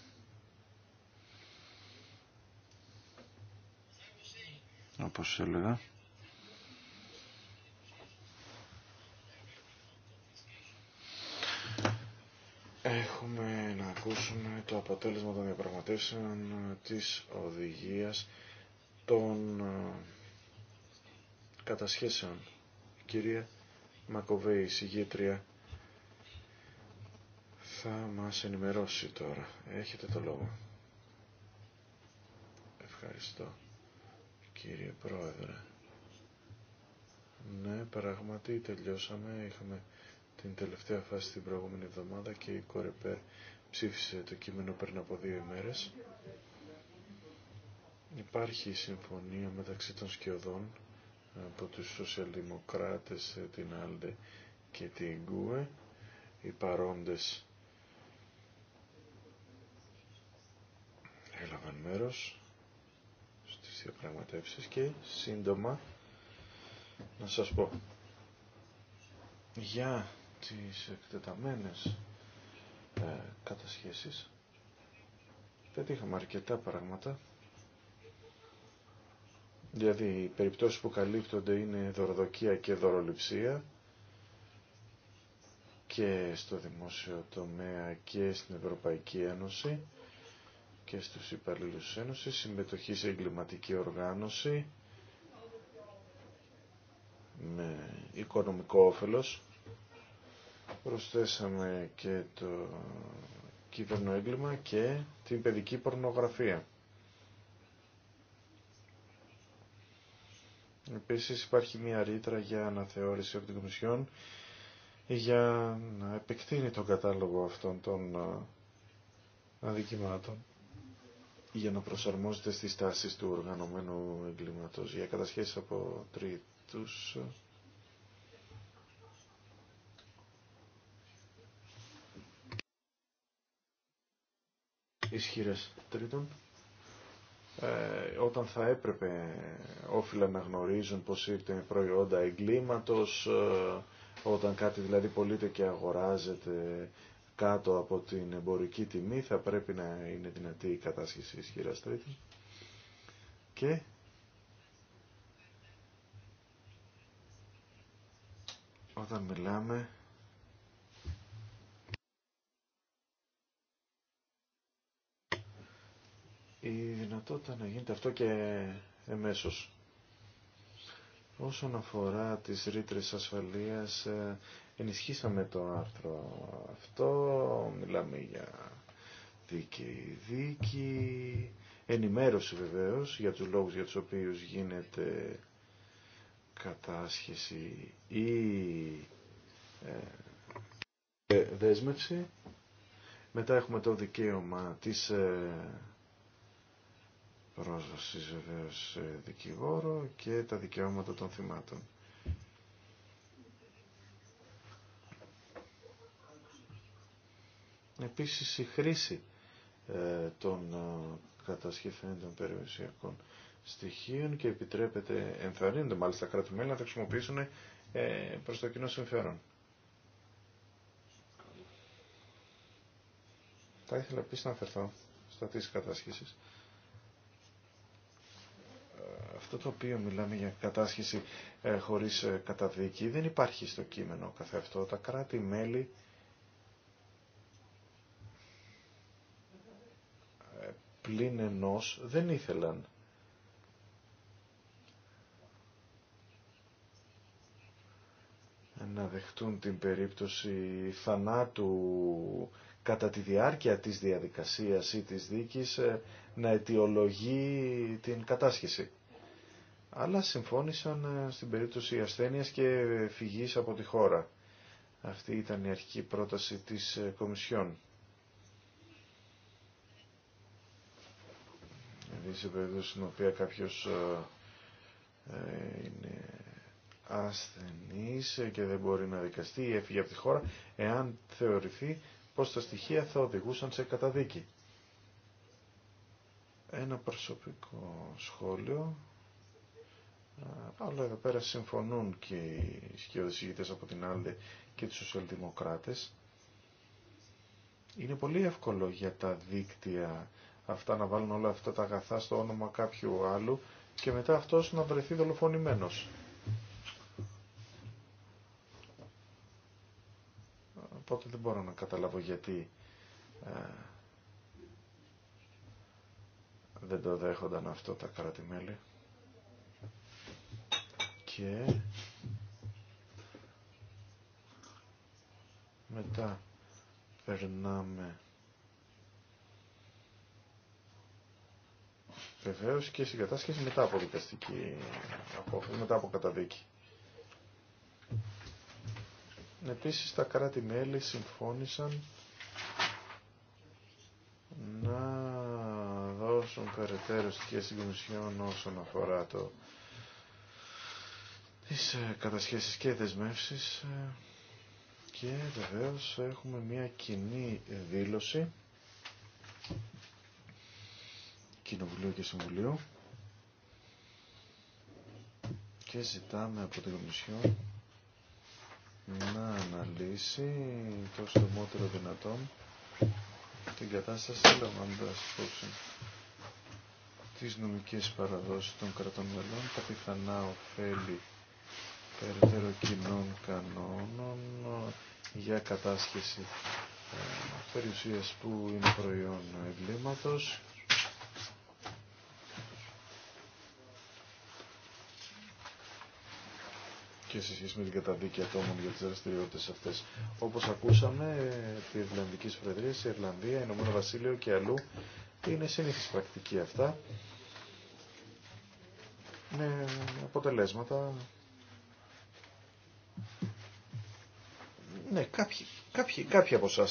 Όπως έλεγα. Έχουμε να ακούσουμε το αποτέλεσμα των διαπραγματεύσεων της οδηγίας των ε, κατασχέσεων. Κυρία Μακοβέη, συγγήτρια, θα μας ενημερώσει τώρα. Έχετε το λόγο. Ευχαριστώ, κύριε Πρόεδρε. Ναι, πραγματί τελειώσαμε. Είχαμε την τελευταία φάση την προηγούμενη εβδομάδα και η Κορεπέρ ψήφισε το κείμενο πριν από δύο ημέρες. Υπάρχει συμφωνία μεταξύ των σκιωδών από τους σοσιαλδημοκράτες, ε, την Άλντε και την Γκούε, οι παρόντες έλαβαν μέρος στις διαπραγματεύσεις και σύντομα να σας πω για τις εκτεταμένες ε, κατασχέσεις είχαμε αρκετά πράγματα Δηλαδή οι περιπτώσεις που καλύπτονται είναι δωροδοκία και δωροληψία και στο δημόσιο τομέα και στην Ευρωπαϊκή Ένωση και στους υπαλλήλους της Ένωσης, συμμετοχή σε εγκληματική οργάνωση με οικονομικό όφελος. Προσθέσαμε και το έγκλημα και την παιδική πορνογραφία. Επίσης υπάρχει μια ρήτρα για αναθεώρηση από την Κομισιόν για να επεκτείνει τον κατάλογο αυτών των ε, αδικημάτων για να προσαρμόζεται στις τάσεις του οργανωμένου εγκλήματος για κατασχέσεις από τρίτους ε, ισχυρές τρίτων ε, όταν θα έπρεπε όφυλα να γνωρίζουν πως ήρθε προϊόντα εγκλήματος, ε, όταν κάτι δηλαδή πωλείται και αγοράζεται κάτω από την εμπορική τιμή θα πρέπει να είναι δυνατή η κατάσχεση ισχυρά τρίτη. Και όταν μιλάμε η δυνατότητα να γίνεται αυτό και εμέσως. Όσον αφορά τις ρήτρες ασφαλείας, ε, ενισχύσαμε το άρθρο αυτό, μιλάμε για δίκη, δίκη, ενημέρωση βεβαίως για τους λόγους για τους οποίους γίνεται κατάσχεση ή ε, ε, δέσμευση. Μετά έχουμε το δικαίωμα της πρόσβασης βεβαίω δικηγόρο και τα δικαιώματα των θυμάτων. Επίσης η χρήση ε, των ε, κατασχεθέντων περιουσιακών στοιχείων και επιτρέπεται, ενθαρρύνονται μάλιστα να τα χρησιμοποιήσουν ε, προς το κοινό συμφέρον. Θα ήθελα επίσης να αφαιρθώ στα της κατάσχεσης το οποίο μιλάμε για κατάσχεση ε, χωρίς ε, καταδίκη δεν υπάρχει στο κείμενο καθεαυτό. Τα κράτη-μέλη ε, πλην ενός δεν ήθελαν να δεχτούν την περίπτωση θανάτου κατά τη διάρκεια της διαδικασίας ή της δίκης ε, να αιτιολογεί την κατάσχεση αλλά συμφώνησαν ε, στην περίπτωση ασθένειας και φυγής από τη χώρα. Αυτή ήταν η αρχική πρόταση της ε, Κομισιόν. Δηλαδή σε περίπτωση στην οποία κάποιος ε, είναι ασθενής και δεν μπορεί να δικαστεί ή έφυγε από τη χώρα, εάν θεωρηθεί πως τα στοιχεία θα οδηγούσαν σε καταδίκη. Ένα προσωπικό σχόλιο αλλά εδώ πέρα συμφωνούν και οι σκιοδεσηγητές από την άλλη και τους σοσιαλδημοκράτες. Είναι πολύ εύκολο για τα δίκτυα αυτά να βάλουν όλα αυτά τα αγαθά στο όνομα κάποιου άλλου και μετά αυτός να βρεθεί δολοφονημένος. Οπότε δεν μπορώ να καταλάβω γιατί ε, δεν το δέχονταν αυτό τα κρατη και μετά περνάμε Βεβαίω και στην κατάσχεση μετά από δικαστική απόφαση, μετά από καταδίκη. Επίσης τα κράτη-μέλη συμφώνησαν να δώσουν περαιτέρω και συγκομισιών όσον αφορά το τις ε, κατασχέσεις και δεσμεύσεις ε, και βεβαίως έχουμε μια κοινή δήλωση Κοινοβουλίου και Συμβουλίου και ζητάμε από την Κομισιό να αναλύσει το στομότερο δυνατόν την κατάσταση λαμβάνοντας υπόψη τις νομικές παραδόσεις των κρατών μελών, τα πιθανά ωφέλη περαιτέρω κοινών κανόνων για κατάσχεση ε, περιουσίας που είναι προϊόν εγκλήματος. και σε σχέση με την καταδίκη ατόμων για τι δραστηριότητε αυτέ. Όπω ακούσαμε, τη Ιρλανδική Προεδρία, η Ιρλανδία, Ηνωμένο Βασίλειο και αλλού είναι συνήθι πρακτική αυτά. Με αποτελέσματα Ναι, κάποιοι, κάποιοι, κάποιοι από εσά.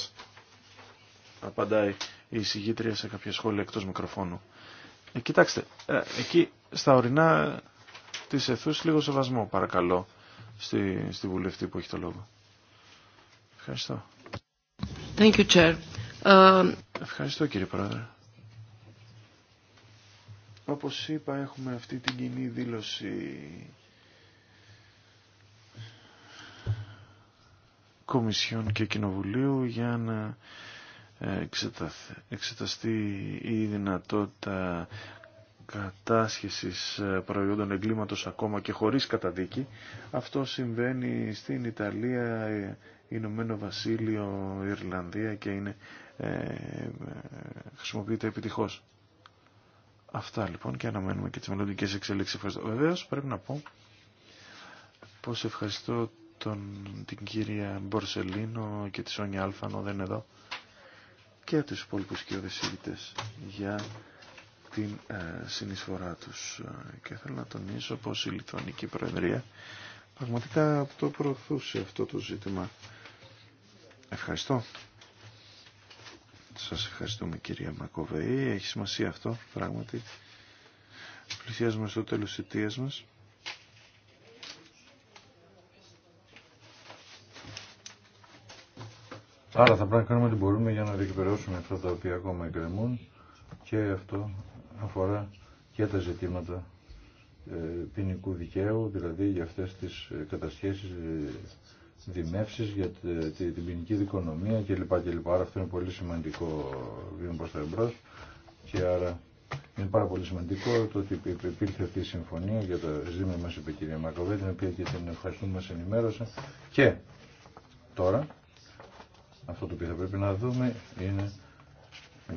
Απαντάει η εισηγήτρια σε κάποια σχόλια εκτό μικροφώνου. Ε, κοιτάξτε, ε, εκεί στα ορεινά της αιθούς λίγο σεβασμό παρακαλώ στη, στη βουλευτή που έχει το λόγο. Ευχαριστώ. Thank you, Chair. Um, Ευχαριστώ κύριε Πρόεδρε. Όπως είπα έχουμε αυτή την κοινή δήλωση Κομισιόν και Κοινοβουλίου για να ε, εξεταστεί η δυνατότητα κατάσχεσης ε, προϊόντων εγκλήματος ακόμα και χωρίς καταδίκη. Αυτό συμβαίνει στην Ιταλία, ε, Ηνωμένο Βασίλειο, Ιρλανδία και είναι, ε, χρησιμοποιείται επιτυχώς. Αυτά λοιπόν και αναμένουμε και τις μελλοντικές εξελίξεις. Βεβαίως πρέπει να πω πως ευχαριστώ τον, την κυρία Μπορσελίνο και τη Σόνια Αλφανό δεν εδώ και τους υπόλοιπους κοιοδεσίγητες για την ε, συνεισφορά τους ε, και θέλω να τονίσω πως η Λιθουανική Προεδρία πραγματικά το προωθούσε αυτό το ζήτημα ευχαριστώ σας ευχαριστούμε κυρία Μακοβεή έχει σημασία αυτό πράγματι πλησιάζουμε στο τέλος της μας Άρα θα πρέπει να κάνουμε ό,τι μπορούμε για να διεκπαιρεώσουμε αυτά τα οποία ακόμα εγκρεμούν και αυτό αφορά και τα ζητήματα ε, ποινικού δικαίου, δηλαδή για αυτές τις ε, κατασχέσεις ε, δημεύσεις, για την ποινική δικονομία κλπ. κλπ. Άρα αυτό είναι πολύ σημαντικό βήμα προς τα εμπρός και άρα είναι πάρα πολύ σημαντικό το ότι υπήρχε αυτή η συμφωνία για τα ζήτημα μας είπε η κυρία Μακοβέ, την οποία και την ευχαριστούμε μας ενημέρωσε και τώρα αυτό το οποίο θα πρέπει να δούμε είναι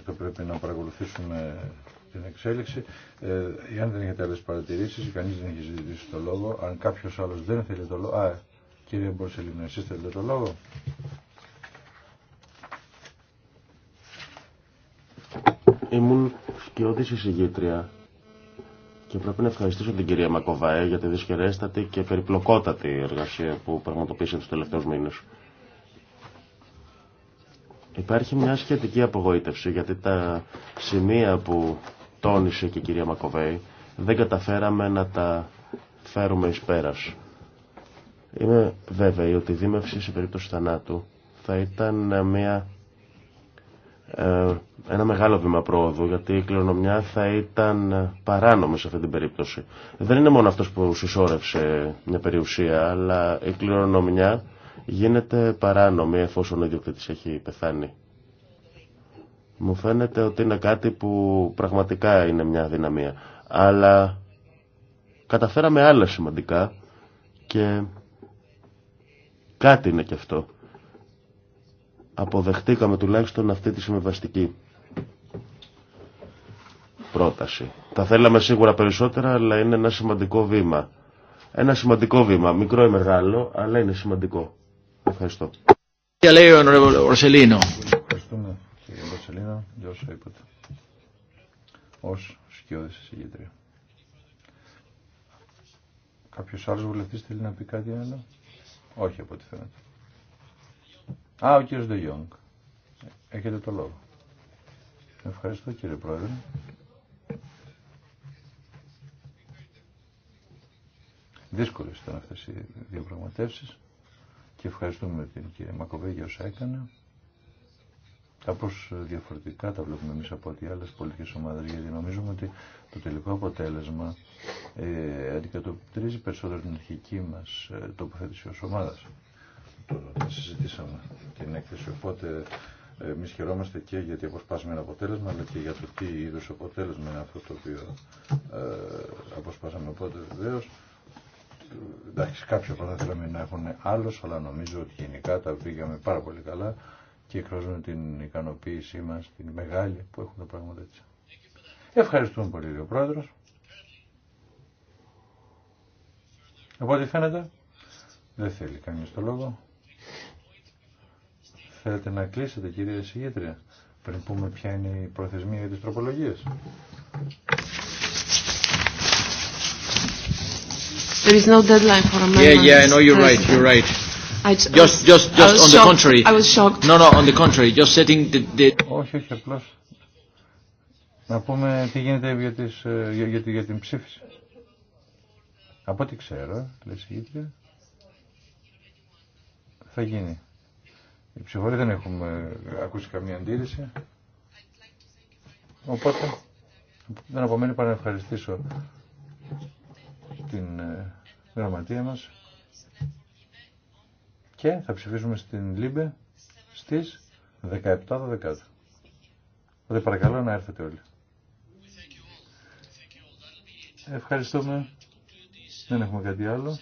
το πρέπει να παρακολουθήσουμε την εξέλιξη. Ε, αν δεν έχετε άλλε παρατηρήσει, κανεί δεν έχει ζητήσει το λόγο. Αν κάποιο άλλο δεν θέλει το λόγο. Α, κύριε Μπορσελίνο, εσεί θέλετε το λόγο. Ήμουν ό,τι εισηγήτρια και πρέπει να ευχαριστήσω την κυρία Μακοβαέ για τη δυσχερέστατη και περιπλοκότατη εργασία που πραγματοποίησε του τελευταίους μήνες. Υπάρχει μια σχετική απογοήτευση γιατί τα σημεία που τόνισε και η κυρία Μακοβέη δεν καταφέραμε να τα φέρουμε εις πέρας. Είμαι βέβαιη ότι η δίμευση σε περίπτωση θανάτου θα ήταν μια, ε, ένα μεγάλο βήμα πρόοδου γιατί η κληρονομιά θα ήταν παράνομη σε αυτή την περίπτωση. Δεν είναι μόνο αυτός που συσσόρευσε μια περιουσία αλλά η κληρονομιά γίνεται παράνομη εφόσον ο ιδιοκτήτης έχει πεθάνει. Μου φαίνεται ότι είναι κάτι που πραγματικά είναι μια δυναμία. Αλλά καταφέραμε άλλα σημαντικά και κάτι είναι και αυτό. Αποδεχτήκαμε τουλάχιστον αυτή τη συμβαστική πρόταση. Τα θέλαμε σίγουρα περισσότερα, αλλά είναι ένα σημαντικό βήμα. Ένα σημαντικό βήμα, μικρό ή μεγάλο, αλλά είναι σημαντικό. Ευχαριστώ. Ευχαριστούμε κύριε Ορσελίνο, για όσα είπατε. Ως σκιώδης εισηγήτρια. Κάποιο άλλο βουλευτή θέλει να πει κάτι άλλο. Όχι από ό,τι φαίνεται. Α, ο κύριο Ντεγιόνγκ. Έχετε το λόγο. Ευχαριστώ κύριε Πρόεδρε. Δύσκολες ήταν αυτέ οι διαπραγματεύσεις και ευχαριστούμε την κυρία Μακοβέ για όσα έκανε. Κάπω ε, διαφορετικά τα βλέπουμε εμεί από ό,τι άλλε πολιτικέ ομάδε γιατί νομίζουμε ότι το τελικό αποτέλεσμα ε, αντικατοπτρίζει περισσότερο την αρχική μα ε, τοποθέτηση ω ομάδα. Τώρα συζητήσαμε την έκθεση, οπότε ε, εμεί χαιρόμαστε και για το ένα αποτέλεσμα, αλλά και για το τι είδου αποτέλεσμα είναι αυτό το οποίο ε, αποσπάσαμε. Οπότε βεβαίω εντάξει, κάποια πράγματα θέλαμε να έχουν άλλο, αλλά νομίζω ότι γενικά τα πήγαμε πάρα πολύ καλά και εκφράζουμε την ικανοποίησή μα, την μεγάλη που έχουν τα πράγματα έτσι. Ευχαριστούμε πολύ, ο πρόεδρο. Από ό,τι φαίνεται, δεν θέλει κανεί το λόγο. Θέλετε να κλείσετε, κυρία Συγήτρια, πριν πούμε ποια είναι η προθεσμία για τι τροπολογίε. There is no deadline for amendments. Yeah, yeah, I know you're right. You're right. Just, just, just on the contrary. I was shocked. No, no, on the contrary. Just setting the. the... Όχι, Να πούμε τι γίνεται για, τις, ε, για, για, για την ψήφιση. Από ό,τι ξέρω, λες η ίδια, θα γίνει. Η ψηφορία δεν έχουμε ακούσει καμία αντίρρηση. Οπότε, δεν απομένει παρά να ευχαριστήσω την ε, γραμματεία μας και θα ψηφίσουμε στην Λίμπε στις 17 Θα Οπότε παρακαλώ να έρθετε όλοι. Ευχαριστούμε. Δεν έχουμε κάτι άλλο.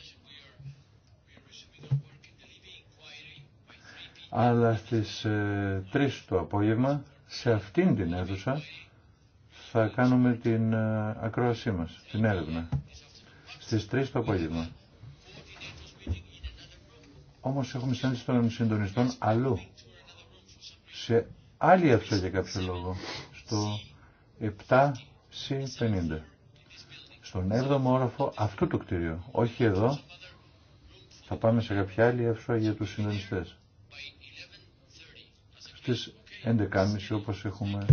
Αλλά στις 3 ε, το απόγευμα, σε αυτήν την αίθουσα, θα κάνουμε την ε, ακρόασή μας, την έρευνα στις 3 το απόγευμα. Όμως έχουμε συνάντηση των συντονιστών αλλού. Σε άλλη αυτό για κάποιο λόγο. Στο 7C50. Στον 7ο όροφο αυτού του κτίριου. Όχι εδώ. Θα πάμε σε κάποια άλλη αυσό για τους συντονιστές. Στις 11.30 όπως έχουμε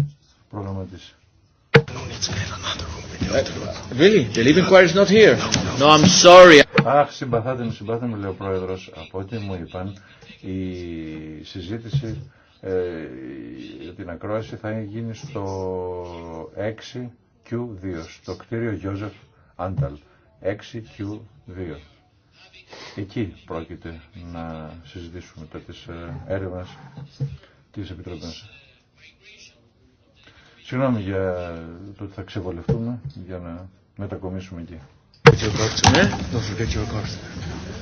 προγραμματίσει. Uh, really? The Αχ, συμπαθάτε μου, συμπαθάτε μου, λέει ο πρόεδρος. Από ό,τι μου είπαν, η συζήτηση για ε, την ακρόαση θα γίνει στο 6Q2, στο κτίριο Γιώζεφ Άνταλ. 6Q2. Εκεί πρόκειται να συζητήσουμε τα τη ε, έρευνας της Επιτροπής. Συγγνώμη για το ότι θα ξεβολευτούμε για να μετακομίσουμε εκεί. Ναι,